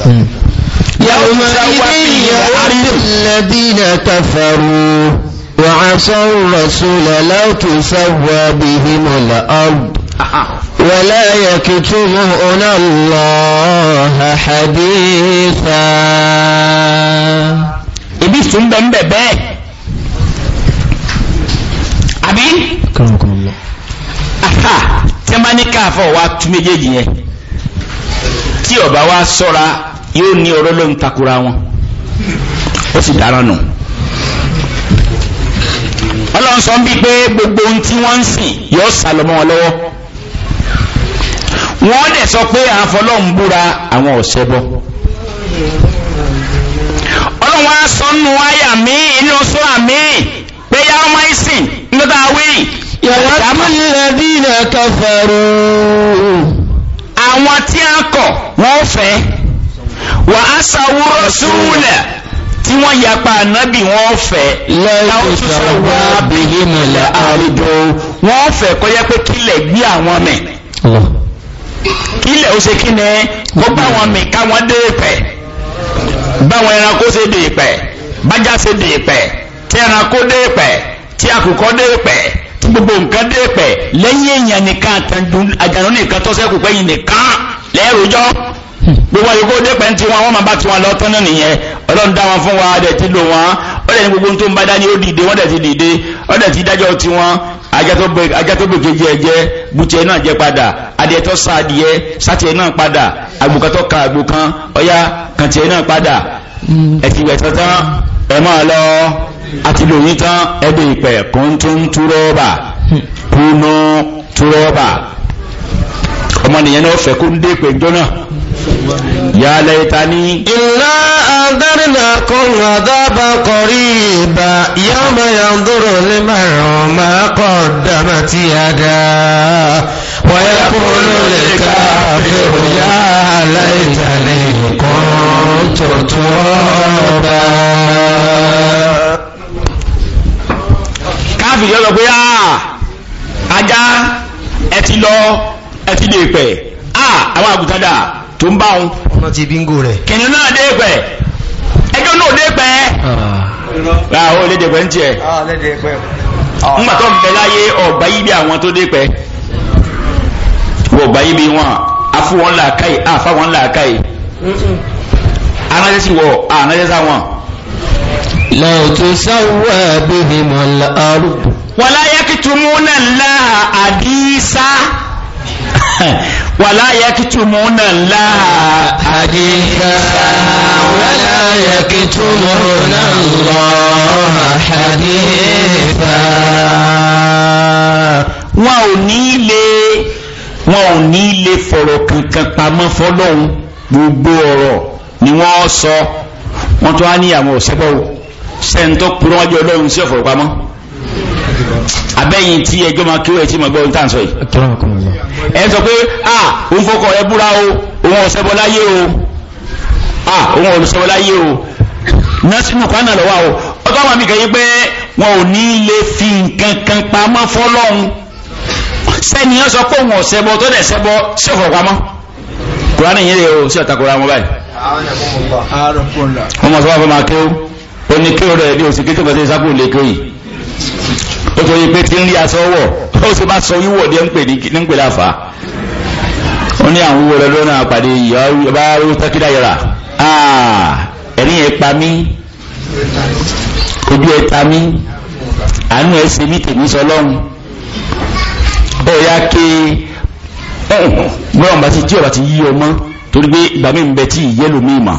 hmm. yawma isin yawalu ladhina kafaru wa asawu rasula law tusawwa bihim al-ard ولا يكتمون الله حديثا ibi tún bẹ̀ ń bẹ̀ bẹ́ẹ̀ àbí aha tí a bá ní káàfọ̀ wa tú méjèèjì yẹn tí ọba wa sọ́ra yóò ní ọ̀rọ̀ ló ń takora wọn ó sì dáràn nù ọlọ́run sọ ń bí pé gbogbo ohun tí wọ́n ń sìn yóò sàlọ́mọ́ wọn lọ́wọ́ wọ́n dẹ̀ sọ pé àfọlọ́hún búra àwọn ọ̀sẹ̀ bọ́ ọlọ́run wá sọ nù wáyà míì inú sọ́ra míì pé yàrá máa ń sìn nígbà wíì yọ̀rọ̀ alladhina kafaru àwọn tí a kọ̀ wọ́n fẹ́ wà á sàwọ́ rọ̀súlẹ̀ tí wọ́n yapa nábì wọ́n fẹ́ wọ́n fẹ́ kọ́ yẹ pé kílẹ̀ gbé àwọn mẹ́ kílẹ̀ ó ṣe kí ni ó bá wọn káwọn dé ìpẹ́ báwọn ẹranko ṣe dé ìpẹ́ bájá ṣe dé ìpẹ́ tí ẹranko dé ìpẹ́ tí àkùkọ dé ìpẹ́ tí gbogbo nǹkan dé pẹ̀ lẹ́yìn èèyàn nìkan àjànú nìkan tó sẹ́kù pẹ́yìn nìkan lẹ́rùjọ́ hmm. gbogbo àyíkó dé pẹ́ tí wọn wọ́n máa bá tiwọn lọ tán náà nìyẹn ọlọ́run dá wọn fún wa dẹ̀ ti lò wọn ó dẹ̀ ní gbogbo tó ń bá dání ó dìde wọ́n dẹ̀ ti dìde ó dẹ̀ ti dájọ́ tiwọn ajá tó jẹ jẹ bùtẹ náà jẹ padà adìẹ tó sa adìẹ sátìẹ náà padà àgbòkátọ́ ka àgbò kan ọ̀yá kàntìẹ náà padà hmm. ẹ̀tìwẹ̀ tán ẹ máa lọ àti lòyìn tán ẹbí ìpẹ̀ kún tó ń túrọ́ọ̀bà kúnú túrọ́ọ̀bà ọmọnìyàn náà fẹ́ kó dé pé jọ́nà yàlẹ̀ ìta ní. iná àdárínà kan àdábà kọrí ìbà yàmà yàndúrò lè márùn máa kọ̀ dámà tí a dá wáyé kúrò lè káàfẹ́ òyà aláìtàlẹ̀ kan. ترترا káàfì yọ́ lọ pé àà ah, ajá ẹ ti lọ ẹ ti lè pẹ̀ àà àwọn àgùtàdà tó ń bá wọn ọ̀nà ti bíngò rẹ̀ kìnnì náà dé pẹ̀ ẹjọ́ náà dé pẹ̀ àà ah. ah, ó lédè pẹ̀ ń tiẹ̀ ńgbà tó ń bẹ láyé ọ̀gbá yí bí àwọn tó dé pẹ̀ wọ̀gbá yí bí wọn afúwọn làákàyè àfáwọn làákàyè anájẹ́ sí wọ anájẹ́ sáwọn. lọ́ọ̀tù sáwọ́ bíbí mọ́lá arúgbó. wàlá yakitumuna láà àdìsá wàlá yakitumuna láà àdìsá wàlá yakitumuna láà àdìsá. wọn ò ní lè wọn ò ní lè fọ̀rọ̀ kankan pamọ́ fọlọ́hún gbogbo ọ̀rọ̀ ni wọ́n sọ wọ́n tó wá ní àwọn òṣèpọ̀ sẹ́ńtọ́ kúrò wájú ọlọ́run sí ọ̀fọ̀ pamọ́ abẹ́yìn tí ẹjọ́ máa kí ó ẹtí mọ̀ gbọ́ ohun tá à ń sọ yìí ẹ sọ pé à òun fọkọ ẹ búra o òun ọ̀sẹ̀bọ láyé o à òun ọ̀sẹ̀bọ láyé o nọ́ọ̀sìnù kan náà lọ́wọ́ o ọba àwọn àmì kẹyìn pé wọn ò ní lè fi nǹkan kan pamọ́ fọlọ́run sẹ́ni sọ pé òun ọ̀sẹ̀bọ tó dẹ̀ sẹ́bọ sí pamọ́ kùránì yìí rẹ̀ o sí ọ̀takùrá wọn báyìí wọ́n mọ̀ sọ́wọ́ fẹ́ máa kéwú ó ní kéwú rẹ̀ bí òsì kéjọ́ kẹsẹ̀ sákò lè kéyì ó torí pé tí ń rí aṣọ wọ̀ ó sì máa sọ wíwọ̀ díẹ̀ ń pè láfa ó ní àwọn owó rẹ̀ lọ́nà àpàdé yìí ọba ó tẹ́kídà yẹra ẹ̀rín ẹ̀ pa mí ojú ẹ̀ ta àánú ẹ̀ ṣe mí tèmi sọ bọ́n bá ti tí ọba ti yí ọmọ torí pé ìgbà mi ń bẹ tí ìyẹ́lò mi mà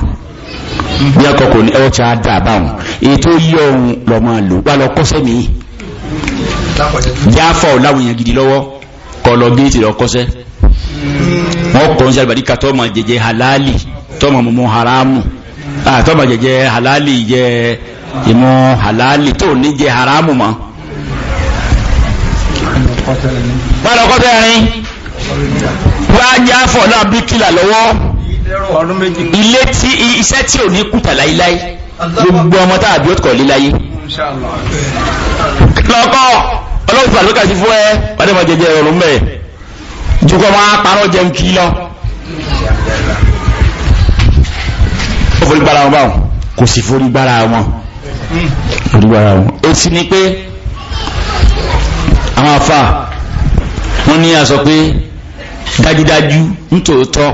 bí akọkọ ní ẹwọ́ tí a dà báwọn èyí tó yí ọ̀hún lọ máa lò wà lọ kọ́sẹ́ mi jáfọ̀ láwọn èèyàn gidi lọ́wọ́ kọ́ lọ géètì lọ kọ́sẹ́ wọ́n kọ́ ní sàlùbàdìkà tó máa jẹjẹ halali tó máa mọ̀mọ́ haramu tó máa jẹjẹ halali jẹ ìmọ̀ halali tó ní jẹ haramu mọ́. wọ́n lọ kọ́sẹ́ rin wá já fọ̀nà bíríkìlà lọ́wọ́ ilé tí iṣẹ́ tí ò ní kùtà láíláí gbogbo ọmọ tá àbí ọ̀tọ̀ líláyé lọ́kọ́ ọlọ́run fún àlọ́kà sí fún ẹ pàdé máa jẹjẹ ọ̀rọ̀ mẹ́ẹ̀ jùkọ́ máa parọ́ jẹun kí lọ ó forí gbára wọn báwọn kò sì forí gbára wọn forí gbára wọn ó sì ní pé àwọn afa wọn ní àsọ pé dájúdájú nítòótọ́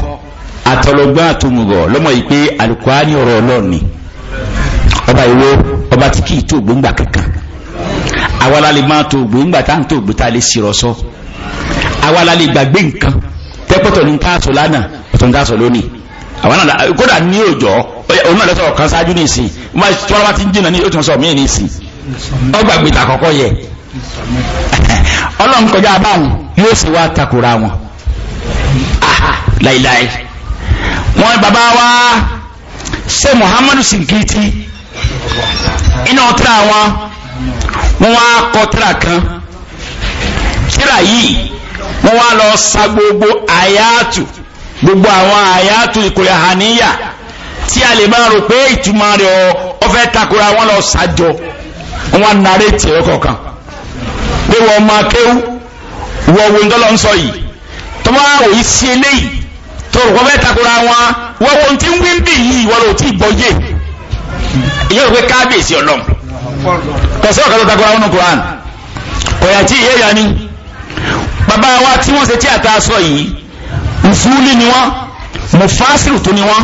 àtọlọgbọ́n àtòmùgọ̀ lọmọ yìí pé àlùkùránì ọ̀rọ̀ ọlọ́ọ̀ni ọba ìwé ọba tí kì tó gbóngbà kankan àwa la máa tó gbóngbà tá tó sọ la gbàgbé nǹkan tẹ́pọ̀tọ̀ ní ká lánàá ọ̀tọ̀ ní lónìí kódà ní kan ní ìsìn ọlọ́run kọjá yóò sì wá takora láìláì wọn bàbá wa ṣe Muhammadu Sinkiti iná ọtí àwọn wọn wá kọ tíra kan tíra yìí wọn wá lọ sa gbogbo àyàtù gbogbo àwọn àyàtù ìkòlẹ̀ àníyà tí a lè máa rò pé ìtumọ̀ rẹ̀ ọ fẹ́ takora wọn lọ sàjọ wọn nàrètì ẹ̀kọ̀ọ̀kan pé wọ́n máa kéwú wọ́n wo ń tọ́lọ́ ń sọ yìí tó bá wò yí sí eléyìí tó rò kọ́ fẹ́ takora wọn wọ́n wo ti ń wí ń bì yìí wọ́n lò tí ì gbọ́ yé ìyẹn rò pé kábíyèsí ọlọ́run kọ̀sẹ́ ọ̀kan tó takora wọn nù Quran kọ̀yà tí ìyẹ́ yanni bàbá wa tí wọ́n ṣe tí àtà sọ yìí mùsùlùmí ni wọ́n mùfásìlù tó ni wọ́n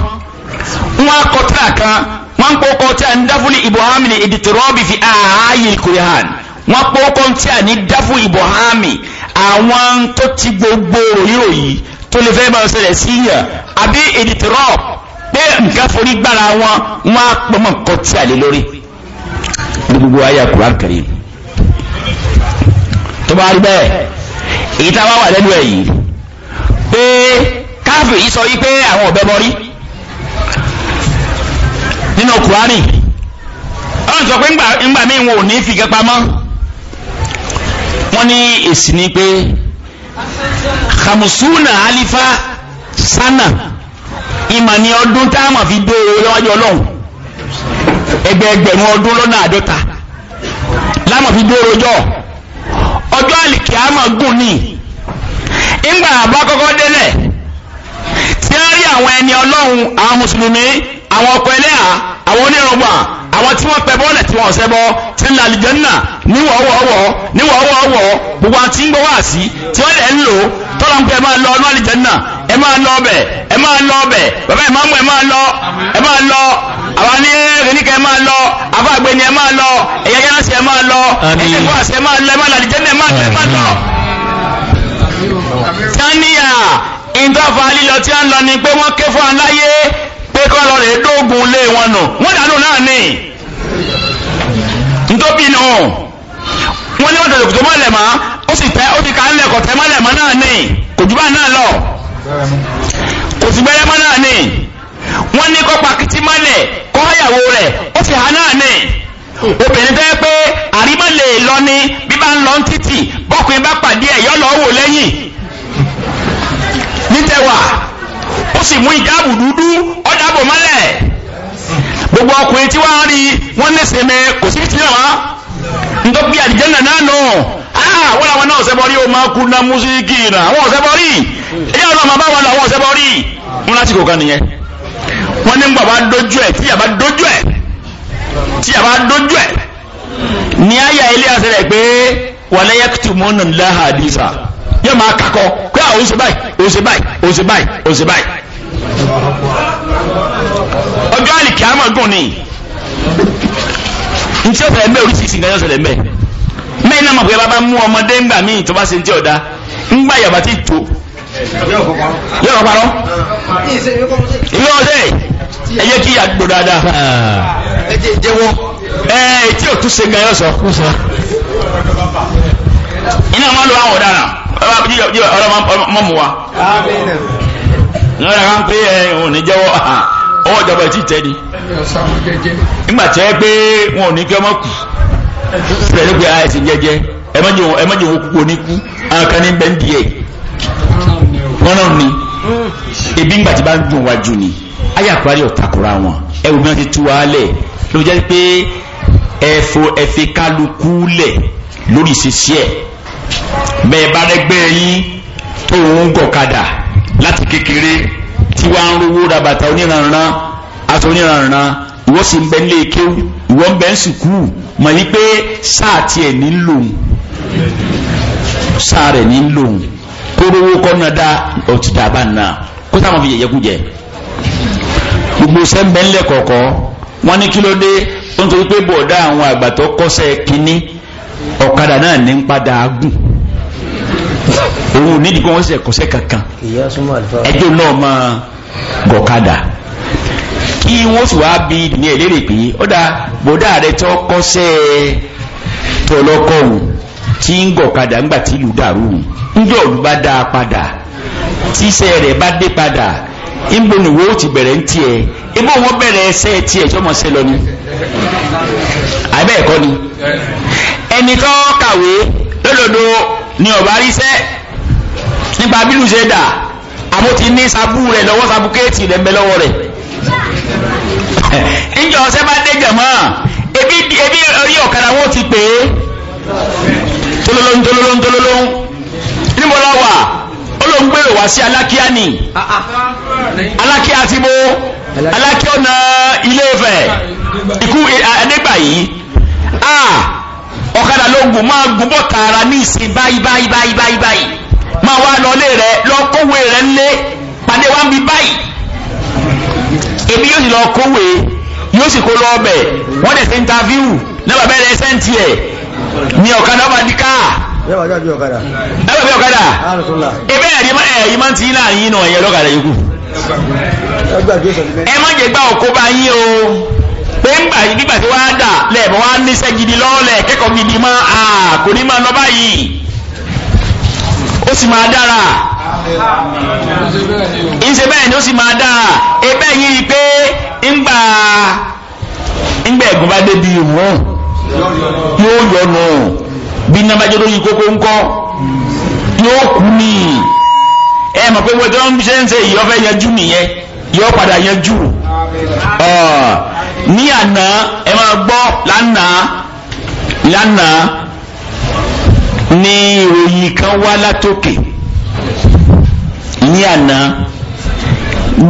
wọ́n akọ tíra kan wọ́n tí a ń dáfúlì ibrahim ní ìdìtìrọ́bì fi ààyè kùrìhàn wọ́n kókó tí a ní dáfú ibrahim àwọn tó ti gbogbo ròyìnròyìn tó lè fẹ́ máa ṣẹlẹ̀ sí yàn àbí ìdìtìrọ̀ pé nǹkan forí gbára wọn wọn á pọmọ nǹkan tí a lè lórí ní gbogbo ayé àkùrá kiri tó bá rí bẹ́ẹ̀ èyí tá a wá wà lẹ́nu ẹ̀ yìí pé káfíń yìí sọ yìí pé àwọn ọ̀bẹ bọ́ nínú Kùránì ọ̀n sọ pé ńgbà mí wọn ò ní fìgẹ́ pamọ́ wọ́n ní èsì ni pé kàmùsùnà alifa sana ìmọ̀ ni ọdún táàmà fi dó owó lọ́wọ́jọ́ ọlọ́run ẹgbẹ̀ẹgbẹ̀rún ọdún lọ́nà àádọ́ta láàmà fi dó rojọ́ ọjọ́ àlìkì àmà gùn ní ìgbà àbá kọ́kọ́ délẹ̀ tí a rí àwọn ẹni ọlọ́run àwọn mùsùlùmí àwọn ọkọ̀ ẹlẹ́à àwọn onírọ̀gbà àwọn tí wọ́n pẹ bọ́ọ̀lẹ̀ tí wọ́n ṣẹbọ tí ń lálìjẹ́ náà níwọ̀ọ́wọ̀ọ́wọ̀ níwọ̀ọ́wọ̀ọ́wọ̀ gbogbo àti ń gbọ́ wá sí tí wọ́n lẹ̀ ń lò tọ́lá ń pẹ́ máa lọ ọ̀nà àlìjẹ́nà ẹ máa lọ ọbẹ̀ ẹ máa lọ ọbẹ̀ bàbá ẹ máa mú ẹ máa lọ ẹ máa lọ àwọn ní ẹ̀rẹ́nìkà ẹ máa lọ àbá àgbẹ̀ni ẹ máa lọ ẹ̀yà yẹn láti ẹ máa lọ ẹ̀yẹ fún àṣẹ máa lọ ẹ máa lọ àlìjẹ́nà ẹ máa lọ ẹ máa lọ. tania ìdọ́fà lílọ tí a ń lọ ni pé wọ́n ké fún aláyé pé kọ́ lọ rèé dóògùn lé wọn nù wọ́n dànù náà ni ntóbi nù. wọ́n ní wọ́n tẹ̀lé kòtò ó sì tẹ́ ó ka ńlẹ̀ kọ̀tẹ́ mọ́lẹ̀ náà ní kò jù bá náà lọ kò sì gbẹ́rẹ́ náà ní wọ́n ní kọ́ pàkìtì mọ́lẹ̀ kọ́ àyàwó rẹ̀ ó sì há náà ní obìnrin tẹ́ pé àrímọ́ lè lọ ní bí bá ń lọ títì bọ́kùnrin bá pàdé ẹ̀ yọ́ lọ wò gbogbo ọkùnrin tí wọ́n rí wọ́n ní sinmi kò sí ntọ́ bí àdìjẹ́nà náà nù ah, wọ́n làwọn náà ọ̀sẹ̀ o máa kú ná músíkì nà àwọn ọ̀sẹ̀ bọ́rí ẹ̀yà ọ̀nà màmá wọn làwọn ọ̀sẹ̀ bọ́rí wọn láti kò kan nìyẹn wọn ní bàbá dojú ẹ tí yàbá dojú ẹ tí yàbá dojú ẹ ní àyà ilé àṣẹ rẹ pé wàlẹ́ yẹ́kùtù mọ́nà ńlá àdìsá yóò máa kakọ pé àwọn ah, oṣù báyìí oṣù báyìí oṣù báyìí oṣù báyìí ntí ó fẹ̀lẹ̀ mẹ́ oríṣiríṣi nǹkan yóò ṣẹlẹ̀ mẹ́ mẹ́ iná mọ̀ pé bàbá mú ọmọdé ńgbà míì tó bá ṣe ń tí ọ̀dá ńgbà yàbá tí tó yóò parọ́ ìwé ọdẹ ẹ yẹ kí àgbò dáadáa ẹ jẹ́wọ́ ẹ tí ò tún ṣe nǹkan yóò sọ iná máa lo àwọn ọ̀daràn ọlọ́mọ mọ̀ wá. Àmín. ní wọ́n yà kán pé ẹ̀ òun ní ọwọ́ ìjọba ẹ̀ tí ì tẹ́ ni nígbà tẹ́ pé wọn ò ní kí ọmọ kù síbẹ̀ ló pé àìsàn jẹjẹ ẹ má jẹun ẹ má jẹun kúkú oníkú àwọn kan ní bẹ́ẹ̀ ń di ẹ̀ wọn náà ni ebi ńgbà tí bá ń dùn wájú ni ayé àkúrárì ọ̀tàkùrà wọn ẹ wò ti tú wa lẹ̀ ló jẹ́ pé ẹ̀fọ́ ẹ̀fẹ́ kálukú lẹ̀ lórí ìṣesí ẹ̀ bẹ́ẹ̀ bá rẹ́gbẹ́ yín tó ń gọ̀kadà láti kékeré tí wàá ń rówó ra bàtà oníranran aṣọ oníranran ìwọ sì ń bẹ nílé kéwú ìwọ ń bẹ ń sùkú mọ̀ yí pé sáà tiẹ̀ ní lòun sáà rẹ̀ ní lòun kó rówó kọ́ náà dàbà náà kó fi yẹ̀yẹ́ kú jẹ gbogbo sẹ́ńbẹ́ ńlẹ̀ kọ̀ọ̀kọ́ wọ́n ní kí ló dé ó ń torí pé bọ̀dá àwọn kínní ọ̀kadà náà ní ń padà gùn òun ò Gọkada. kí wọ́n sì wá bí ìdìní ẹ̀ pé ó dá bọ́dá rẹ tó kọ́sẹ́ tọlọ́kọ̀ọ̀hún tí ń gọ̀kadà ńgbà tí ìlú dàrú ńjọ́ òun bá dá a padà tíṣẹ́ rẹ̀ bá dé padà ìgbónuwó ti wọn tí ọmọ ṣe lọ ni àbẹ́ ẹ̀kọ́ ni ẹni tó kàwé lọ́dọ̀dọ̀ ni ọ̀bá ríṣẹ́ nípa ṣe dà àmọ́ ti ní sabú rẹ̀ lọ́wọ́ sabukéètì rẹ̀ mbẹ́ lọ́wọ́ rẹ̀ níjọ ọ̀sẹ̀ bá dé jẹ̀mọ́ ebi ebi orí ọ̀kadà wọn ti pè é tololóhun tololóhun tololóhun níbo la wà olóńgbèrò wá sí alákíá ni alákíá ti bó alákíá ọ̀nà ilé Ifẹ̀ ikú nígbà yìí ah, ọ̀kadà ló gùn máa gùn bọ̀ tààrà ní ìsìn báyìí báyìí báyìí báyìí máa wá lọlé rẹ lọ kówé rẹ ńlé pàdé wá ń bi báyìí èmi yóò sì lọ kówé yóò sì kó lọ ọbẹ̀ wọ́n dẹ̀ ṣe interview náà bàbá rẹ sẹ́ǹtì ẹ̀ ní ọ̀kadà ọba ní káà ẹwà bí ọ̀kadà ẹbẹ́ ah, ẹ̀rí ẹ̀yí máa ti láàrin yínà ẹ̀yẹ lọ́kadà yìí kù ẹ má jẹ́ gbá ọkọ bá yín o pé ń gbà yìí nígbà tí wọ́n dà lẹ́ẹ̀bọ̀ wọ́n á gidi lọ́ọ̀lẹ̀ kẹ́kọ̀ọ́ gidi máa kò ní máa lọ báyìí ó sì máa dára ìṣe bẹ́ẹ̀ ni ó sì máa dára ẹbẹ́ yìí pé ńgbà ńgbà ẹ̀gùn bá débi ìwọ̀n yóò yọnu bí nàbàjọ́ lóyìn kókó ńkọ́ yóò kú ní ẹ mọ̀ pé wọ́n tó ń ṣe ń ṣe ìyọ́fẹ́ yanjú nìyẹn yóò padà yanjú ní àná ẹ máa gbọ́ lánàá lánàá ni ìròyìn kan wá látòkè ní àná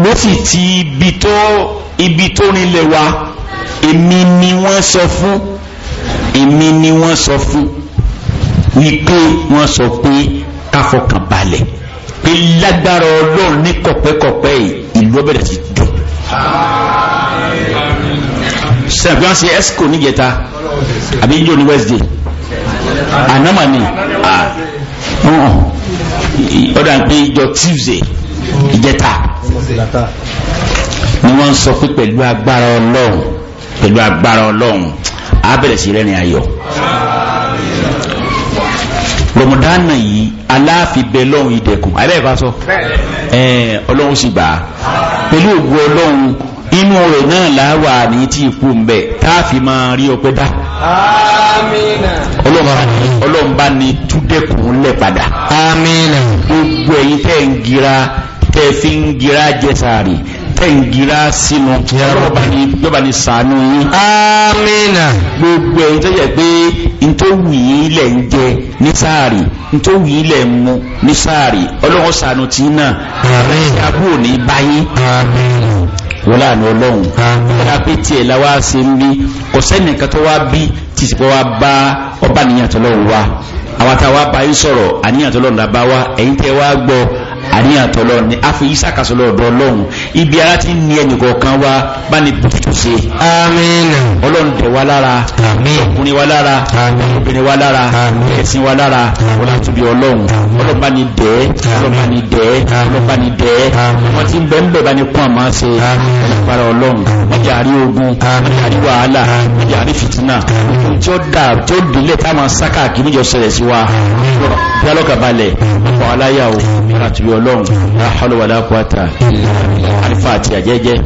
ló sì ti ibi tó ibi tó rinlẹ̀ wa èmi ni wọ́n sọ fún èmi ni wọ́n sọ fún wípé wọ́n sọ pé káfọkàn balẹ̀ pé lágbára ọlọ́run ní kọ̀pẹ́kọ̀pẹ́ ìlú ọbẹ̀rẹ̀ ti dùn. sẹ́yìn fún wa ṣe ẹ́sìkò níjẹta àbí yóò ní wẹ́sídẹ̀ẹ́ ànámà ni ọ̀dà ń pé ìjọ Tuesday ìjẹta ni wọ́n sọ pé pẹ̀lú agbára ọlọ́run pẹ̀lú agbára ọlọ́run á bẹ̀rẹ̀ sí rẹ́rìn ayọ̀ rọmọdánà yìí aláàfibẹ lọ́hùn ìdẹ̀kùn abẹ́ẹ̀fà sọ ọlọ́run sì gbà á pẹ̀lú ògùn ọlọ́run inú rẹ̀ náà láwà ní tí ikú ń bẹ̀ táàfi máa rí ọpẹ́ dá ọlọ́mbà ni túdẹ̀kùn lẹ̀ padà àmìnà gbogbo ẹ̀yin tẹ́ ń gira tẹ́ fi ń gira jẹsàárì tẹ́ ń gira sínú lọ́bà ní sàánú yín gbogbo ẹ̀yin tẹ́ jẹ́ pé ntòwì ilẹ̀ ń jẹ ní mu ní sáàrì ọlọ́wọ́ sàánú tí náà àmìnà wọ́n láàánú ọlọ́run ọ̀dà pé tiẹ̀ la wá sí ń bí kò sẹ́nìkan tó wá bí tí sì pé wá bá ọba nìyàtọ̀ lọ́run wa bá yín sọ̀rọ̀ àníyàtọ̀ lọ́run la bá tẹ́ wá gbọ́ àníyàn tọ́lọ́ ni a fi isa kasọ̀lọ́ ọ̀dọ̀ ọlọ́run ibi ara ti ní ẹnì kọ̀ọ̀kan wa bá ní bùtù ṣe. àmín. ọlọ́run tẹ̀ wá lára. àmín. ọkùnrin wa lára. àmín. obìnrin wa lára. àmín. ẹ̀sìn wa lára. àmín. ọlọ́run ti bí ọlọ́run. ọlọ́run bá ní dẹ́. ọlọ́run bá ní dẹ́. ọlọ́run wọ́n ti ń bẹ́ ń bẹ̀ bá ní kún àmọ́ ṣe. agbára ọlọ́run. wọ́n jà ọlọ́run láhọ́lọ́wàlá pàtà alfa àti àjẹ́jẹ́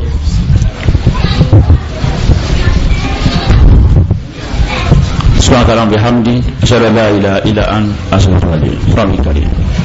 subhanahu wa ta'ala bihamdi ashhadu an la ilaha illa anta